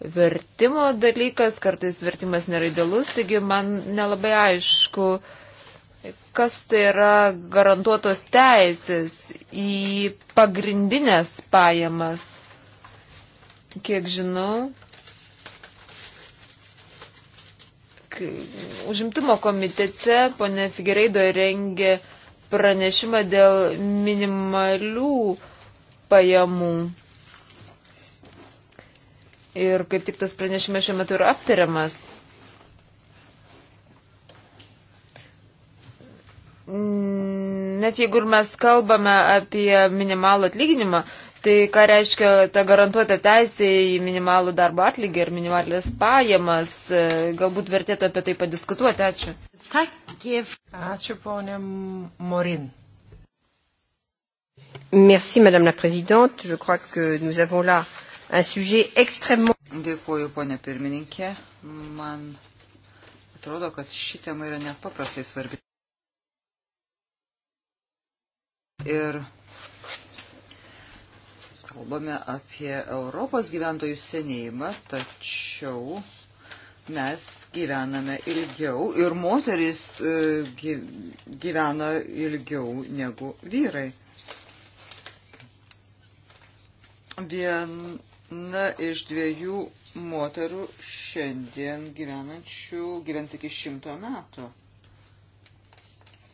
vertimo dalykas, kartais vertimas nėra idealus, taigi man nelabai aišku, kas tai yra garantuotos teisės į pagrindinės pajamas. Kiek žinau, užimtumo komitete ponė Figereido rengė pranešimą dėl minimalių pajamų. Ir kaip tik tas pranešimas šiuo metu yra aptariamas. Net jeigu ir mes kalbame apie minimalų atlyginimą, tai ką reiškia ta garantuota teisė į minimalų darbo atlygį ir minimalės pajamas, e, galbūt vertėtų apie tai padiskutuoti. Ačiū. Ačiū, ponė Morin. Merci, Madame la Présidente. Je crois que nous avons là euh, un sujet extrêmement. Dėkuoju, ponė pirmininkė. Man atrodo, kad ši tema yra nepaprastai svarbi. Ir kalbame apie Europos gyventojų senėjimą, tačiau mes gyvename ilgiau ir moteris e, gyvena ilgiau negu vyrai. Vien Na, iš dviejų moterų šiandien gyvenančių gyvens iki šimto metų.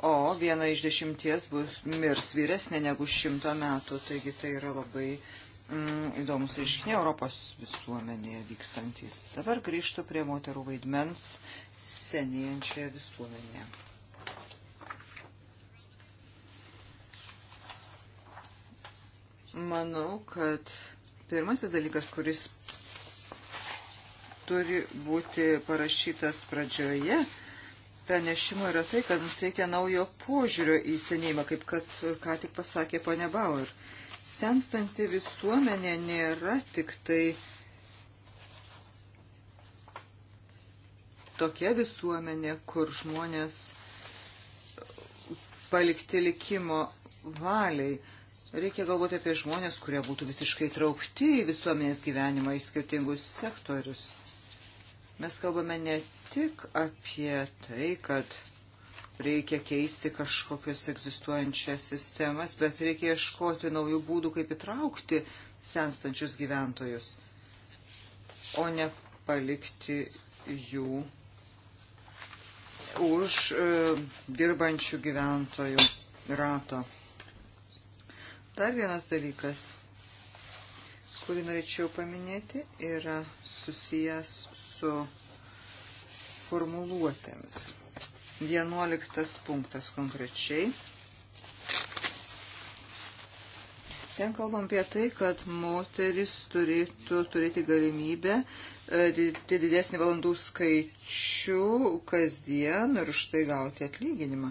O viena iš dešimties bus mirs vyresnė negu šimto metų, taigi tai yra labai mm, įdomus reiškiniai Europos visuomenėje vykstantis. Dabar grįžtų prie moterų vaidmens senėjančioje visuomenėje. Manau, kad Pirmasis dalykas, kuris turi būti parašytas pradžioje pranešimo, yra tai, kad mums reikia naujo požiūrio į senėjimą, kaip kad ką tik pasakė ponia Bauer. Senstanti visuomenė nėra tik tai tokia visuomenė, kur žmonės palikti likimo valiai. Reikia galvoti apie žmonės, kurie būtų visiškai traukti į visuomenės gyvenimą, į skirtingus sektorius. Mes kalbame ne tik apie tai, kad reikia keisti kažkokias egzistuojančias sistemas, bet reikia ieškoti naujų būdų, kaip įtraukti senstančius gyventojus, o ne palikti jų už e, dirbančių gyventojų rato. Dar vienas dalykas, kurį norėčiau paminėti, yra susijęs su formuluotėmis. Vienuoliktas punktas konkrečiai. Ten kalbam apie tai, kad moteris turėtų turėti galimybę e, didinti didesnį valandų skaičių kasdien ir už tai gauti atlyginimą.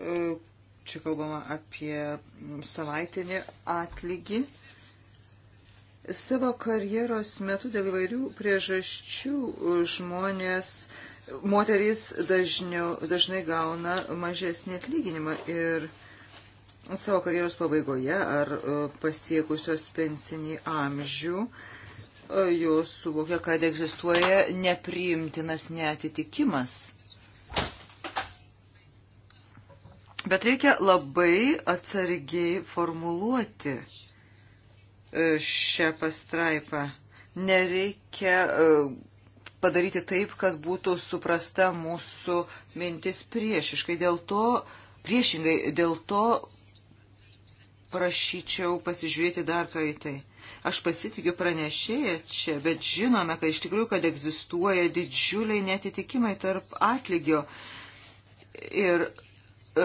E, Čia kalbama apie savaitinį atlygį. Savo karjeros metu dėl įvairių priežasčių žmonės, moterys dažniau, dažnai gauna mažesnį atlyginimą ir savo karjeros pabaigoje ar e, pasiekusios pensinį amžių e, jos suvokia, kad egzistuoja nepriimtinas netitikimas Bet reikia labai atsargiai formuluoti e, šią pastraipą. Nereikia e, padaryti taip, kad būtų suprasta mūsų mintis priešiškai. Dėl to, priešingai, dėl to prašyčiau pasižiūrėti dar ką į tai. Aš pasitikiu pranešėję čia, bet žinome, kad iš tikrųjų, kad egzistuoja didžiuliai netitikimai tarp atlygio. Ir E,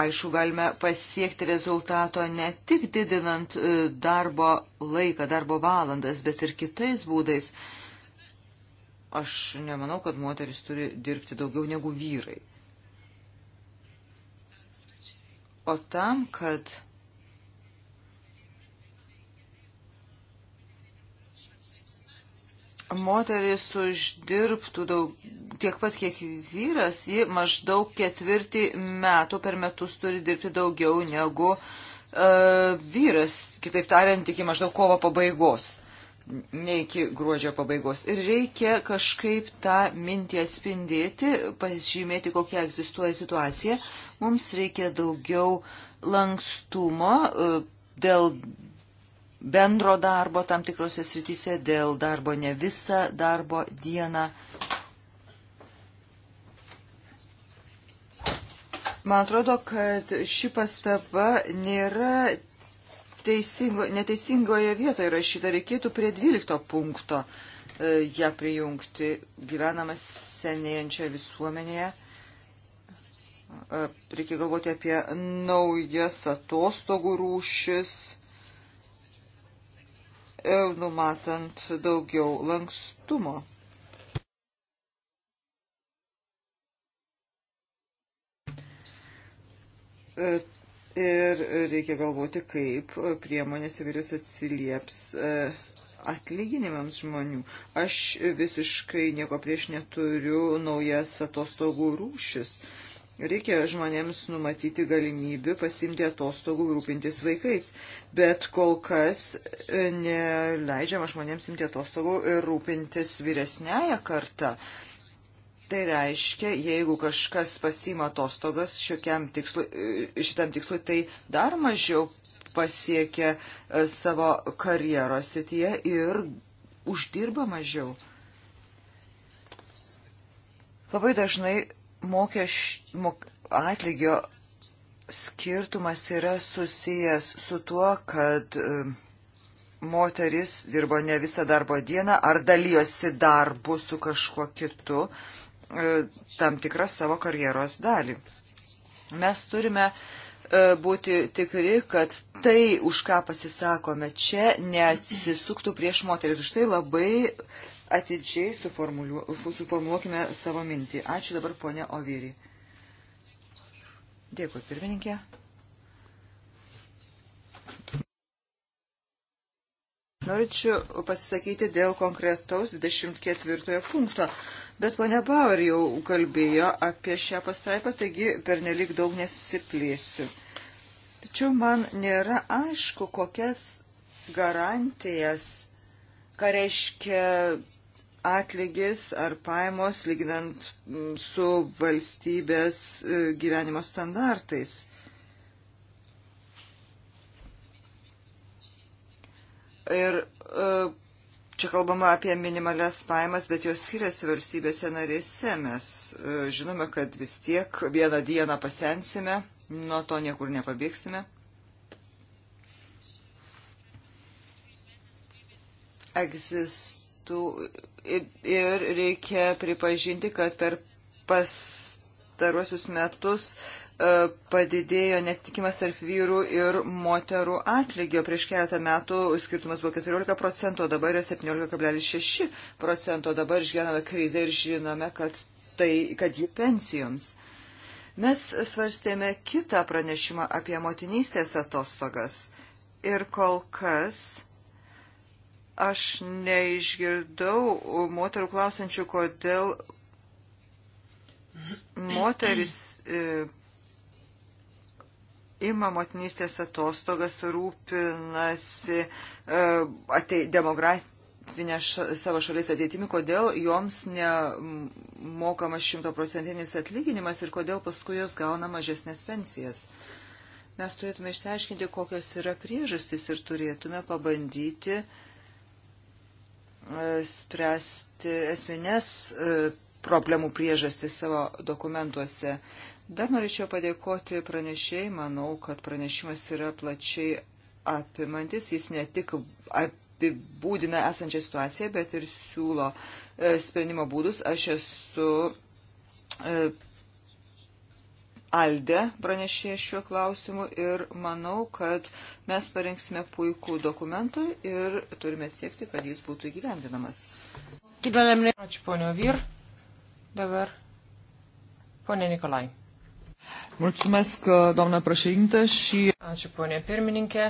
aišku, galime pasiekti rezultato ne tik didinant e, darbo laiką, darbo valandas, bet ir kitais būdais. Aš nemanau, kad moteris turi dirbti daugiau negu vyrai. O tam, kad moteris uždirbtų daug, tiek pat kiek vyras, ji maždaug ketvirtį metų per metus turi dirbti daugiau negu uh, vyras, kitaip tariant, iki maždaug kovo pabaigos, ne iki gruodžio pabaigos. Ir reikia kažkaip tą mintį atspindėti, pažymėti, kokia egzistuoja situacija. Mums reikia daugiau lankstumo e, dėl bendro darbo tam tikrose srityse, dėl darbo ne visą darbo dieną. Man atrodo, kad ši pastaba nėra teisingo, neteisingoje vietoje rašyta, reikėtų prie 12 punkto e, ją ja, prijungti gyvenamas senėjančioje visuomenėje. E, reikia galvoti apie naujas atostogų rūšis E, numatant daugiau lankstumo. E, ir reikia galvoti, kaip priemonės įvairius atsilieps e, atlyginimams žmonių. Aš visiškai nieko prieš neturiu naujas atostogų rūšis. Uh, Reikia žmonėms numatyti galimybių pasimti atostogų rūpintis vaikais, bet kol kas e, neleidžiama žmonėms imti atostogų ir rūpintis vyresnėje kartą. Tai reiškia, jeigu kažkas pasima atostogas tikslu, e, šitam tikslui, tai dar mažiau pasiekia e, savo karjeros sityje ir uždirba mažiau. Labai dažnai mokeš, mok, atlygio skirtumas yra susijęs su tuo, kad e, moteris dirbo ne visą darbo dieną ar dalyjosi darbu su kažkuo kitu e, tam tikrą savo karjeros dalį. Mes turime e, būti tikri, kad tai, už ką pasisakome čia, neatsisuktų prieš moteris. Už tai labai atidžiai suformuluokime savo mintį. Ačiū dabar ponia Oviri. Dėkui, pirmininkė. Norėčiau pasisakyti dėl konkretaus 24 punkto, bet ponia Bauer jau kalbėjo apie šią pastraipą, taigi per nelik daug nesiplėsiu. Tačiau man nėra aišku, kokias garantijas ką reiškia atlygis ar paėmos lyginant su valstybės e, gyvenimo standartais. Ir e, Čia kalbama apie minimalias pajamas, bet jos skiriasi valstybėse narėse. Mes e, žinome, kad vis tiek vieną dieną pasensime, nuo to niekur nepabėgsime. Egzistu, ir reikia pripažinti, kad per pastaruosius metus e, padidėjo netikimas tarp vyrų ir moterų atlygio. Prieš keletą metų skirtumas buvo 14 procento, dabar yra 17,6 procento, dabar išgyvename krizę ir žinome, kad, tai, kad ji pensijoms. Mes svarstėme kitą pranešimą apie motinystės atostogas ir kol kas Aš neišgirdau moterų klausančių, kodėl moteris e, ima motinystės atostogas, rūpinasi e, atei, demografinę ša, savo šalies ateitimi, kodėl joms nemokamas šimtoprocentinis atlyginimas ir kodėl paskui jos gauna mažesnės pensijas. Mes turėtume išsiaiškinti, kokios yra priežastys ir turėtume pabandyti uh, E, spręsti esminės e, problemų priežastį savo dokumentuose. Dar norėčiau padėkoti pranešėjai, manau, kad pranešimas yra plačiai apimantis, jis ne tik apibūdina esančią situaciją, bet ir siūlo e, sprendimo būdus. Aš esu Alde pranešė šiuo klausimu ir manau, kad mes parengsime puikų dokumentą ir turime siekti, kad jis būtų įgyvendinamas. Ačiū ponio Vir. Dabar ponė Nikolai. Mulțumesc, doamna președintă, și... Ačiū ponė pirmininkė.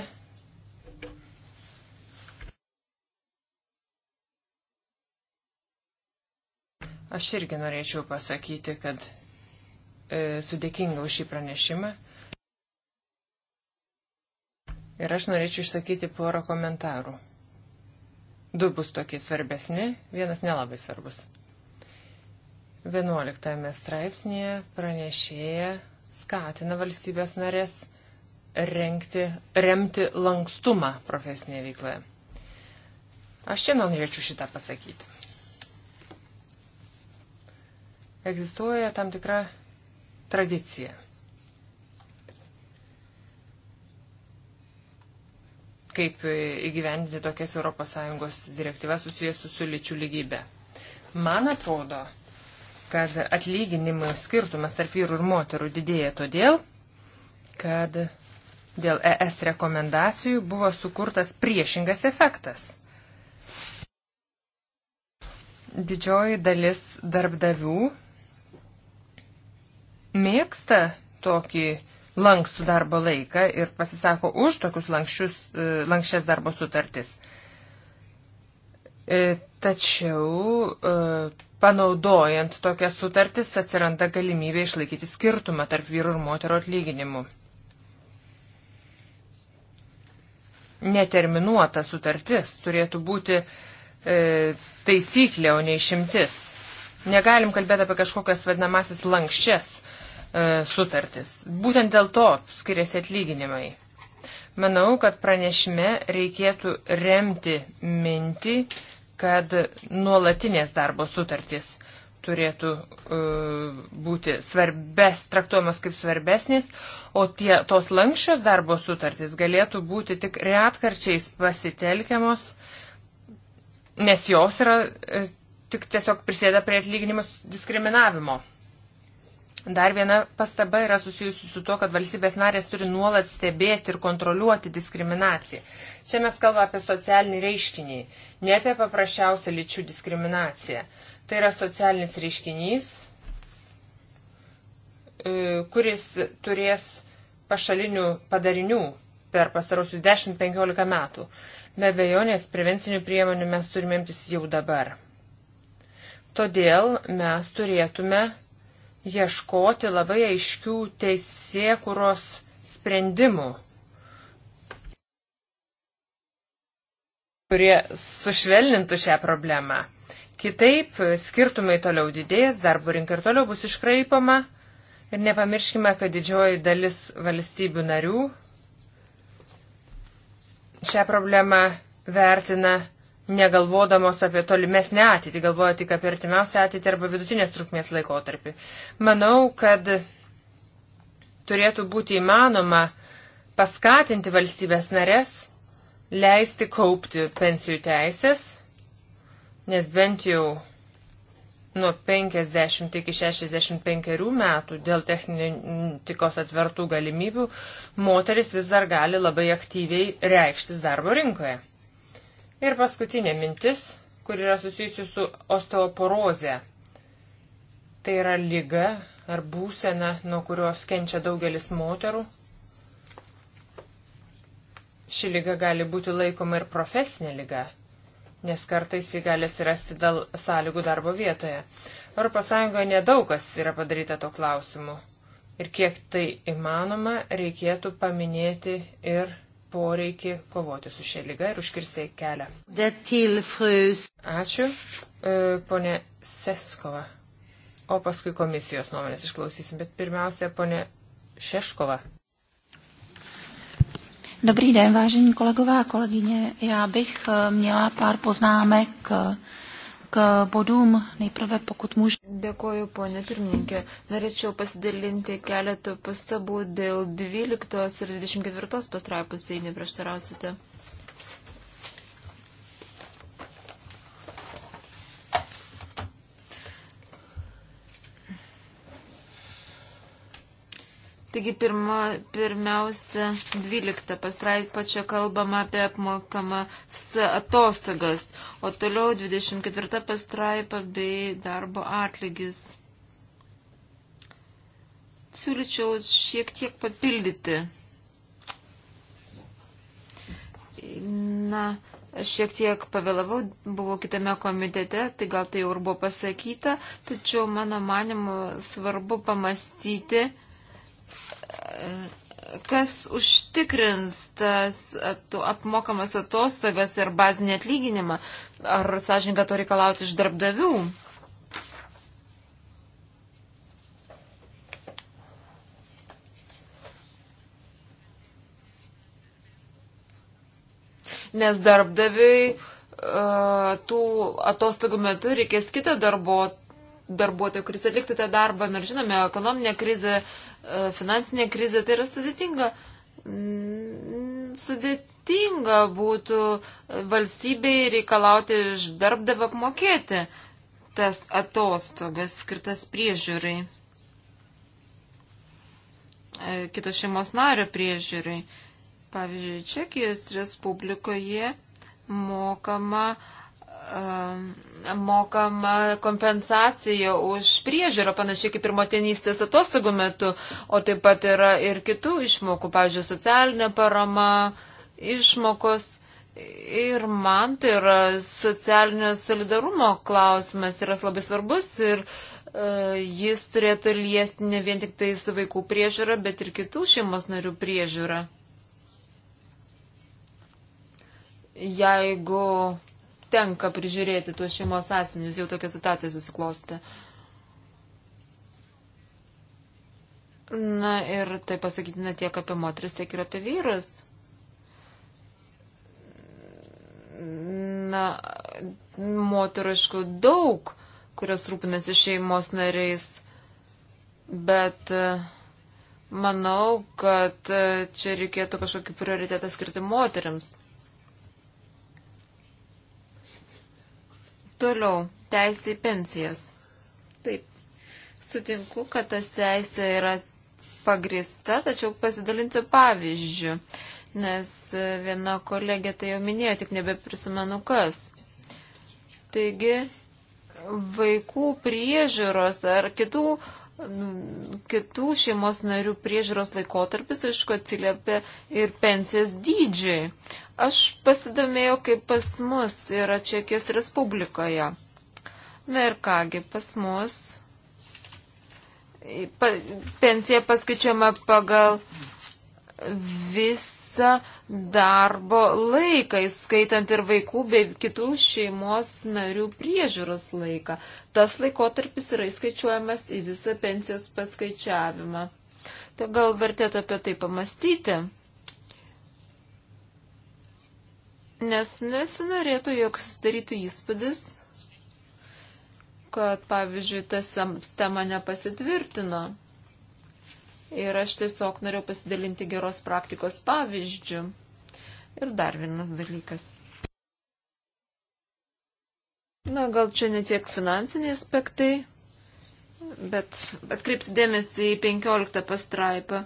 Aš irgi norėčiau pasakyti, kad E, sudėkinga už šį pranešimą. Ir aš norėčiau išsakyti porą komentarų. Du bus tokie svarbesni, vienas nelabai svarbus. 11 straipsnėje pranešėja skatina valstybės narės renkti, remti lankstumą profesinėje veikloje. Aš čia norėčiau šitą pasakyti. Egzistuoja tam tikra tradicija. Kaip įgyvendinti tokias ES direktyvas susijęs su, su lyčių lygybė. Man atrodo, kad atlyginimų skirtumas tarp vyrų ir moterų didėja todėl, kad dėl ES rekomendacijų buvo sukurtas priešingas efektas didžioji dalis darbdavių mėgsta tokį lankstų darbo laiką ir pasisako už tokius lankščius, e, lankščias darbo sutartis. E, tačiau e, panaudojant tokias sutartis atsiranda galimybė išlaikyti skirtumą tarp vyrų ir moterų atlyginimų. Neterminuota sutartis turėtų būti e, taisyklė, o ne išimtis. Negalim kalbėti apie kažkokias vadinamasis lankščias E, sutartis. Būtent dėl to skiriasi atlyginimai. Manau, kad pranešime reikėtų remti mintį, kad nuolatinės darbo sutartys turėtų uh, būti svarbes, traktuojamas kaip svarbesnis, o tie, tos lankščios darbo sutartys galėtų būti tik retkarčiais pasitelkiamos, nes jos yra uh, tik tiesiog prisėda prie atlyginimus diskriminavimo. Dar viena pastaba yra susijusi su to, kad valstybės narės turi nuolat stebėti ir kontroliuoti diskriminaciją. Čia mes kalbame apie socialinį reiškinį, ne apie paprasčiausią lyčių diskriminaciją. Tai yra socialinis reiškinys, e, kuris turės pašalinių padarinių per pasarausius 10-15 metų. Be bejonės, prevencinių priemonių mes turime imtis jau dabar. Todėl mes turėtume ieškoti labai aiškių teisėkuros sprendimų, kurie sušvelnintų šią problemą. Kitaip skirtumai toliau didės, darbo rinka ir toliau bus iškraipama ir nepamirškime, kad didžioji dalis valstybių narių šią problemą vertina negalvodamos apie tolimesnę ateitį, galvoja tik apie artimiausią ateitį arba vidutinės trukmės laikotarpį. Manau, kad turėtų būti įmanoma paskatinti valstybės narės, leisti kaupti pensijų teisės, nes bent jau nuo 50 iki 65 metų dėl technikos atvertų galimybių moteris vis dar gali labai aktyviai reikštis darbo rinkoje. Ir paskutinė mintis, kur yra susijusi su osteoporoze. Tai yra lyga ar būsena, nuo kurios kenčia daugelis moterų. Ši lyga gali būti laikoma ir profesinė lyga, nes kartais ji gali atsirasti dėl sąlygų darbo vietoje. ES nedaug kas yra padaryta to klausimu. Ir kiek tai įmanoma, reikėtų paminėti ir poreikį kovoti su šia lyga ir užkirsiai kelią. Er Ačiū, e, ponė Seskova. O paskui komisijos nuomonės išklausysim, bet pirmiausia, ponė Šeškova. Dobrý den, vážení kolegové a kolegyně. Já bych e, měla pár poznámek e, k bodům. Nejprve, pokud můžu. Dėkoju, ponė pirmininkė. Norėčiau pasidalinti keletą pastabų dėl 12 ir 24 pastraipos, jei neprieštarausite. Taigi pirma, pirmiausia, 12 pastraipa čia kalbama apie apmokamas atostogas, o toliau 24 pastraipa bei darbo atlygis. Siūlyčiau šiek tiek papildyti. Na, aš šiek tiek pavėlavau, buvau kitame komitete, tai gal tai jau ir buvo pasakyta, tačiau mano manimo svarbu pamastyti, kas užtikrins tas apmokamas atostogas ir bazinį atlyginimą? Ar sąžininką to reikalauti iš darbdavių? Nes darbdaviui tų atostogų metu reikės kitą darbo, darbuotojų, kuris atliktų tą darbą. Nors žinome, ekonominė krizė uh, E, finansinė krizė, tai yra sudėtinga. Sudėtinga būtų valstybei reikalauti iš darbdavio apmokėti tas atostogas skirtas priežiūrai, e, kitos šeimos nario priežiūrai. Pavyzdžiui, Čekijos Respublikoje mokama uh, Um, mokama kompensacija už priežiūrą, panašiai kaip ir motinystės atostogų metu, o taip pat yra ir kitų išmokų, pavyzdžiui, socialinė parama, išmokos. Ir man tai yra socialinio solidarumo klausimas, yra labai svarbus ir uh, jis turėtų liesti ne vien tik tai su vaikų priežiūra, bet ir kitų šeimos narių priežiūra. Jeigu tenka prižiūrėti tuos šeimos asmenius, jau tokia situacija susiklosti. Na ir tai pasakytina tiek apie moteris, tiek ir apie vyrus. Na, moterų, aišku, daug, kurios rūpinasi šeimos nariais, bet e, manau, kad e, čia reikėtų kažkokį prioritetą skirti moteriams. Toliau, teisė į pensijas. Taip, sutinku, kad tas teisė yra pagrista, tačiau pasidalinsiu pavyzdžių, nes viena kolegė tai jau minėjo, tik nebeprisimenu kas. Taigi, vaikų priežiūros ar kitų Nu, kitų šeimos narių priežiūros laikotarpis, aišku, atsiliepia ir pensijos dydžiai. Aš pasidomėjau, kaip pas mus yra Čekijos Respublikoje. Na ir kągi, pas mus pensija paskaičiama pagal visą darbo laiką, įskaitant ir vaikų bei kitų šeimos narių priežiūros laiką. Tas laikotarpis yra įskaičiuojamas į visą pensijos paskaičiavimą. Tai gal vertėtų apie tai pamastyti? Nes nesinorėtų, jog susidarytų įspūdis, kad, pavyzdžiui, ta sistema nepasitvirtino. Ir aš tiesiog norėjau pasidalinti geros praktikos pavyzdžių. Ir dar vienas dalykas. Na, gal čia ne tiek finansiniai aspektai, bet atkreipsiu dėmesį į 15 pastraipą.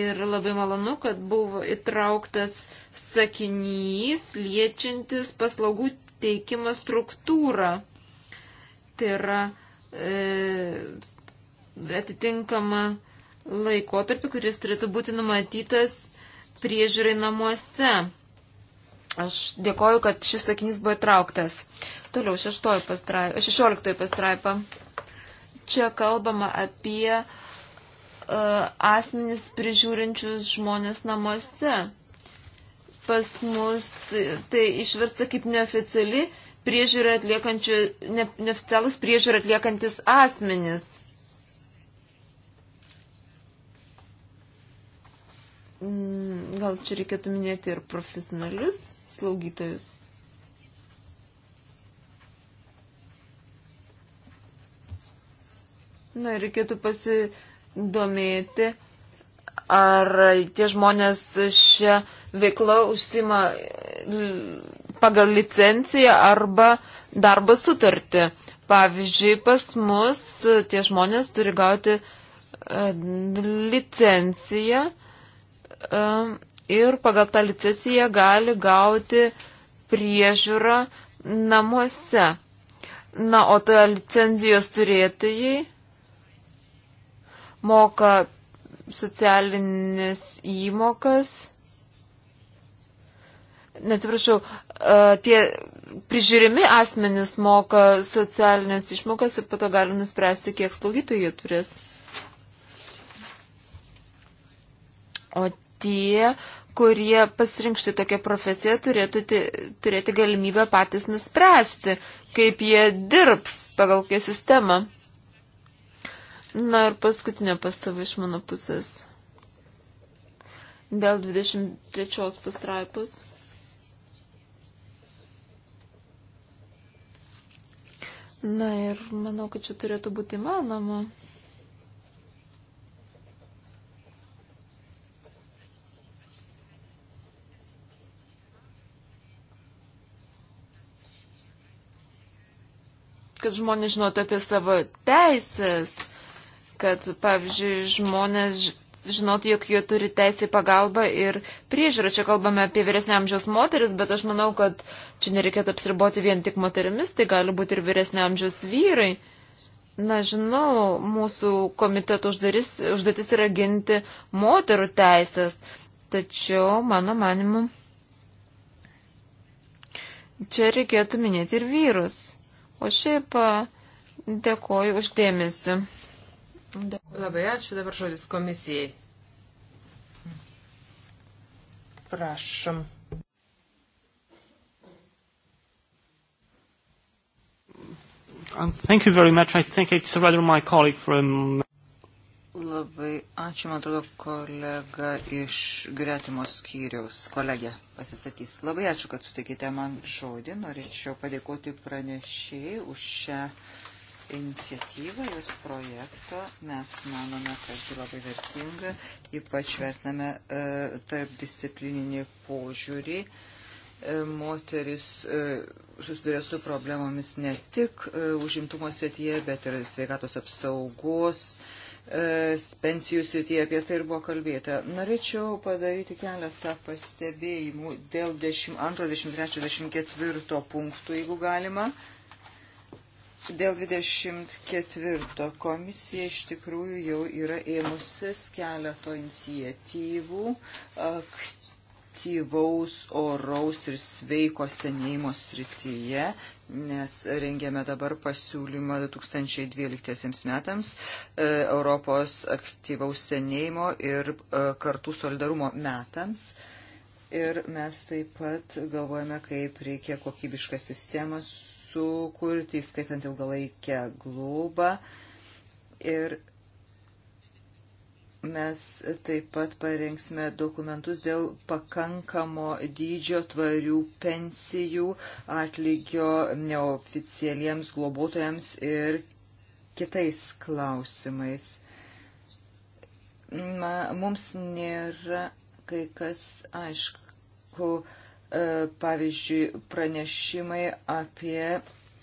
Ir labai malonu, kad buvo įtrauktas sakinys liečiantis paslaugų teikimą struktūrą. Tai yra e, atitinkama laikotarpį, kuris turėtų būti numatytas priežiūrai namuose. Aš dėkoju, kad šis sakinys buvo įtrauktas. Toliau, pastraipa, 16 pastraipa. Čia kalbama apie uh, asmenis prižiūrinčius žmonės namuose. Pas mus e, tai išversta kaip neoficiali priežiūrą atliekančių, ne, neoficialus priežiūrą atliekantis asmenis. Mm, gal čia reikėtų minėti ir profesionalius slaugytojus. Na, reikėtų pasidomėti, ar tie žmonės šią veiklą užsima pagal licenciją arba darbo sutartį. Pavyzdžiui, pas mus tie žmonės turi gauti e, licenciją ir pagal tą licenciją gali gauti priežiūrą namuose. Na, o ta licenzijos turėtojai moka socialinės įmokas. Neatsiprašau, e, tie prižiūrimi asmenys moka socialinės išmokas ir pato gali nuspręsti, kiek slaugytojų turės. O tie, kurie pasirinkšti tokią profesiją, turėtų turėti galimybę patys nuspręsti, kaip jie dirbs pagal kokią sistemą. Na ir paskutinė pastaba iš mano pusės. Dėl 23 pastraipos. Na ir manau, kad čia turėtų būti įmanoma. kad žmonės žinotų apie savo teisės, kad, pavyzdžiui, žmonės žinotų, jog jie turi teisę į pagalbą ir priežiūrą. Čia kalbame apie vyresnio amžiaus moteris, bet aš manau, kad čia nereikėtų apsiriboti vien tik moterimis, tai gali būti ir vyresnio amžiaus vyrai. Na, žinau, mūsų komiteto uždaris, užduotis yra ginti moterų teisės, tačiau, mano manimu, čia reikėtų minėti ir vyrus. O šiaip dėkoju uždėmesi. Dėkoju. Labai ačiū dabar žodis komisijai. Prašom. Um, thank you very much. I think it's rather my colleague from Labai ačiū, man atrodo, kolega iš gretimos skyriaus, kolegė pasisakys. Labai ačiū, kad sutikite man žodį. Norėčiau padėkoti pranešėjai už šią iniciatyvą, jos projektą. Mes manome, kad ji labai vertinga, ypač vertiname e, tarp disciplininį požiūrį. E, moteris. E, susiduria su problemomis ne tik e, užimtumo srityje, bet ir sveikatos apsaugos, e, E, pensijų srityje apie tai ir buvo kalbėta. Norėčiau padaryti keletą pastebėjimų dėl 22, 23, 24 punktų, jeigu galima. Dėl 24 komisija iš tikrųjų jau yra ėmusis keleto inicijatyvų, aktyviai aktyvaus oraus ir sveiko senėjimo srityje, nes rengėme dabar pasiūlymą 2012 metams e, Europos aktyvaus senėjimo ir e, kartų solidarumo metams. Ir mes taip pat galvojame, kaip reikia kokybišką sistemą sukurti, įskaitant ilgalaikę globą. Ir Mes taip pat parengsime dokumentus dėl pakankamo dydžio tvarių pensijų, atlygio neoficialiems globotojams ir kitais klausimais. Mums nėra kai kas aišku, e, pavyzdžiui, pranešimai apie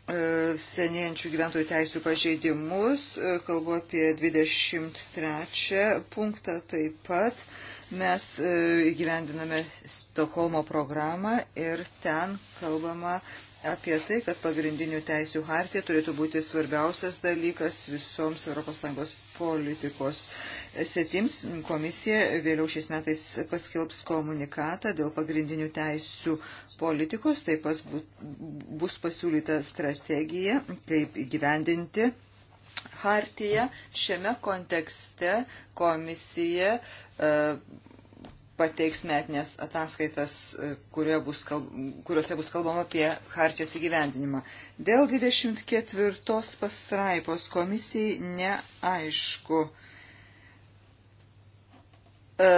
E, senėjančių gyventojų teisų pažeidimus, e, kalbu apie 23 punktą taip pat. Mes e, įgyvendiname Stokholmo programą ir ten kalbama apie tai, kad pagrindinių teisių hartija turėtų būti svarbiausias dalykas visoms ES politikos setims. Komisija vėliau šiais metais paskelbs komunikatą dėl pagrindinių teisių politikos, taip pat bus pasiūlyta strategija, kaip įgyvendinti hartiją. Šiame kontekste komisija e, pateiks metinės ataskaitas, e, bus kalb... kuriuose bus kalbama apie hartijos įgyvendinimą. Dėl 24 pastraipos komisijai neaišku, e,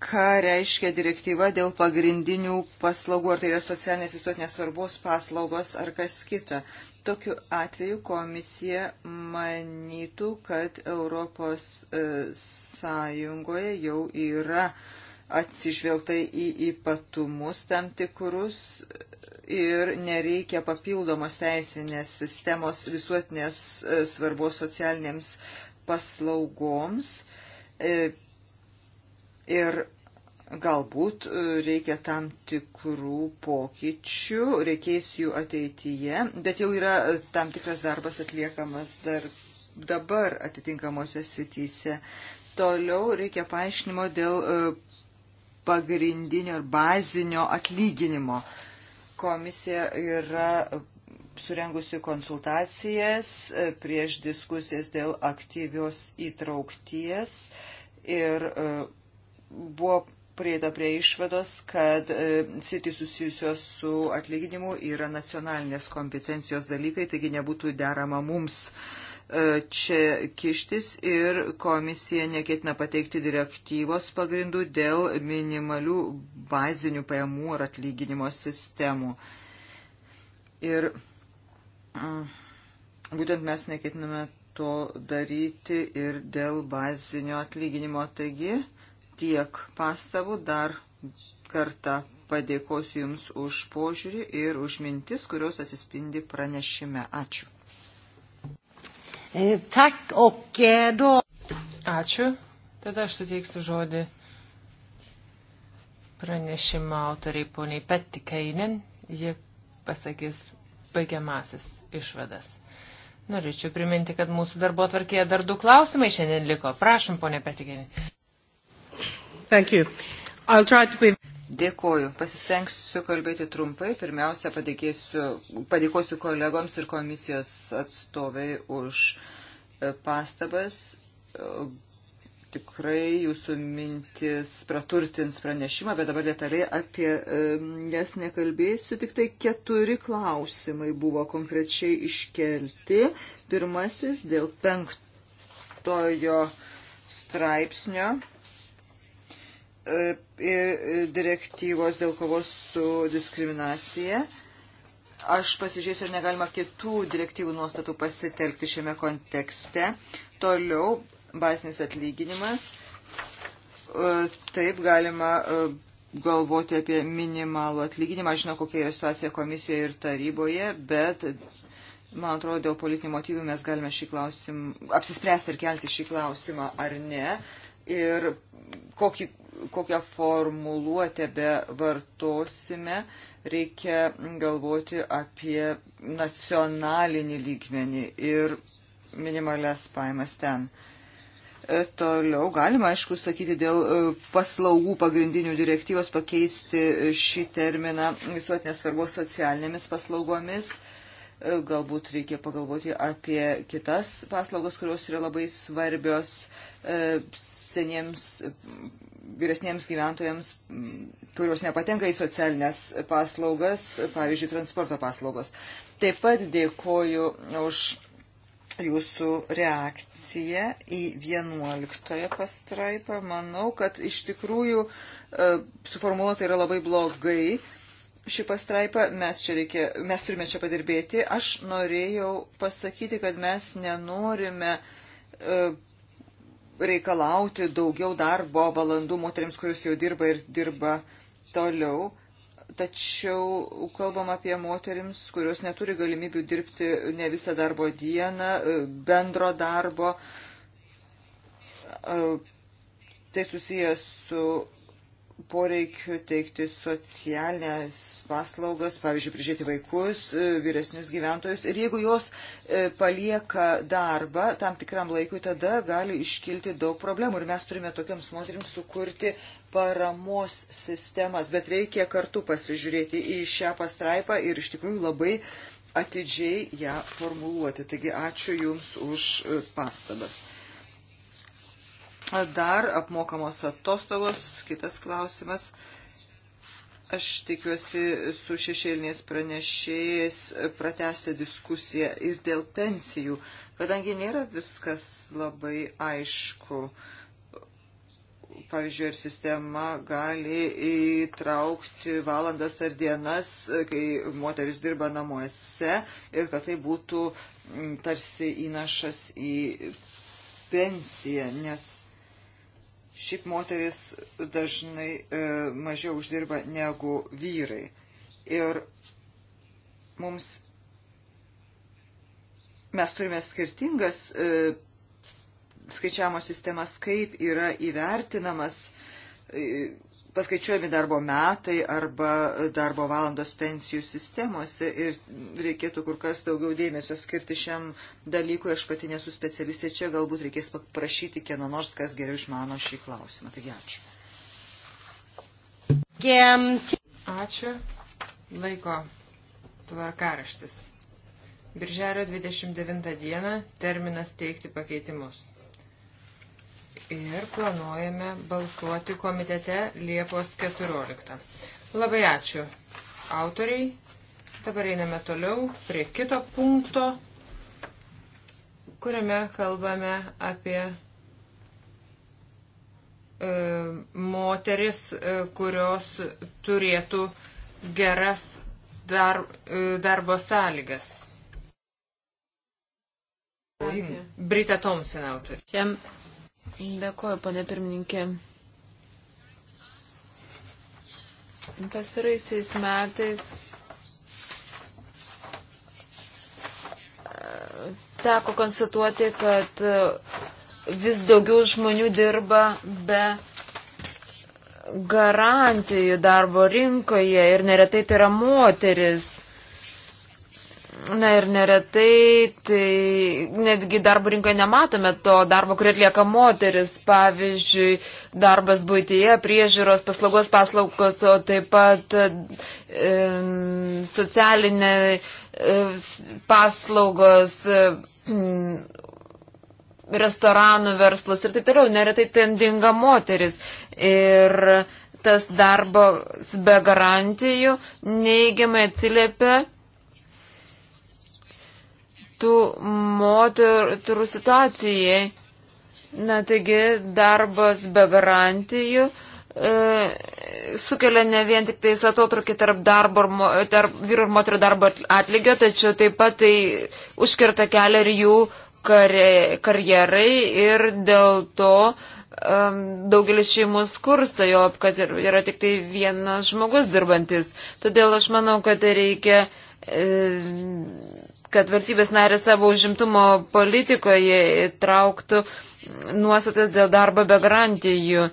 ką reiškia direktyva dėl pagrindinių paslaugų, ar tai yra socialinės visuotinės svarbos paslaugos ar kas kita. Tokiu atveju komisija manytų, kad Europos e, Sąjungoje jau yra atsižvelgta į ypatumus tam tikrus ir nereikia papildomos teisinės sistemos visuotinės e, svarbos socialinėms paslaugoms e, Ir galbūt e, reikia tam tikrų pokyčių, reikės jų ateityje, bet jau yra e, tam tikras darbas atliekamas dar dabar atitinkamosiose sityse. Toliau reikia paaiškinimo dėl e, pagrindinio ir bazinio atlyginimo. Komisija yra surengusi konsultacijas prieš diskusijas dėl aktyvios įtraukties ir buvo prieita prie išvados, kad e, sritys susijusios su atlyginimu yra nacionalinės kompetencijos dalykai, taigi nebūtų derama mums e, čia kištis ir komisija neketina pateikti direktyvos pagrindų dėl minimalių bazinių pajamų ar atlyginimo sistemų. Ir mm, būtent mes neketiname to daryti ir dėl bazinio atlyginimo. Taigi, uh, tiek pastabų dar kartą padėkosiu Jums už požiūrį ir už mintis, kurios atsispindi pranešime. Ačiū. E, tak, okėdo. Ačiū. Tada aš suteiksiu žodį pranešimo autoriai poniai Pettikainin. Ji pasakys baigiamasis išvadas. Norėčiau priminti, kad mūsų darbo tvarkėje dar du klausimai šiandien liko. Prašom, ponė Pettikainin. Thank you. I'll try to be... Dėkoju. Pasistengsiu kalbėti trumpai. Pirmiausia, padėkosiu kolegoms ir komisijos atstovai už e, pastabas. E, tikrai jūsų mintis praturtins pranešimą, bet dabar detaliai apie e, jas nekalbėsiu. Tik tai keturi klausimai buvo konkrečiai iškelti. Pirmasis dėl penktojo straipsnio ir e, direktyvos dėl kovos su diskriminacija. Aš pasižiūrėsiu, ar negalima kitų direktyvų nuostatų pasitelkti šiame kontekste. Toliau bazinis atlyginimas. E, taip galima e, galvoti apie minimalų atlyginimą. Aš žinau, kokia yra situacija komisijoje ir taryboje, bet, man atrodo, dėl politinių motyvų mes galime šį klausimą apsispręsti ir kelti šį klausimą ar ne. Ir kokį kokią formuluotę be vartosime, reikia galvoti apie nacionalinį lygmenį ir minimalias paimas ten. E, toliau galima, aišku, sakyti dėl e, paslaugų pagrindinių direktyvos pakeisti šį terminą visuotinės svarbos socialinėmis paslaugomis. E, galbūt reikia pagalvoti apie kitas paslaugos, kurios yra labai svarbios seniems vyresniems gyventojams, kurios nepatenka į socialinės paslaugas, pavyzdžiui, transporto paslaugos. Taip pat dėkoju už jūsų reakciją į 11 pastraipą. Manau, kad iš tikrųjų e, suformuoluota yra labai blogai. Šį pastraipą mes, čia reikia, mes turime čia padirbėti. Aš norėjau pasakyti, kad mes nenorime uh, reikalauti daugiau darbo valandų moteriams, kurios jau dirba ir dirba toliau. Tačiau kalbam apie moteriams, kurios neturi galimybių dirbti ne visą darbo dieną, e, bendro darbo. E, tai susijęs su poreikiu teikti socialinės paslaugas, pavyzdžiui, prižiūrėti vaikus, e, vyresnius gyventojus. Ir jeigu jos e, palieka darbą tam tikram laikui, tada gali iškilti daug problemų. Ir mes turime tokiams moteriams sukurti paramos sistemas. Bet reikia kartu pasižiūrėti į šią pastraipą ir iš tikrųjų labai atidžiai ją formuluoti. Taigi ačiū Jums už e, pastabas. Dar apmokamos atostogos, kitas klausimas. Aš tikiuosi su šešėliniais pranešėjais pratesti diskusiją ir dėl pensijų, kadangi nėra viskas labai aišku. Pavyzdžiui, ar sistema gali įtraukti valandas ar dienas, kai moteris dirba namuose ir kad tai būtų tarsi įnašas į pensiją, nes Šiaip moteris dažnai e, mažiau uždirba negu vyrai. Ir mums mes turime skirtingas e, skaičiavimo sistemas, kaip yra įvertinamas e, paskaičiuojami darbo metai arba darbo valandos pensijų sistemose ir reikėtų kur kas daugiau dėmesio skirti šiam dalykui. Aš pati nesu specialistė čia, galbūt reikės paprašyti kieno nors, kas geriau išmano šį klausimą. Taigi ačiū. Ačiū. Laiko tvarkaraštis. Birželio 29 dieną terminas teikti pakeitimus ir planuojame balsuoti komitete Liepos 14. Labai ačiū autoriai. Dabar einame toliau prie kito punkto, kuriame kalbame apie e, moteris, e, kurios turėtų geras dar, e, darbo sąlygas. Brita Thompson autorė. Dėkuoju, pane pirmininkė. Pastaraisiais metais e, teko konstatuoti, kad e, vis daugiau žmonių dirba be garantijų darbo rinkoje ir neretai tai yra moteris. Na ir neretai, tai netgi darbo rinkoje nematome to darbo, kurį atlieka moteris, pavyzdžiui, darbas būtyje, priežiūros, paslaugos paslaugos, o taip pat e, socialinė e, paslaugos, e, restoranų verslas ir taip toliau, neretai tendinga moteris. Ir tas darbas be garantijų neigiamai atsiliepia tų moterų situacijai. Na taigi, darbas be garantijų e, sukelia ne vien tik tais atotrukį tarp, darbo, tarp vyrų ir moterų darbo atlygio, tačiau taip pat tai užkerta kelią ir jų karjerai ir dėl to um, daugelis šeimų skursta, jo, kad yra tik tai vienas žmogus dirbantis. Todėl aš manau, kad reikia e, kad valstybės narė savo užimtumo politikoje įtrauktų nuostatas dėl darbo be garantijų.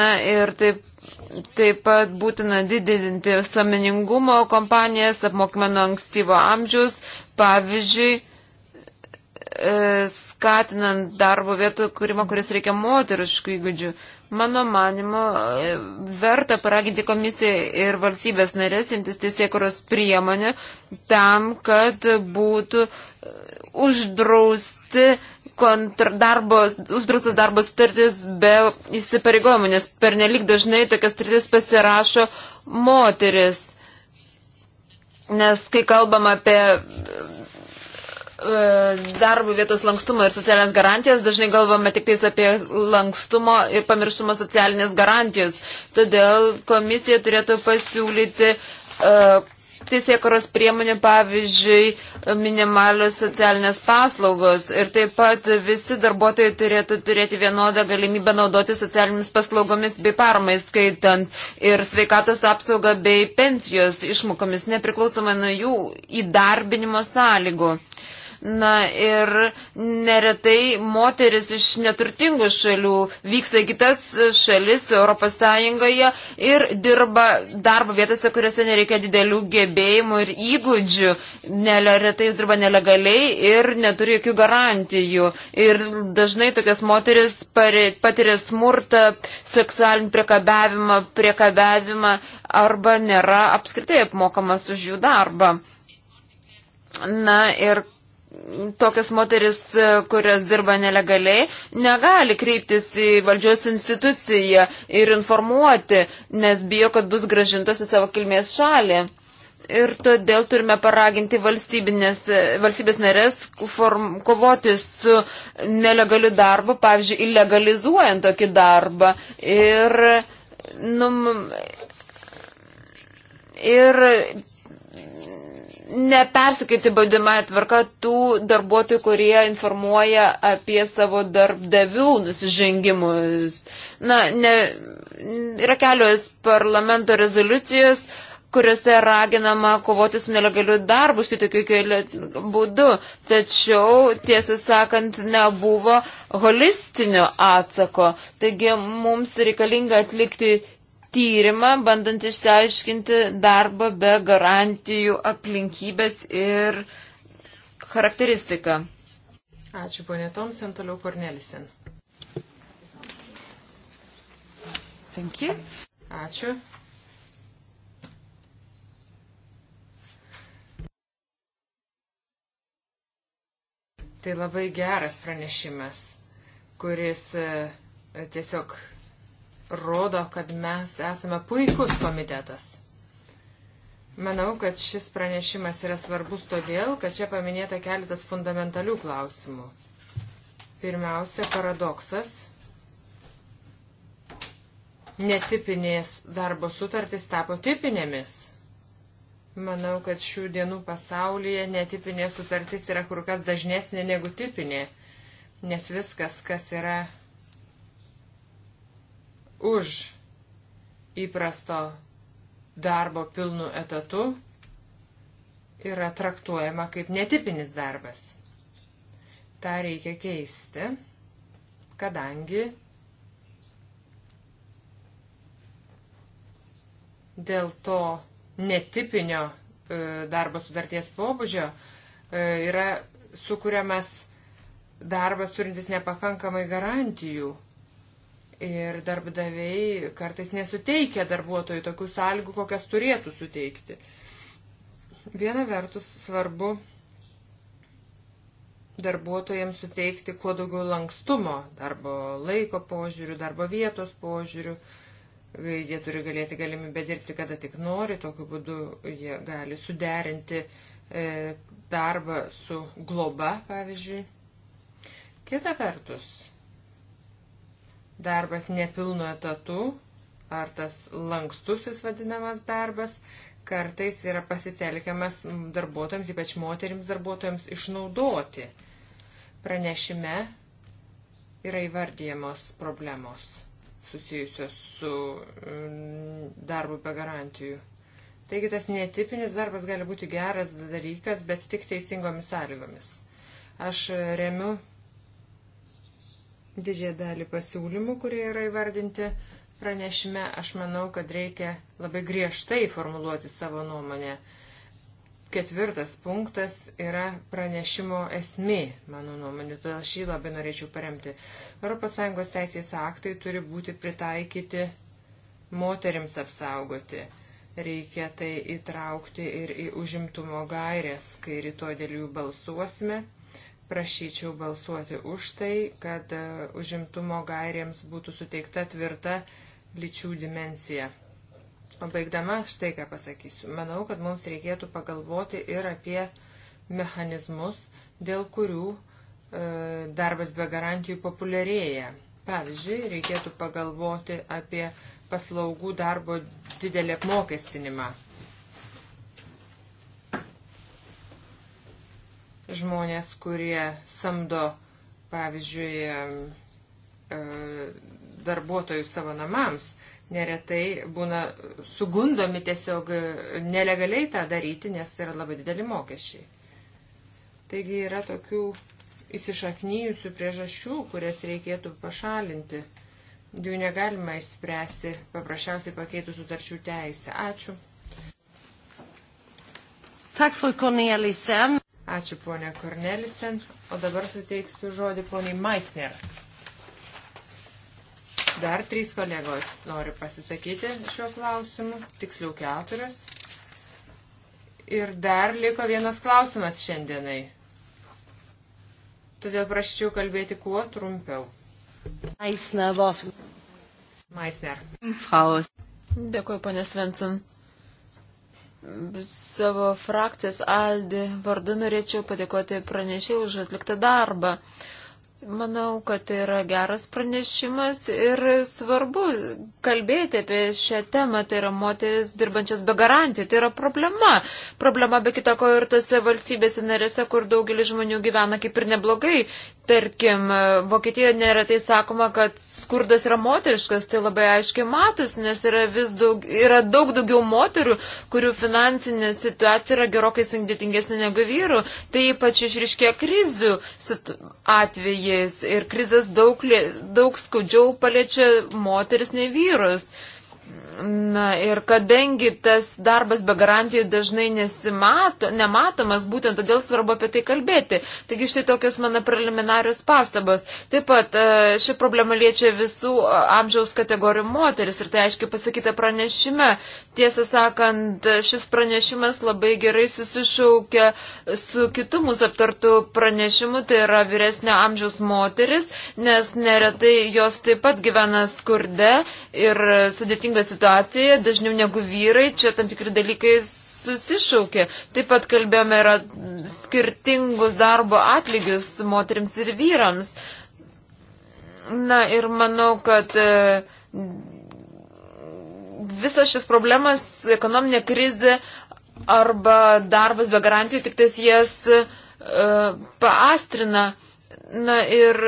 Na ir taip, taip pat būtina didinti samoningumo kompanijas, apmokymą nuo ankstyvo amžiaus, pavyzdžiui, e, skatinant darbo vietų kūrimą, kuris reikia moteriškų įgūdžių. Mano manimo, e, verta paraginti komisiją ir valstybės narės imtis teisėkuros priemonę tam, kad būtų e, uždrausti darbo, uždraustas darbo startis be įsipareigojimų, nes pernelik dažnai tokias startis pasirašo moteris. Nes kai kalbam apie E, darbo vietos lankstumą ir socialinės garantijas, dažnai galvome tik tais apie lankstumo ir pamirštumą socialinės garantijos. Todėl komisija turėtų pasiūlyti uh, e, teisėkoros priemonė, pavyzdžiui, minimalios socialinės paslaugos. Ir taip pat visi darbuotojai turėtų turėti vienodą galimybę naudoti socialinėmis paslaugomis bei paramais, skaitant ir sveikatos apsaugą bei pensijos išmokomis, nepriklausomai nuo jų įdarbinimo sąlygų. Uh, Na ir neretai moteris iš neturtingų šalių vyksta į kitas šalis ES ir dirba darbo vietose, kuriuose nereikia didelių gebėjimų ir įgūdžių. Neretai jis dirba nelegaliai ir neturi jokių garantijų. Ir dažnai tokias moteris patiria smurtą, seksualinį priekabiavimą, priekabiavimą arba nėra apskritai apmokamas už jų darbą. Na ir tokias moteris, e, kurios dirba nelegaliai, negali kreiptis į valdžios instituciją ir informuoti, nes bijo, kad bus gražintas į savo kilmės šalį. Ir todėl turime paraginti e, valstybės narės form, kovoti su nelegaliu darbu, pavyzdžiui, illegalizuojant tokį darbą. Ir, num, ir nepersikeiti baudimąją tvarką tų darbuotojų, kurie informuoja apie savo darbdavių nusižengimus. Na, ne, yra kelios parlamento rezoliucijos, kuriuose raginama kovoti su nelegaliu darbu šitokiu būdu. Tačiau, tiesą sakant, nebuvo holistinio atsako. Taigi mums reikalinga atlikti tyrimą, bandant išsiaiškinti darbą be garantijų aplinkybės ir charakteristiką. Ačiū, ponė Tomsen, toliau Kornelisen. Thank you. Ačiū. Tai labai geras pranešimas, kuris e, tiesiog rodo, kad mes esame puikus komitetas. Manau, kad šis pranešimas yra svarbus todėl, kad čia paminėta keletas fundamentalių klausimų. Pirmiausia, paradoksas. Netipinės darbo sutartys tapo tipinėmis. Manau, kad šių dienų pasaulyje netipinė sutartis yra kur kas dažnesnė negu tipinė, nes viskas, kas yra už įprasto darbo pilnu etatu yra traktuojama kaip netipinis darbas. Ta reikia keisti, kadangi dėl to netipinio e, darbo sutarties pobūdžio e, yra sukūriamas darbas turintis nepakankamai garantijų Ir darbdaviai kartais nesuteikia darbuotojų tokių sąlygų, kokias turėtų suteikti. Viena vertus svarbu darbuotojams suteikti kuo daugiau lankstumo darbo laiko požiūrių, darbo vietos požiūrių. Jie turi galėti galimybę dirbti, kada tik nori, tokiu būdu jie gali suderinti e, darbą su globa, pavyzdžiui. Kita vertus, darbas nepilnu etatu ar tas lankstusis vadinamas darbas kartais yra pasitelkiamas darbuotojams, ypač moteriams darbuotojams, išnaudoti. Pranešime yra įvardyjamos problemos susijusios su mm, darbu be garantijų. Taigi tas netipinis darbas gali būti geras dalykas, bet tik teisingomis sąlygomis. Aš remiu didžiąją dalį pasiūlymų, kurie yra įvardinti pranešime, aš manau, kad reikia labai griežtai formuluoti savo nuomonę. Ketvirtas punktas yra pranešimo esmė, mano nuomonė, todėl šį labai norėčiau paremti. ES teisės aktai turi būti pritaikyti moterims apsaugoti. Reikia tai įtraukti ir į užimtumo gairės, kai rytoj dėl jų balsuosime prašyčiau balsuoti už tai, kad e, užimtumo gairėms būtų suteikta tvirta lyčių dimensija. O baigdama štai ką pasakysiu. Manau, kad mums reikėtų pagalvoti ir apie mechanizmus, dėl kurių e, darbas be garantijų populiarėja. Pavyzdžiui, reikėtų pagalvoti apie paslaugų darbo didelį apmokestinimą. žmonės, kurie samdo, pavyzdžiui, e, darbuotojus savo namams, neretai būna sugundomi tiesiog e, nelegaliai tą daryti, nes yra labai dideli mokesčiai. Taigi yra tokių įsišaknyjusių priežasčių, kurias reikėtų pašalinti. Jų negalima išspręsti paprasčiausiai pakeitų sutarčių teisę. Ačiū. Tak for Cornelisen. Ačiū ponė Kornelisen, o dabar suteiksiu žodį poniai Maisner. Dar trys kolegos nori pasisakyti šiuo klausimu, tiksliau keturios. Ir dar liko vienas klausimas šiandienai. Todėl prašyčiau kalbėti kuo trumpiau. Maisner. Maisner. Faust. Dėkuoju, ponė Svensson savo frakcijas Aldi vardu norėčiau padėkoti pranešėjai už atliktą darbą. Manau, kad tai yra geras pranešimas ir svarbu kalbėti apie šią temą. Tai yra moteris dirbančias be garantijų. Tai yra problema. Problema be kitako ir tose valstybėse narėse, kur daugelis žmonių gyvena kaip ir neblogai. Tarkim, Vokietijoje neretai sakoma, kad skurdas yra moteriškas, tai labai aiškiai matosi, nes yra, vis daug, yra daug daugiau moterų, kurių finansinė situacija yra gerokai sudėtingesnė negu vyrų. Tai ypač išriškė krizių atvejais ir krizės daug, daug skaudžiau paliečia moteris nei vyrus. Uh, Na ir kadangi tas darbas be garantijų dažnai nesimato, nematomas, būtent todėl svarbu apie tai kalbėti. Taigi štai tokios mano preliminarius pastabos. Taip pat e, ši problema liečia visų e, amžiaus kategorijų moteris ir tai aiškiai pasakyta pranešime. Tiesą sakant, šis pranešimas labai gerai susišaukia su kitu mūsų aptartu pranešimu, tai yra vyresnio amžiaus moteris, nes neretai jos taip pat gyvena skurde ir sudėtinga situacija, dažniau negu vyrai, čia tam tikri dalykai susišaukė. Taip pat kalbėjome yra skirtingus darbo atlygius moteriams ir vyrams. Na ir manau, kad. E, visas šis problemas, ekonominė krizė arba darbas be garantijų, tik tais jas e, paastrina. Na ir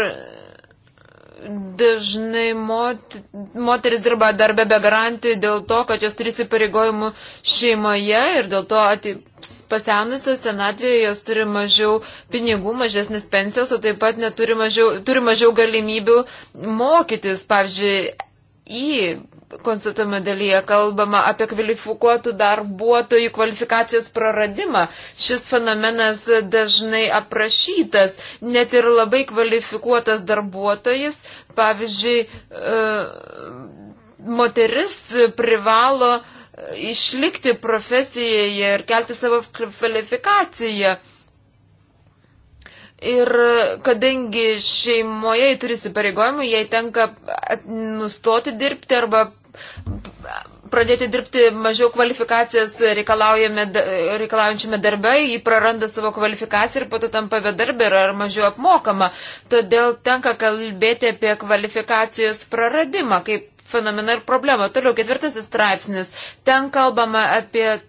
dažnai mot, moteris dirba darbę be garantijų dėl to, kad jos turi įsipareigojimų šeimoje ir dėl to atė, pasenusios senatvėje jos turi mažiau pinigų, mažesnis pensijos, o taip pat neturi mažiau, turi mažiau galimybių mokytis. Pavyzdžiui, į konstatuojama dalyje kalbama apie kvalifikuotų darbuotojų kvalifikacijos praradimą. Šis fenomenas dažnai aprašytas, net ir labai kvalifikuotas darbuotojas, pavyzdžiui, e, moteris privalo išlikti profesijoje ir kelti savo kvalifikaciją. Ir kadangi šeimoje jai turi įsipareigojimų, jai tenka nustoti dirbti arba pradėti dirbti mažiau kvalifikacijos reikalaujančiame darbe, jį praranda savo kvalifikaciją ir po to tampa bedarbė ar mažiau apmokama. Todėl tenka kalbėti apie kvalifikacijos praradimą kaip fenomeną ir problemą. Toliau ketvirtasis straipsnis. Ten kalbama apie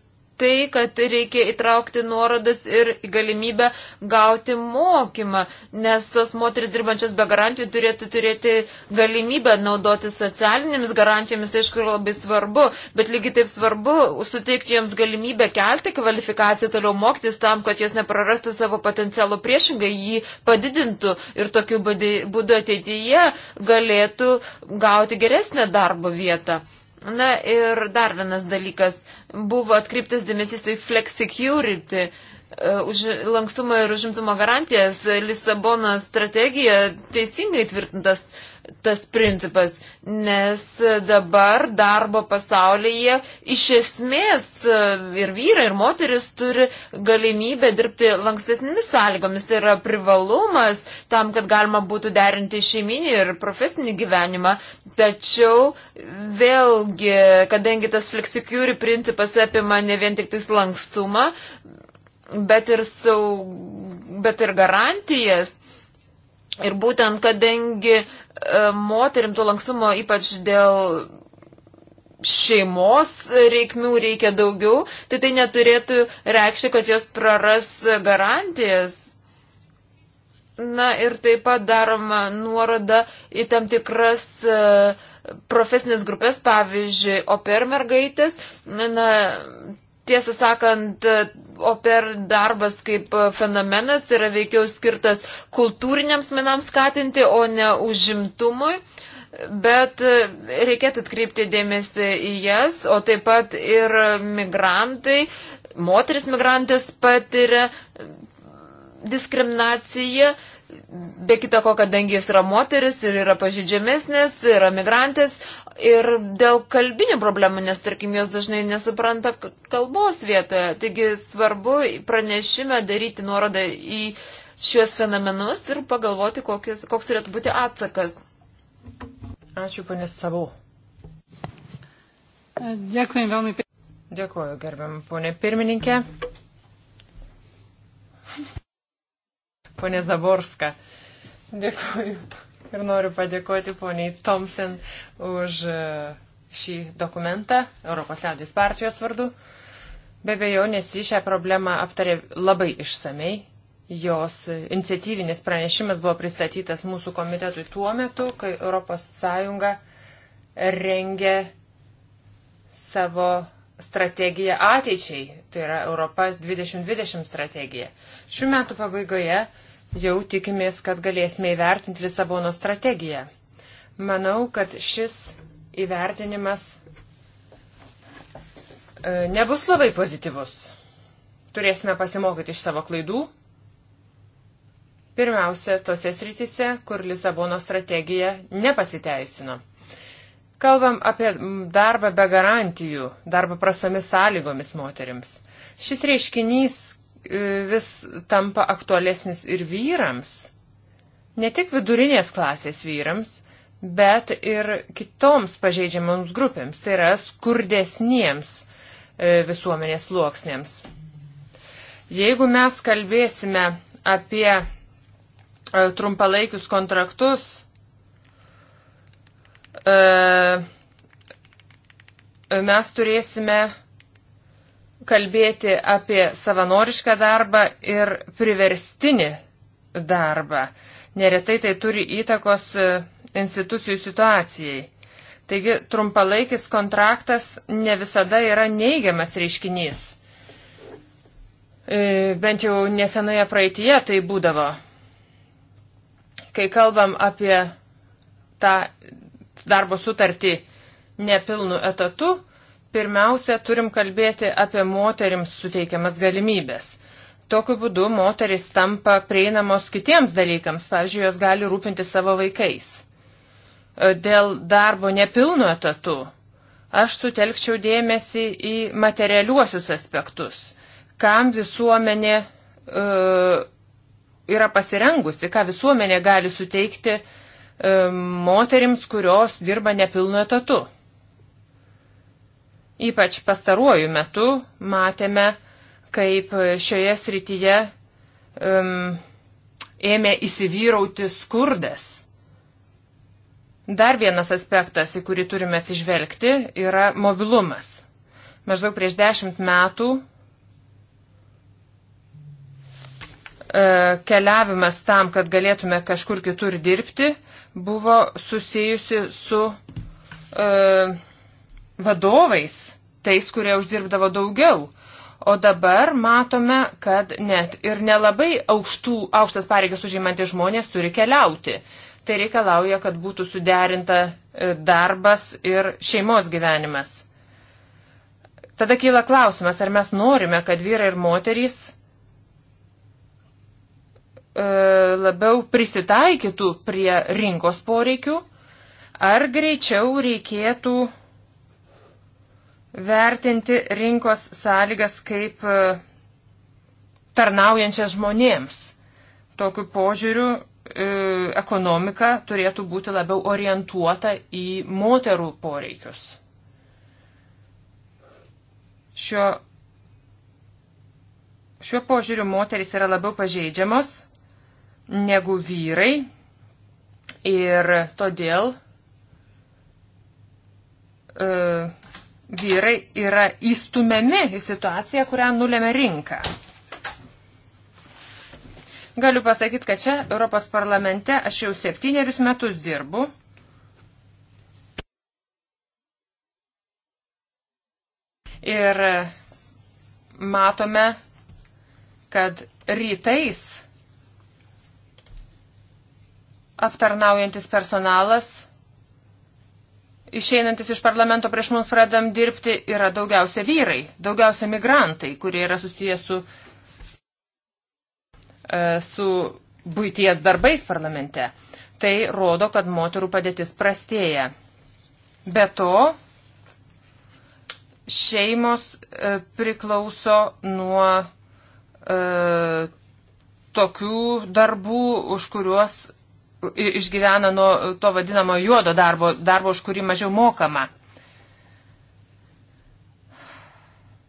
tai, kad reikia įtraukti nuorodas ir galimybę gauti mokymą, nes tos moteris dirbančios be garantijų turėtų turėti galimybę naudoti socialinėmis garantijomis, tai aišku, labai svarbu, bet lygiai taip svarbu suteikti joms galimybę kelti kvalifikaciją, toliau mokytis tam, kad jos neprarastų savo potencialo priešingai, jį padidintų ir tokiu būdu ateityje galėtų gauti geresnę darbo vietą. Na ir dar vienas dalykas. Buvo atkreiptas dėmesys į flexicurity, e, už lankstumą ir užimtumo garantijas. Lisabono strategija teisingai tvirtintas tas principas, nes dabar darbo pasaulyje iš esmės e, ir vyrai, ir moteris turi galimybę dirbti lankstesnėmis sąlygomis. Tai yra privalumas tam, kad galima būtų derinti šeiminį ir profesinį gyvenimą. Tačiau vėlgi, kadangi tas flexicurity principas apima ne vien tik tais lankstumą, bet ir, saug, bet ir garantijas, Ir būtent, kadangi e, moterim to lankstumo ypač dėl šeimos reikmių reikia daugiau, tai tai neturėtų reikšti, kad jos praras garantijas. Na ir taip pat daroma nuoroda į tam tikras e, profesinės grupės, pavyzdžiui, oper mergaitės. Na, tiesą sakant, oper darbas kaip fenomenas yra veikiau skirtas kultūriniams menams skatinti, o ne užimtumui. Bet reikėtų atkreipti dėmesį į jas, o taip pat ir migrantai, moteris migrantės patiria diskriminaciją be kita ko, kadangi jis yra moteris ir yra pažydžiamesnis, yra migrantės ir dėl kalbinių problemų, nes tarkim jos dažnai nesupranta kalbos vietoje. Taigi svarbu pranešime daryti nuorodą į šios fenomenus ir pagalvoti, kokis, koks turėtų būti atsakas. Ačiū, ponė Savau. Dėkui, vėlmi. Dėkuoju, gerbiam ponė pirmininkė ponė Zaborska. Dėkuoju ir noriu padėkoti poniai Thompson už e, šį dokumentą Europos liaudės partijos vardu. Be abejo, nes ji šią problemą aptarė labai išsamei. Jos iniciatyvinis pranešimas buvo pristatytas mūsų komitetui tuo metu, kai ES rengė savo strategiją ateičiai, tai yra Europa 2020 strategija. Šių metų pabaigoje jau tikimės, kad galėsime įvertinti Lisabono strategiją. Manau, kad šis įvertinimas e, nebus labai pozityvus. Turėsime pasimokyti iš savo klaidų. Pirmiausia, tose srityse, kur Lisabono strategija nepasiteisino. Kalbam apie darbą be garantijų, darbą prastomis sąlygomis moterims. Šis reiškinys vis tampa aktualesnis ir vyrams. Ne tik vidurinės klasės vyrams, bet ir kitoms pažeidžiamoms grupėms, tai yra skurdesniems e, visuomenės sluoksnėms. Jeigu mes kalbėsime apie e, trumpalaikius kontraktus, e, mes turėsime kalbėti apie savanorišką darbą ir priverstinį darbą. Neretai tai turi įtakos e, institucijų situacijai. Taigi trumpalaikis kontraktas ne visada yra neigiamas reiškinys. E, bent jau nesenoje praeitie tai būdavo. Kai kalbam apie tą darbo sutartį nepilnų etatų, Pirmiausia, turim kalbėti apie moteriams suteikiamas galimybės. Tokiu būdu moteris tampa prieinamos kitiems dalykams, pavyzdžiui, jos gali rūpinti savo vaikais. E, dėl darbo nepilnu etatu aš sutelkčiau dėmesį į materialiuosius aspektus, kam visuomenė uh, yra pasirengusi, ką visuomenė gali suteikti uh, e, moteriams, kurios dirba nepilnu etatu. Ypač pastaruoju metu matėme, kaip šioje srityje um, ėmė įsivyrauti skurdas. Dar vienas aspektas, į kurį turime atsižvelgti, yra mobilumas. Maždaug prieš dešimt metų e, keliavimas tam, kad galėtume kažkur kitur dirbti, buvo susijusi su uh, vadovais, tais, kurie uždirbdavo daugiau. O dabar matome, kad net ir nelabai aukštų, aukštas pareigas užimantys žmonės turi keliauti. Tai reikalauja, kad būtų suderinta e, darbas ir šeimos gyvenimas. Tada kyla klausimas, ar mes norime, kad vyrai ir moterys e, labiau prisitaikytų prie rinkos poreikių, ar greičiau reikėtų vertinti rinkos sąlygas kaip e, tarnaujančias žmonėms. Tokiu požiūriu e, ekonomika turėtų būti labiau orientuota į moterų poreikius. Šiuo, šiuo požiūriu moteris yra labiau pažeidžiamos negu vyrai ir todėl uh, vyrai yra įstumiami į situaciją, kurią nulėmė rinka. Galiu pasakyti, kad čia Europos parlamente aš jau septynerius metus dirbu. Ir matome, kad rytais aptarnaujantis personalas išeinantis iš parlamento prieš mums pradam dirbti, yra daugiausia vyrai, daugiausia migrantai, kurie yra susijęs su, e, su būties darbais parlamente. Tai rodo, kad moterų padėtis prastėja. Be to, šeimos e, priklauso nuo e, tokių darbų, už kuriuos išgyvena nuo to vadinamo juodo darbo, darbo, už kurį mažiau mokama.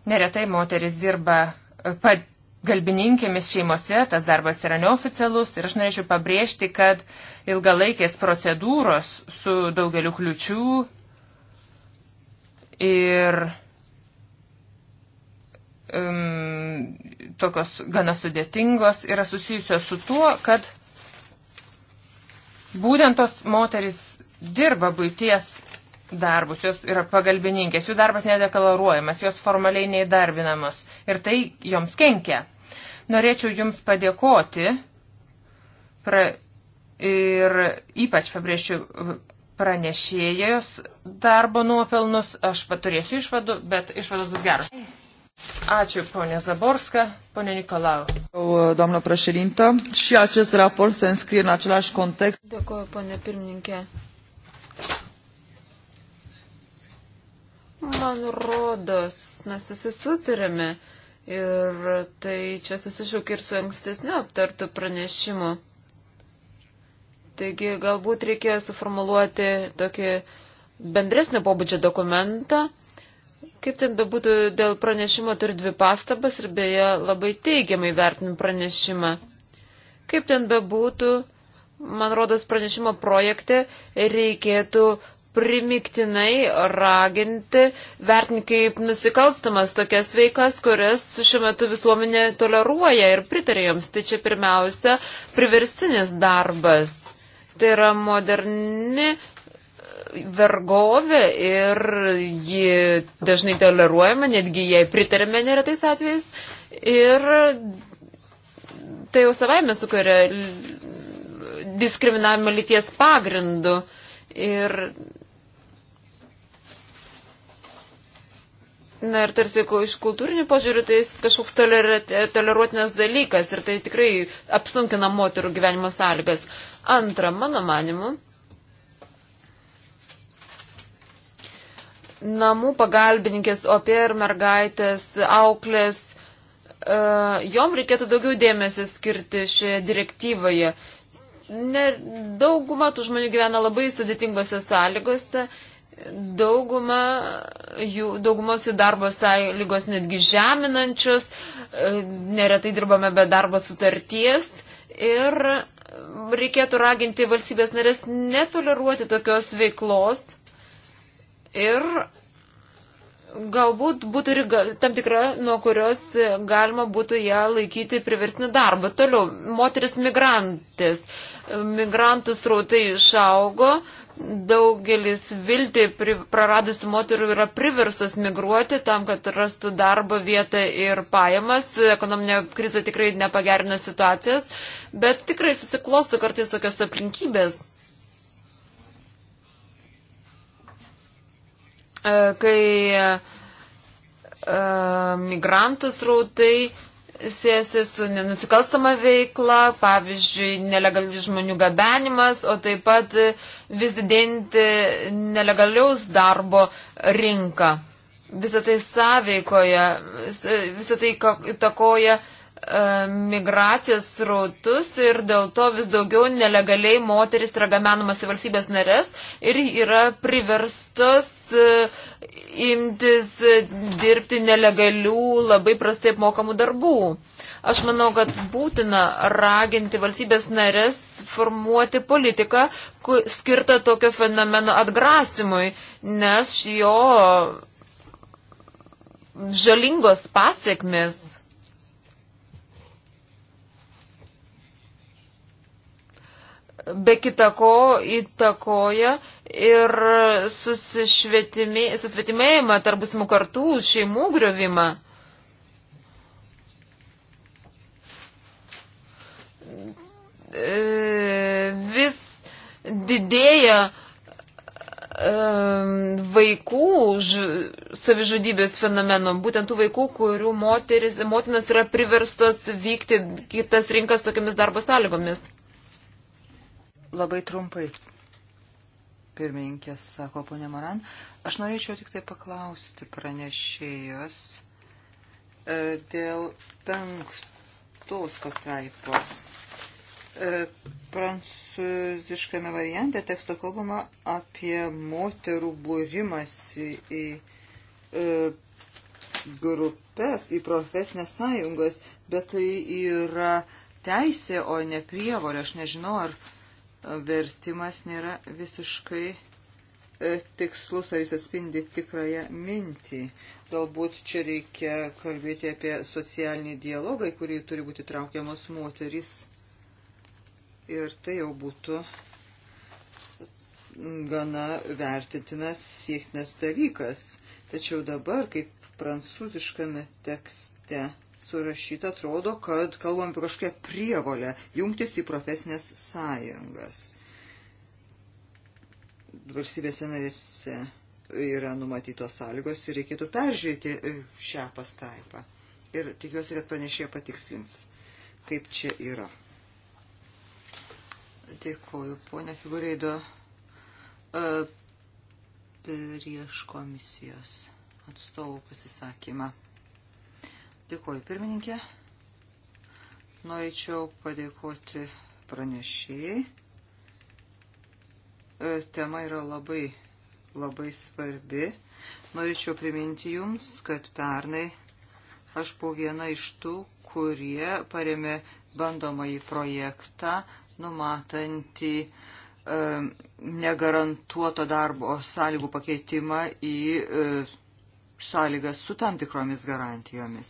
Neretai moteris dirba e, galbininkėmis šeimose, tas darbas yra neoficialus ir aš norėčiau pabrėžti, kad ilgalaikės procedūros su daugeliu kliučių ir um, tokios gana sudėtingos yra susijusios su tuo, kad Būtent tos moteris dirba būties darbus, jos yra pagalbininkės, jų darbas nedeklaruojamas, jos formaliai neįdarbinamos ir tai joms kenkia. Norėčiau Jums padėkoti pra, ir ypač pabrėšiu pranešėjos darbo nuopelnus, aš paturėsiu išvadų, bet išvados bus geros. Ačiū, ponė Zaborska, ponė Nikolau. Domnul președintă, și acest raport se înscrie în același context. Dėkuoju, ponė pirmininkė. Man rodos, mes visi sutarėme ir tai čia susišaukia ir su ankstesniu aptartu pranešimu. Taigi galbūt reikėjo suformuluoti tokį bendresnį pobūdžio dokumentą Kaip ten bebūtų, dėl pranešimo turiu dvi pastabas ir beje labai teigiamai vertinu pranešimą. Kaip ten bebūtų, man rodos, pranešimo projekte reikėtų primiktinai raginti, vertinti kaip nusikalstamas tokias veikas, kurias šiuo metu visuomenė toleruoja ir pritarė joms. Tai čia pirmiausia priverstinis darbas. Tai yra moderni vergovė ir ji dažnai toleruojama, netgi jai pritarėme neretais atvejais. Ir tai jau savaime sukuria diskriminavimą lyties pagrindu. Ir, na ir tarsi iš kultūrinių požiūrių tai kažkoks toleruotinas dalykas ir tai tikrai apsunkina moterų gyvenimo sąlygas. Antra, mano manimu, namų pagalbininkės, oper mergaitės, auklės, e, jom reikėtų daugiau dėmesio skirti šioje direktyvoje. Ne, dauguma tų žmonių gyvena labai sudėtingose sąlygose, dauguma jų, daugumos jų darbo sąlygos netgi žeminančios, e, neretai dirbame be darbo sutarties ir reikėtų raginti valstybės narės netoleruoti tokios veiklos ir galbūt būtų ir tam tikra, nuo kurios galima būtų ją laikyti priversnių darbą. Toliau, moteris migrantės. Migrantų srautai išaugo, daugelis vilti praradusių moterų yra priversas migruoti tam, kad rastų darbo vietą ir pajamas. Ekonominė krizė tikrai nepagerina situacijos, bet tikrai susiklosto kartais tokios aplinkybės E, kai e, migrantus rautai siejasi su nenusikalstama veikla, pavyzdžiui, nelegalių žmonių gabenimas, o taip pat vis didinti nelegaliaus darbo rinką. Visą tai sąveikoja, visą tai įtakoja E, migracijos rautus ir dėl to vis daugiau nelegaliai moteris yra gamenamas į valstybės narės ir yra priverstos e, imtis e, dirbti nelegalių, labai prastai apmokamų darbų. Aš manau, kad būtina raginti valstybės narės formuoti politiką skirtą tokio fenomeno atgrasimui, nes jo žalingos pasiekmes be kitako įtakoja ir susvetimėjimą tarp būsimų kartų, šeimų griovimą. Vis didėja vaikų savižudybės fenomeno, būtent tų vaikų, kurių moteris, motinas yra priverstos vykti kitas rinkas tokiamis darbo sąlygomis. Labai trumpai, pirmininkė sako ponė Moran, aš norėčiau tik tai paklausti pranešėjos e, dėl penktos pastraipos. E, prancūziškame variante teksto kalbama apie moterų būrimąsi į e, grupės, į profesinės sąjungas, bet tai yra teisė, o ne prievolė. Aš nežinau, ar vertimas nėra visiškai e, tikslus, ar jis atspindi tikrąją mintį. Galbūt čia reikia kalbėti apie socialinį dialogą, į kurį turi būti traukiamos moterys. Ir tai jau būtų gana vertintinas siektinas dalykas. Tačiau dabar, kaip prancūziškame tekste, tekste surašyta atrodo, kad kalbam apie kažkokią prievolę jungtis į profesinės sąjungas. Valstybėse narėse yra numatytos sąlygos ir reikėtų peržiūrėti e, šią pastraipą. Ir tikiuosi, kad pranešėja patikslins, kaip čia yra. Dėkuoju, ponia Figureido, e, prieš komisijos atstovų pasisakymą. Dėkuoju pirmininkė. Norėčiau padėkoti pranešėjai. E, tema yra labai, labai svarbi. Norėčiau priminti Jums, kad pernai aš buvau viena iš tų, kurie paremė bandomąjį projektą, numatantį e, negarantuoto darbo sąlygų pakeitimą į e, sąlygas su tam tikromis garantijomis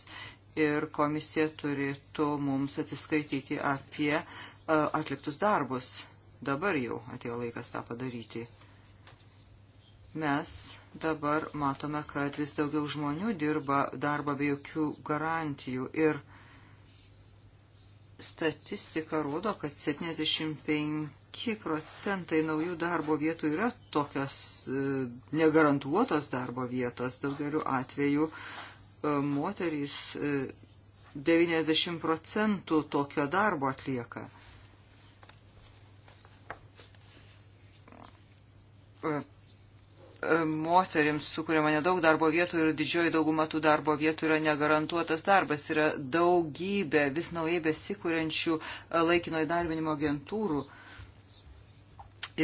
ir komisija turėtų mums atsiskaityti apie e, atliktus darbus. Dabar jau atėjo laikas tą padaryti. Mes dabar matome, kad vis daugiau žmonių dirba darbą be jokių garantijų ir statistika rodo, kad 75 procentai naujų darbo vietų yra tokios e, negarantuotos darbo vietos. Daugeliu atveju uh, E, moterys 90 e, procentų tokio darbo atlieka. E, moterims sukūrėma nedaug darbo vietų ir didžioji dauguma tų darbo vietų yra negarantuotas darbas. Yra daugybė vis naujai besikūrenčių laikino įdarbinimo agentūrų.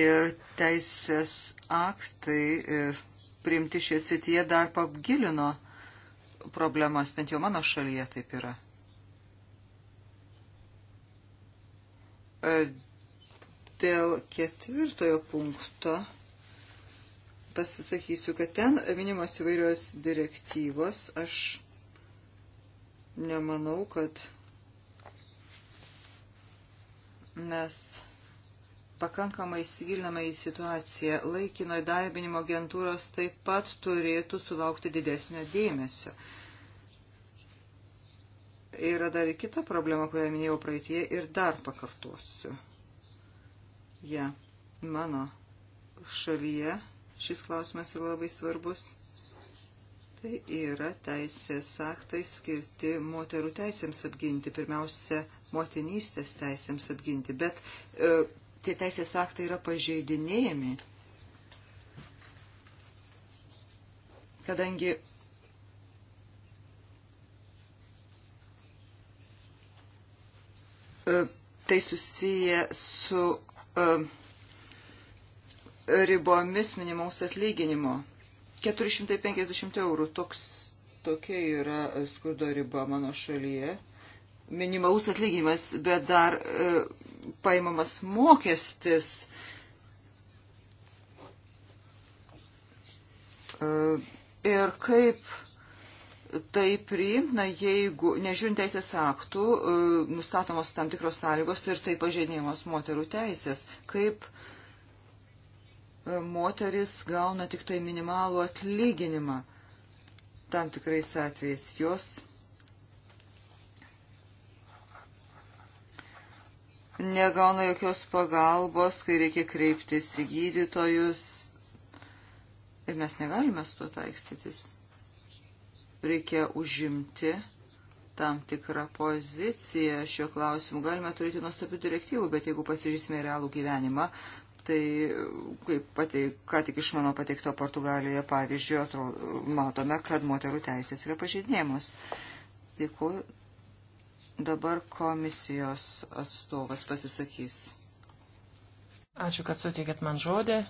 Ir teisės aktai priimti šie sityje dar papgilino uh, problemas, bent jau mano šalyje taip yra. E, dėl ketvirtojo punkto pasisakysiu, kad ten minimos įvairios direktyvos. Aš nemanau, kad mes pakankamai įsigiliname į situaciją. Laikino įdarbinimo agentūros taip pat turėtų sulaukti didesnio dėmesio yra dar ir kita problema, kurią minėjau praeitie ir dar pakartosiu. Ja, mano šalyje šis klausimas yra labai svarbus. Tai yra teisės aktai skirti moterų teisėms apginti, pirmiausia, motinystės teisėms apginti, bet e, tie teisės aktai yra pažeidinėjami, kadangi E, tai susiję su e, ribomis minimaus atlyginimo. 450 eurų toks, tokia yra e, skurdo riba mano šalyje. Minimalus atlyginimas, bet dar e, paimamas mokestis. E, ir kaip tai priimtina, jeigu, nežiūrint teisės aktų, e, nustatomos tam tikros sąlygos ir tai pažeidinėjamos moterų teisės, kaip e, moteris gauna tik tai minimalų atlyginimą tam tikrais atvejais. Jos negauna jokios pagalbos, kai reikia kreiptis į gydytojus ir mes negalime su tuo taikstytis reikia užimti tam tikrą poziciją šiuo klausimu. Galime turėti nuostabių direktyvų, bet jeigu pasižiūrėsime į realų gyvenimą, tai kaip pati, ką tik iš mano pateikto Portugalijoje pavyzdžio, atrodo, matome, kad moterų teisės yra pažeidinėjamos. Dėkuoju. Dabar komisijos atstovas pasisakys. Ačiū, kad sutikėt man žodį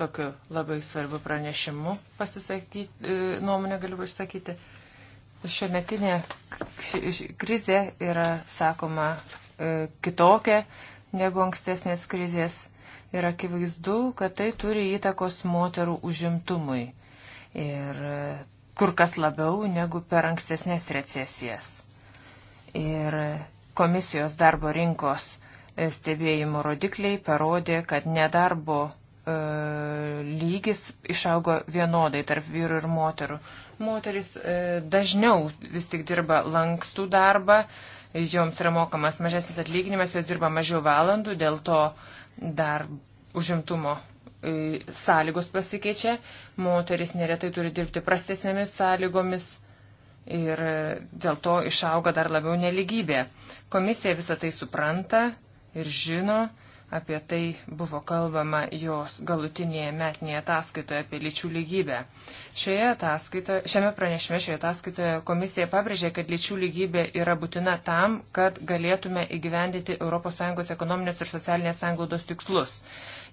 tokiu labai svarbiu pranešimu pasisakyti, e, nuomonę galiu išsakyti. Šiuometinė krizė yra, sakoma, e, kitokia negu ankstesnės krizės ir akivaizdu, kad tai turi įtakos moterų užimtumui ir e, kur kas labiau negu per ankstesnės recesijas. Ir komisijos darbo rinkos stebėjimo rodikliai parodė, kad nedarbo E, lygis išaugo vienodai tarp vyrų ir moterų. Moteris e, dažniau vis tik dirba lankstų darbą, joms yra mokamas mažesnis atlyginimas, jos dirba mažiau valandų, dėl to dar užimtumo e, sąlygos pasikeičia, moteris neretai turi dirbti prastesnėmis sąlygomis ir dėl to išauga dar labiau neligybė. Komisija visą tai supranta ir žino Apie tai buvo kalbama jos galutinėje metinėje ataskaitoje apie lyčių lygybę. Šioje ataskaitoje, šiame pranešime šioje ataskaitoje komisija pabrėžė, kad lyčių lygybė yra būtina tam, kad galėtume įgyvendyti ES ekonominės ir socialinės sąnglaudos tikslus.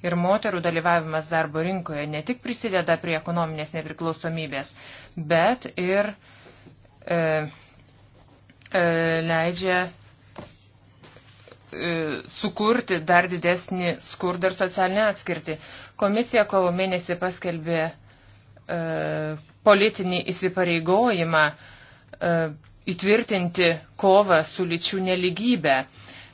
Ir moterų dalyvavimas darbo rinkoje ne tik prisideda prie ekonominės nepriklausomybės, bet ir e, e, leidžia E, sukurti dar didesnį skurdą ir socialinę atskirtį. Komisija kovo mėnesį paskelbė e, politinį įsipareigojimą e, įtvirtinti kovą su lyčių neligybė.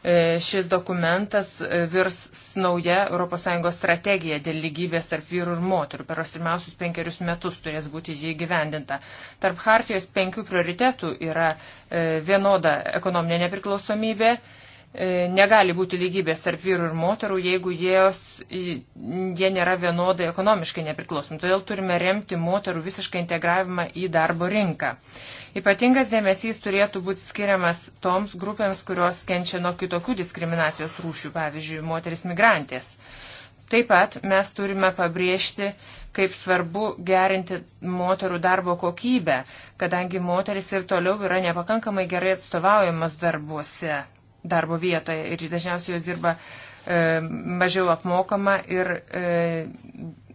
E, šis dokumentas e, virs nauja ES strategija dėl lygybės tarp vyrų ir moterų. Per osimiausius penkerius metus turės būti jį gyvendinta. Tarp Hartijos penkių prioritetų yra e, vienoda ekonominė nepriklausomybė, e, E, negali būti lygybės tarp vyrų ir moterų, jeigu jos, jie nėra vienodai ekonomiškai nepriklausomi. Todėl turime remti moterų visišką integravimą į darbo rinką. Ypatingas dėmesys turėtų būti skiriamas toms grupėms, kurios kenčia nuo kitokių diskriminacijos rūšių, pavyzdžiui, moteris migrantės. Taip pat mes turime pabrėžti, kaip svarbu gerinti moterų darbo kokybę, kadangi moteris ir toliau yra nepakankamai gerai atstovaujamas darbuose darbo vietoje ir dažniausiai jos dirba e, mažiau apmokama ir e,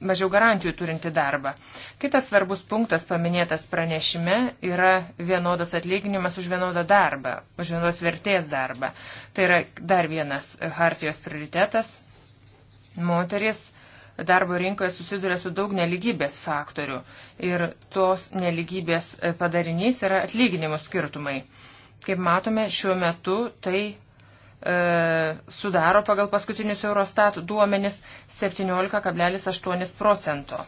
mažiau garantijų turinti darbą. Kitas svarbus punktas paminėtas pranešime yra vienodas atlyginimas už vienodą darbą, už vienodos vertės darbą. Tai yra dar vienas Hartijos prioritetas. Moteris darbo rinkoje susiduria su daug neligybės faktorių ir tos neligybės padarinys yra atlyginimų skirtumai. Kaip matome, šiuo metu tai e, sudaro pagal paskutinius Eurostat duomenis 17,8 procento.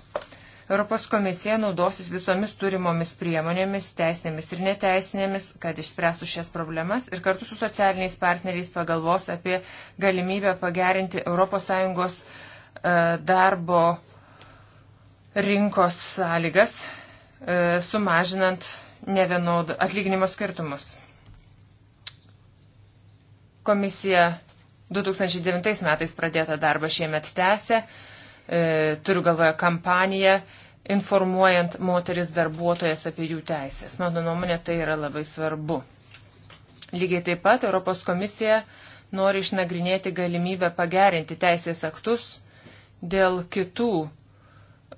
Europos komisija naudosis visomis turimomis priemonėmis, teisinėmis ir neteisinėmis, kad išspręstų šias problemas ir kartu su socialiniais partneriais pagalvos apie galimybę pagerinti ES e, darbo rinkos sąlygas, e, sumažinant atlyginimo skirtumus. Komisija 2009 metais pradėta darba šiemet tęsė, e, turiu galvoje kampaniją, informuojant moteris darbuotojas apie jų teisės. Mano nuomonė, tai yra labai svarbu. Lygiai taip pat Europos komisija nori išnagrinėti galimybę pagerinti teisės aktus dėl kitų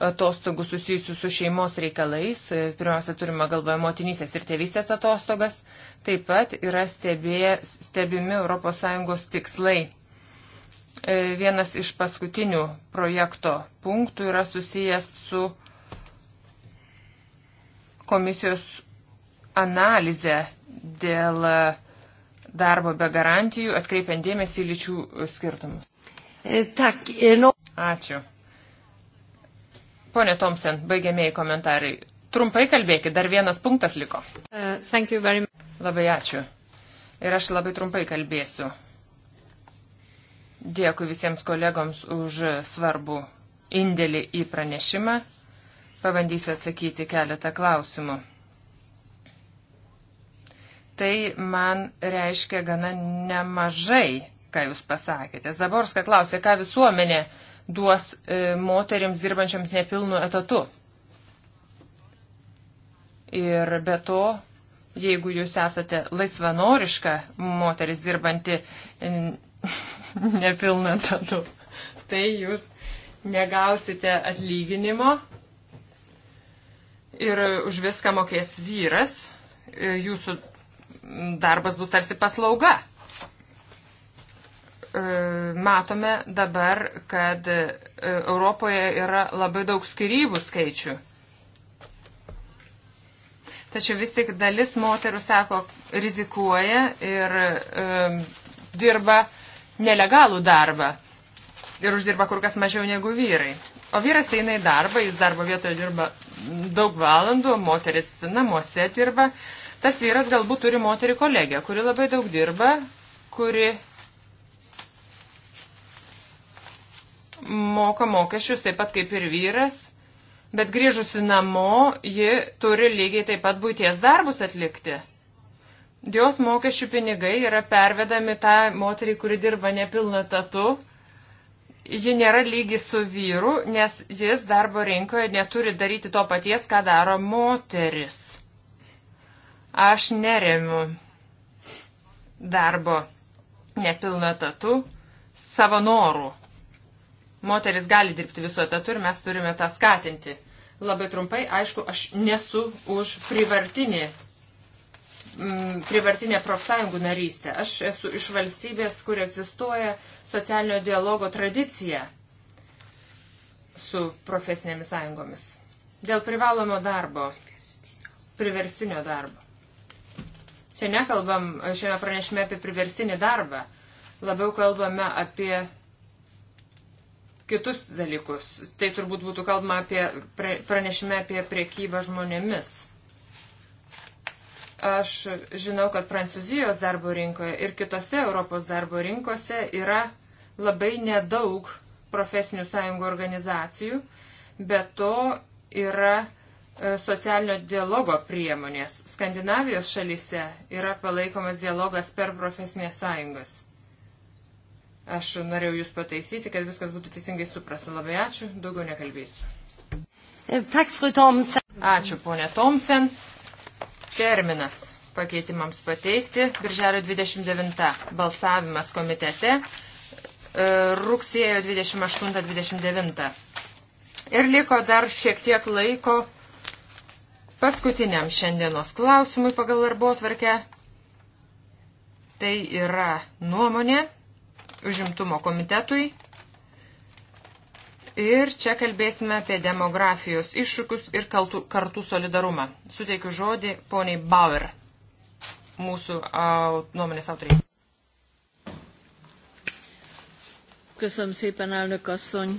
atostogų susijusių su šeimos reikalais. Pirmiausia, turime galvoje motinysės ir tėvystės atostogas. Taip pat yra stebė, stebimi ES tikslai. E, vienas iš paskutinių projekto punktų yra susijęs su komisijos analizė dėl darbo be garantijų, atkreipiant dėmesį į lyčių skirtumus. E, e, nu- Ačiū. Pone Tomsen, baigiamieji komentarai. Trumpai kalbėkit, dar vienas punktas liko. Uh, labai ačiū. Ir aš labai trumpai kalbėsiu. Dėkui visiems kolegoms už svarbų indėlį į pranešimą. Pabandysiu atsakyti keletą klausimų. Tai man reiškia gana nemažai, ką jūs pasakėte. Zaborska klausė, ką visuomenė uh, duos e, moteriams dirbančiams nepilnu etatu. Ir be to, jeigu jūs esate laisvanoriška moteris dirbanti e, nepilnu etatu, tai jūs negausite atlyginimo ir už viską mokės vyras, e, jūsų darbas bus tarsi paslauga. E, matome dabar, kad e, Europoje yra labai daug skirybų skaičių. Tačiau vis tik dalis moterų, sako, rizikuoja ir e, dirba nelegalų darbą. Ir uždirba kur kas mažiau negu vyrai. O vyras eina į darbą, jis darbo vietoje dirba daug valandų, moteris namuose dirba. Tas vyras galbūt turi moterį kolegę, kuri labai daug dirba, kuri moka mokesčius taip pat kaip ir vyras, bet grįžusi namo ji turi lygiai taip pat būties darbus atlikti. Jos mokesčių pinigai yra pervedami tą moterį, kuri dirba nepilną tatu. Ji nėra lygi su vyru, nes jis darbo rinkoje neturi daryti to paties, ką daro moteris. Aš neremiu darbo nepilną tatu savo norų Moteris gali dirbti viso etatu ir mes turime tą skatinti. Labai trumpai, aišku, aš nesu už privartinį mm, privartinė profsąjungų narystė. Aš esu iš valstybės, kur egzistuoja socialinio dialogo tradicija su profesinėmis sąjungomis. Dėl privalomo darbo, priversinio darbo. Čia nekalbam šiame pranešime apie priversinį darbą, labiau kalbame apie kitus dalykus. Tai turbūt būtų kalbama apie pranešime apie priekybą žmonėmis. Aš žinau, kad Prancūzijos darbo rinkoje ir kitose Europos darbo rinkose yra labai nedaug profesinių sąjungų organizacijų, bet to yra e, socialinio dialogo priemonės. Skandinavijos šalyse yra palaikomas dialogas per profesinės sąjungas. Aš norėjau Jūs pataisyti, kad viskas būtų teisingai suprasta. Labai ačiū, daugiau nekalbėsiu. E, ačiū, ponė Tomsen. Terminas pakeitimams pateikti birželio 29 balsavimas komitete e, rugsėjo 28-29. Ir liko dar šiek tiek laiko paskutiniam šiandienos klausimui pagal darbo tvarkę. Tai yra nuomonė užimtumo komitetui. Ir čia kalbėsime apie demografijos iššūkius ir kaltų, kartų solidarumą. Suteikiu žodį poniai Bauer, mūsų au, nuomonės autoriai. Köszönöm szépen, elnök asszony.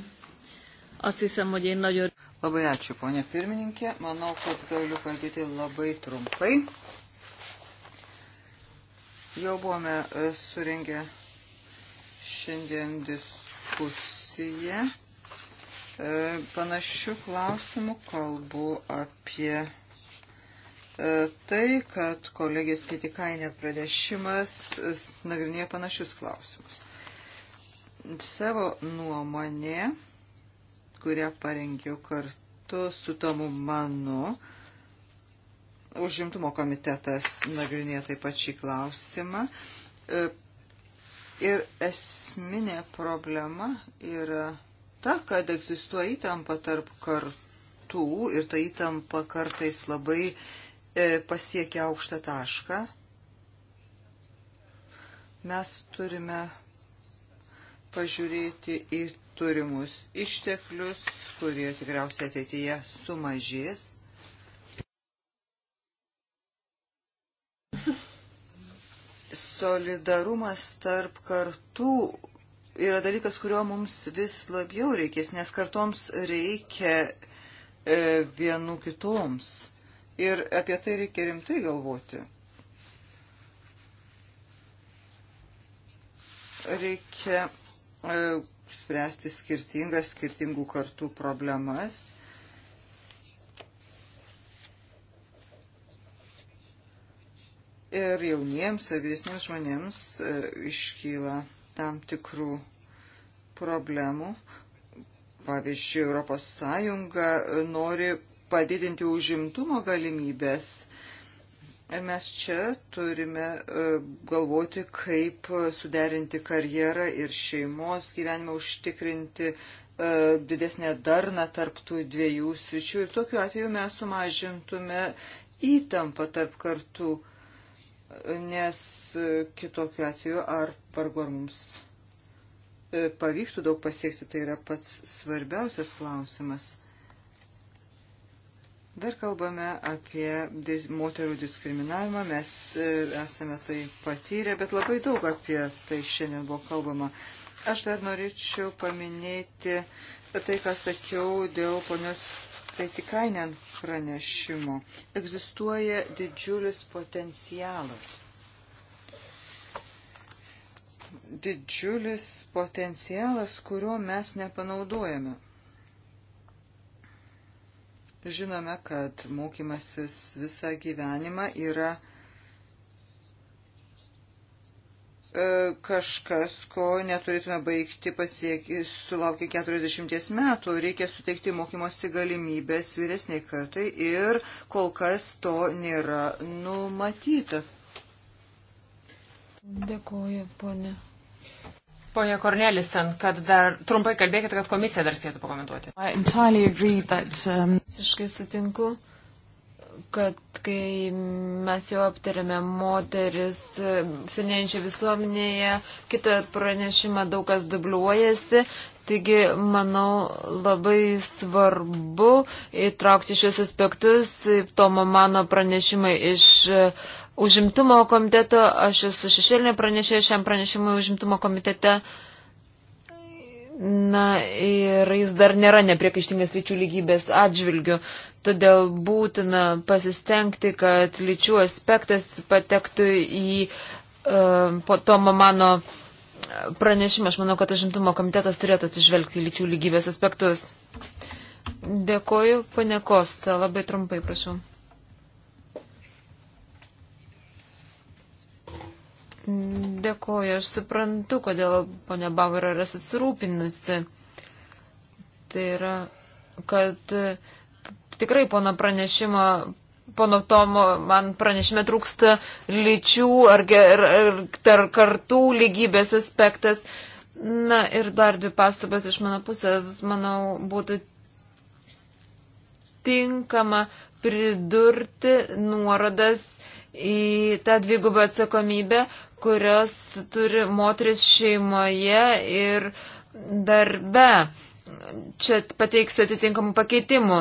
Azt hiszem, hogy én nagyon... Labai ačiū, ponia pirmininkė. Manau, kad galiu kalbėti labai trumpai. Jau buvome e, surengę šiandien diskusiją. E, panašių klausimų kalbu apie e, tai, kad kolegės Pietikainė pranešimas nagrinėja panašius klausimus. Savo nuomonė, kurią parengiau kartu su Tomu Manu, užimtumo komitetas nagrinėja taip pat šį klausimą. E, Ir esminė problema yra ta, kad egzistuoja įtampa tarp kartų ir ta įtampa kartais labai e, pasiekia aukštą tašką. Mes turime pažiūrėti į turimus išteklius, kurie tikriausiai ateityje sumažės solidarumas tarp kartų yra dalykas, kurio mums vis labiau reikės, nes kartoms reikia e, vienų kitoms. Ir apie tai reikia rimtai galvoti. Reikia e, spręsti skirtingas, skirtingų kartų problemas ir jauniems ir vyresniems žmonėms e, iškyla tam tikrų problemų. Pavyzdžiui, Europos Sąjunga e, nori padidinti užimtumo galimybės. E, mes čia turime galvoti, kaip suderinti karjerą ir šeimos gyvenimą, užtikrinti didesnę darną tarptų dviejų sričių. Ir tokiu atveju mes sumažintume įtampą tarp kartų nes e, kitokiu atveju ar vargu ar mums e, pavyktų daug pasiekti, tai yra pats svarbiausias klausimas. Dar kalbame apie moterų diskriminavimą, mes e, esame tai patyrę, bet labai daug apie tai šiandien buvo kalbama. Aš dar norėčiau paminėti tai, ką sakiau dėl ponios Petikainen tai pranešimo egzistuoja didžiulis potencialas. Didžiulis potencialas, kurio mes nepanaudojame. Žinome, kad mokymasis visą gyvenimą yra E, kažkas, ko neturėtume baigti pasiekti, sulaukia 40 metų, reikia suteikti mokymosi galimybės vyresniai kartai ir kol kas to nėra numatyta. Dėkuoju, ponė. Pone Kornelisen, kad dar trumpai kalbėkite, kad komisija dar spėtų pakomentuoti. Um, Visiškai um... sutinku kad kai mes jau aptarėme moteris e, senėjančią visuomenėje, kitą pranešimą daug kas dubliuojasi. Taigi, manau, labai svarbu įtraukti šios aspektus. Tomo mano pranešimai iš e, užimtumo komiteto. Aš esu šešėlinė pranešė šiam pranešimui užimtumo komitete. Uh, Na ir jis dar nėra nepriekaištingas lyčių lygybės atžvilgių, todėl būtina pasistengti, kad lyčių aspektas patektų į uh, po Tomo mano pranešimą. Aš manau, kad užimtumo komitetas turėtų atsižvelgti į lyčių lygybės aspektus. Dėkoju, pane Kosta, labai trumpai prašau. Dėkoju, aš suprantu, kodėl ponia Bauer yra susirūpinusi. Tai yra, kad e, tikrai pono pranešimo, pono Tomo, man pranešime trūksta lyčių ar, ar, ar kartų lygybės aspektas. Na ir dar dvi pastabas iš mano pusės, manau, būtų tinkama pridurti nuorodas į tą dvigubą atsakomybę, kurios turi moteris šeimoje ir darbe. Čia pateiksiu atitinkamų pakeitimų,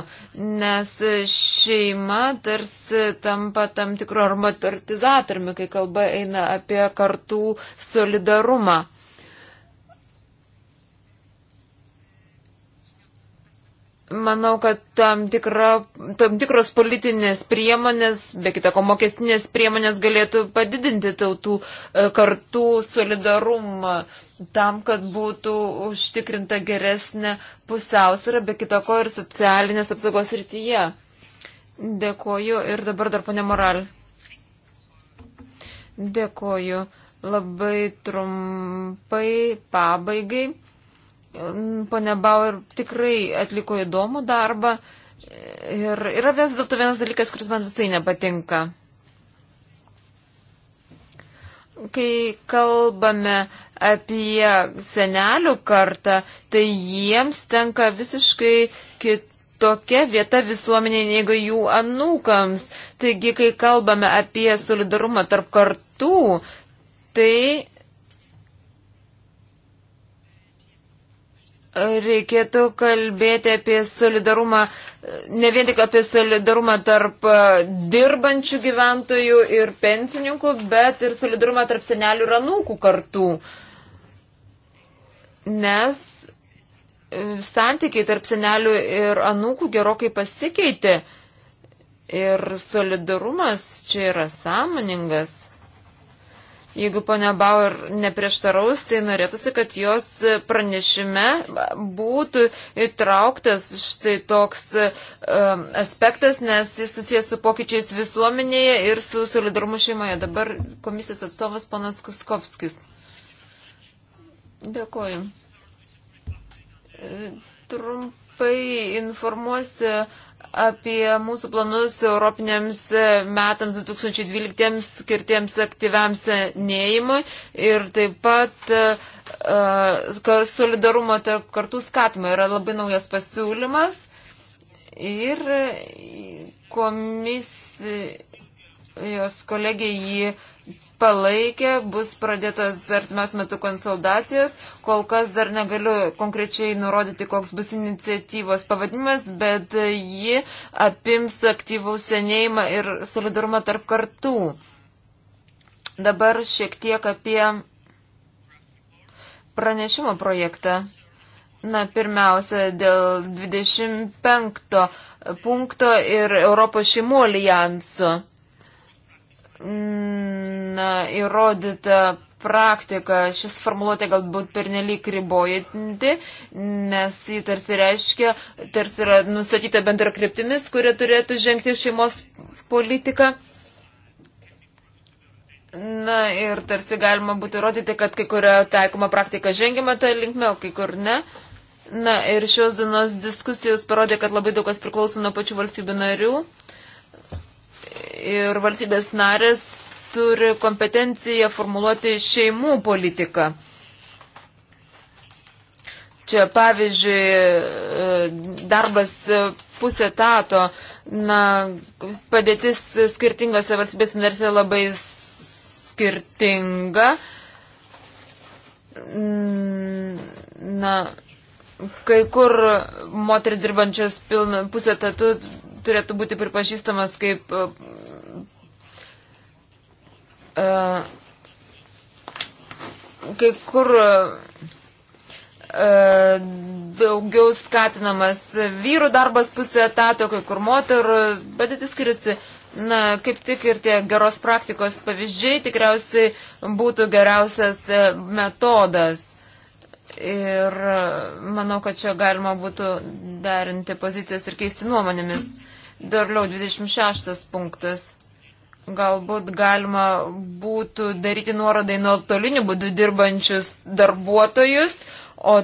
nes šeima tarsi tampa tam tikro armatartizatoriumi, kai kalba eina apie kartų solidarumą. Manau, kad tam, tikra, tam tikros politinės priemonės, be kitako mokestinės priemonės galėtų padidinti tautų e, kartų solidarumą tam, kad būtų užtikrinta geresnė pusiausvyrą, be kitako ir socialinės apsaugos rytyje. Dėkoju ir dabar dar ponė Moral. Dėkoju. Labai trumpai pabaigai Mm, Pone Bauer tikrai atliko įdomų darbą. Ir yra vis dėlto vienas dalykas, kuris man visai nepatinka. Kai kalbame apie senelių kartą, tai jiems tenka visiškai kitokia vieta visuomenė negu jų anūkams. Taigi, kai kalbame apie solidarumą tarp kartų, tai Reikėtų kalbėti apie solidarumą, ne vien tik apie solidarumą tarp e, dirbančių gyventojų ir pensininkų, bet ir solidarumą tarp senelių ir anūkų kartų. Nes e, santykiai tarp senelių ir anūkų gerokai pasikeitė ir solidarumas čia yra sąmoningas. Jeigu ponia Bauer neprieštaraus, tai norėtųsi, kad jos pranešime būtų įtrauktas štai toks um, aspektas, nes jis susijęs su pokyčiais visuomenėje ir su solidarumu šeimoje. Dabar komisijos atstovas ponas Kuskovskis. Dėkoju. E, trumpai informuosiu apie mūsų planus Europiniams metams 2012 skirtiems aktyviam senėjimui ir taip pat uh, solidarumo tarp kartų skatimą yra labai naujas pasiūlymas ir komisijos kolegija jį palaikė, bus pradėtos artimas metų konsultacijos. Kol kas dar negaliu konkrečiai nurodyti, koks bus iniciatyvos pavadinimas, bet ji apims aktyvų senėjimą ir solidarumą tarp kartų. Dabar šiek tiek apie pranešimo projektą. Na, pirmiausia, dėl 25 punkto ir Europos šeimų alijanso. Mm, na, įrodyta praktika. Šis formuluotė galbūt pernelyg ribojanti, nes jį tarsi reiškia, tarsi yra nustatyta bendra kryptimis, kuria turėtų žengti šeimos politika. Na ir tarsi galima būtų įrodyti, kad kai kurio taikoma praktika žengima tą tai linkmę, o kai kur ne. Na ir šios dienos diskusijos parodė, kad labai daug kas priklauso nuo pačių valstybių narių ir valstybės narės turi kompetenciją formuluoti šeimų politiką. Čia pavyzdžiui, e, darbas pusė tato, na, padėtis skirtingose valstybės narėse labai skirtinga. Na, kai kur moteris dirbančios pilna, pusė tatų turėtų būti pripažįstamas kaip uh, kai kur uh, daugiau skatinamas vyrų darbas pusė etato, kai kur moterų, padėtis skiriasi. Na, kaip tik ir tie geros praktikos pavyzdžiai tikriausiai būtų geriausias metodas. Ir manau, kad čia galima būtų derinti pozicijas ir keisti nuomonėmis. Darliau 26 punktas. Galbūt galima būtų daryti nuorodai nuotoliniu būdu dirbančius darbuotojus, o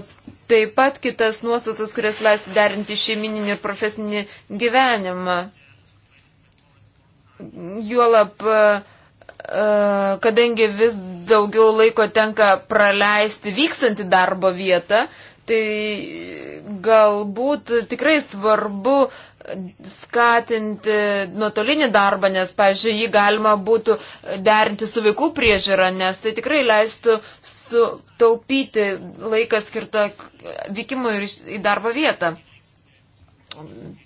taip pat kitas nuostatas, kurias leistų derinti šeimininį ir profesinį gyvenimą. Juolap, e, e, kadangi vis daugiau laiko tenka praleisti vykstant į darbo vietą, tai galbūt tikrai svarbu uh, skatinti nuotolinį darbą, nes, pavyzdžiui, jį galima būtų derinti su vaikų priežiūra, nes tai tikrai leistų sutaupyti laiką skirtą vykimui į darbo vietą.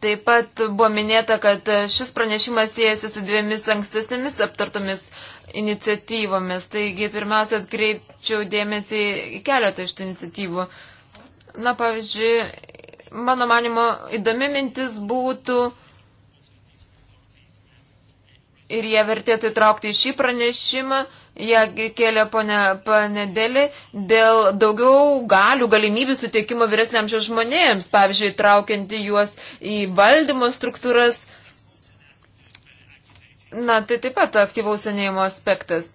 Taip pat buvo minėta, kad šis pranešimas siejasi su dviemis ankstesnėmis aptartomis iniciatyvomis. Taigi, pirmiausia, atkreipčiau dėmesį į keletą iš tų iniciatyvų. Na, pavyzdžiui, mano manimo, įdomi mintis būtų ir jie vertėtų įtraukti į šį pranešimą, jie kėlė panedelį dėl daugiau galių, galimybių suteikimo vyresniamžiaus žmonėms, pavyzdžiui, traukianti juos į valdymo struktūras. Na, tai taip pat aktyvaus senėjimo aspektas.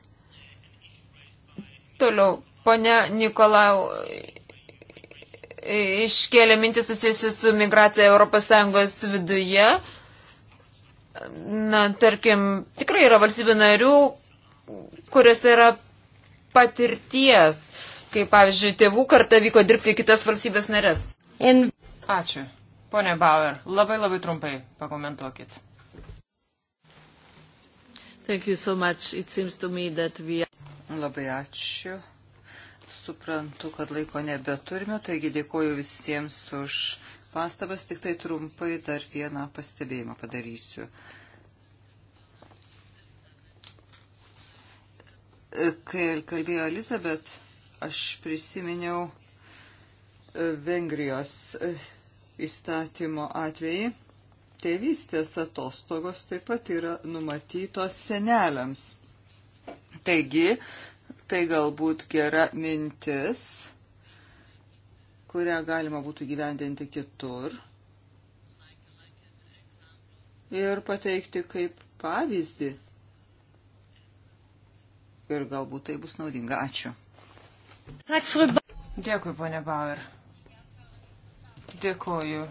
Toliau, ponia Nikolau iškėlė mintis susijusi su migracija ES viduje. Na, tarkim, tikrai yra valstybių narių, kuriuose yra patirties, kaip pavyzdžiui, tėvų kartą vyko dirbti kitas valstybės narės. In... Ačiū. Pone Bauer, labai labai trumpai pakomentuokit. So we... Labai ačiū. Suprantu, kad laiko nebeturime, taigi dėkoju visiems už pastabas, tik tai trumpai dar vieną pastebėjimą padarysiu. Kai kalbėjo Elizabet, aš prisiminiau e, Vengrijos e, įstatymo atvejį. Tėvystės atostogos taip pat yra numatytos seneliams. Taigi, tai galbūt gera mintis, kurią galima būtų gyvendinti kitur ir pateikti kaip pavyzdį. Ir galbūt tai bus naudinga. Ačiū. Dėkui, ponė Bauer. Dėkoju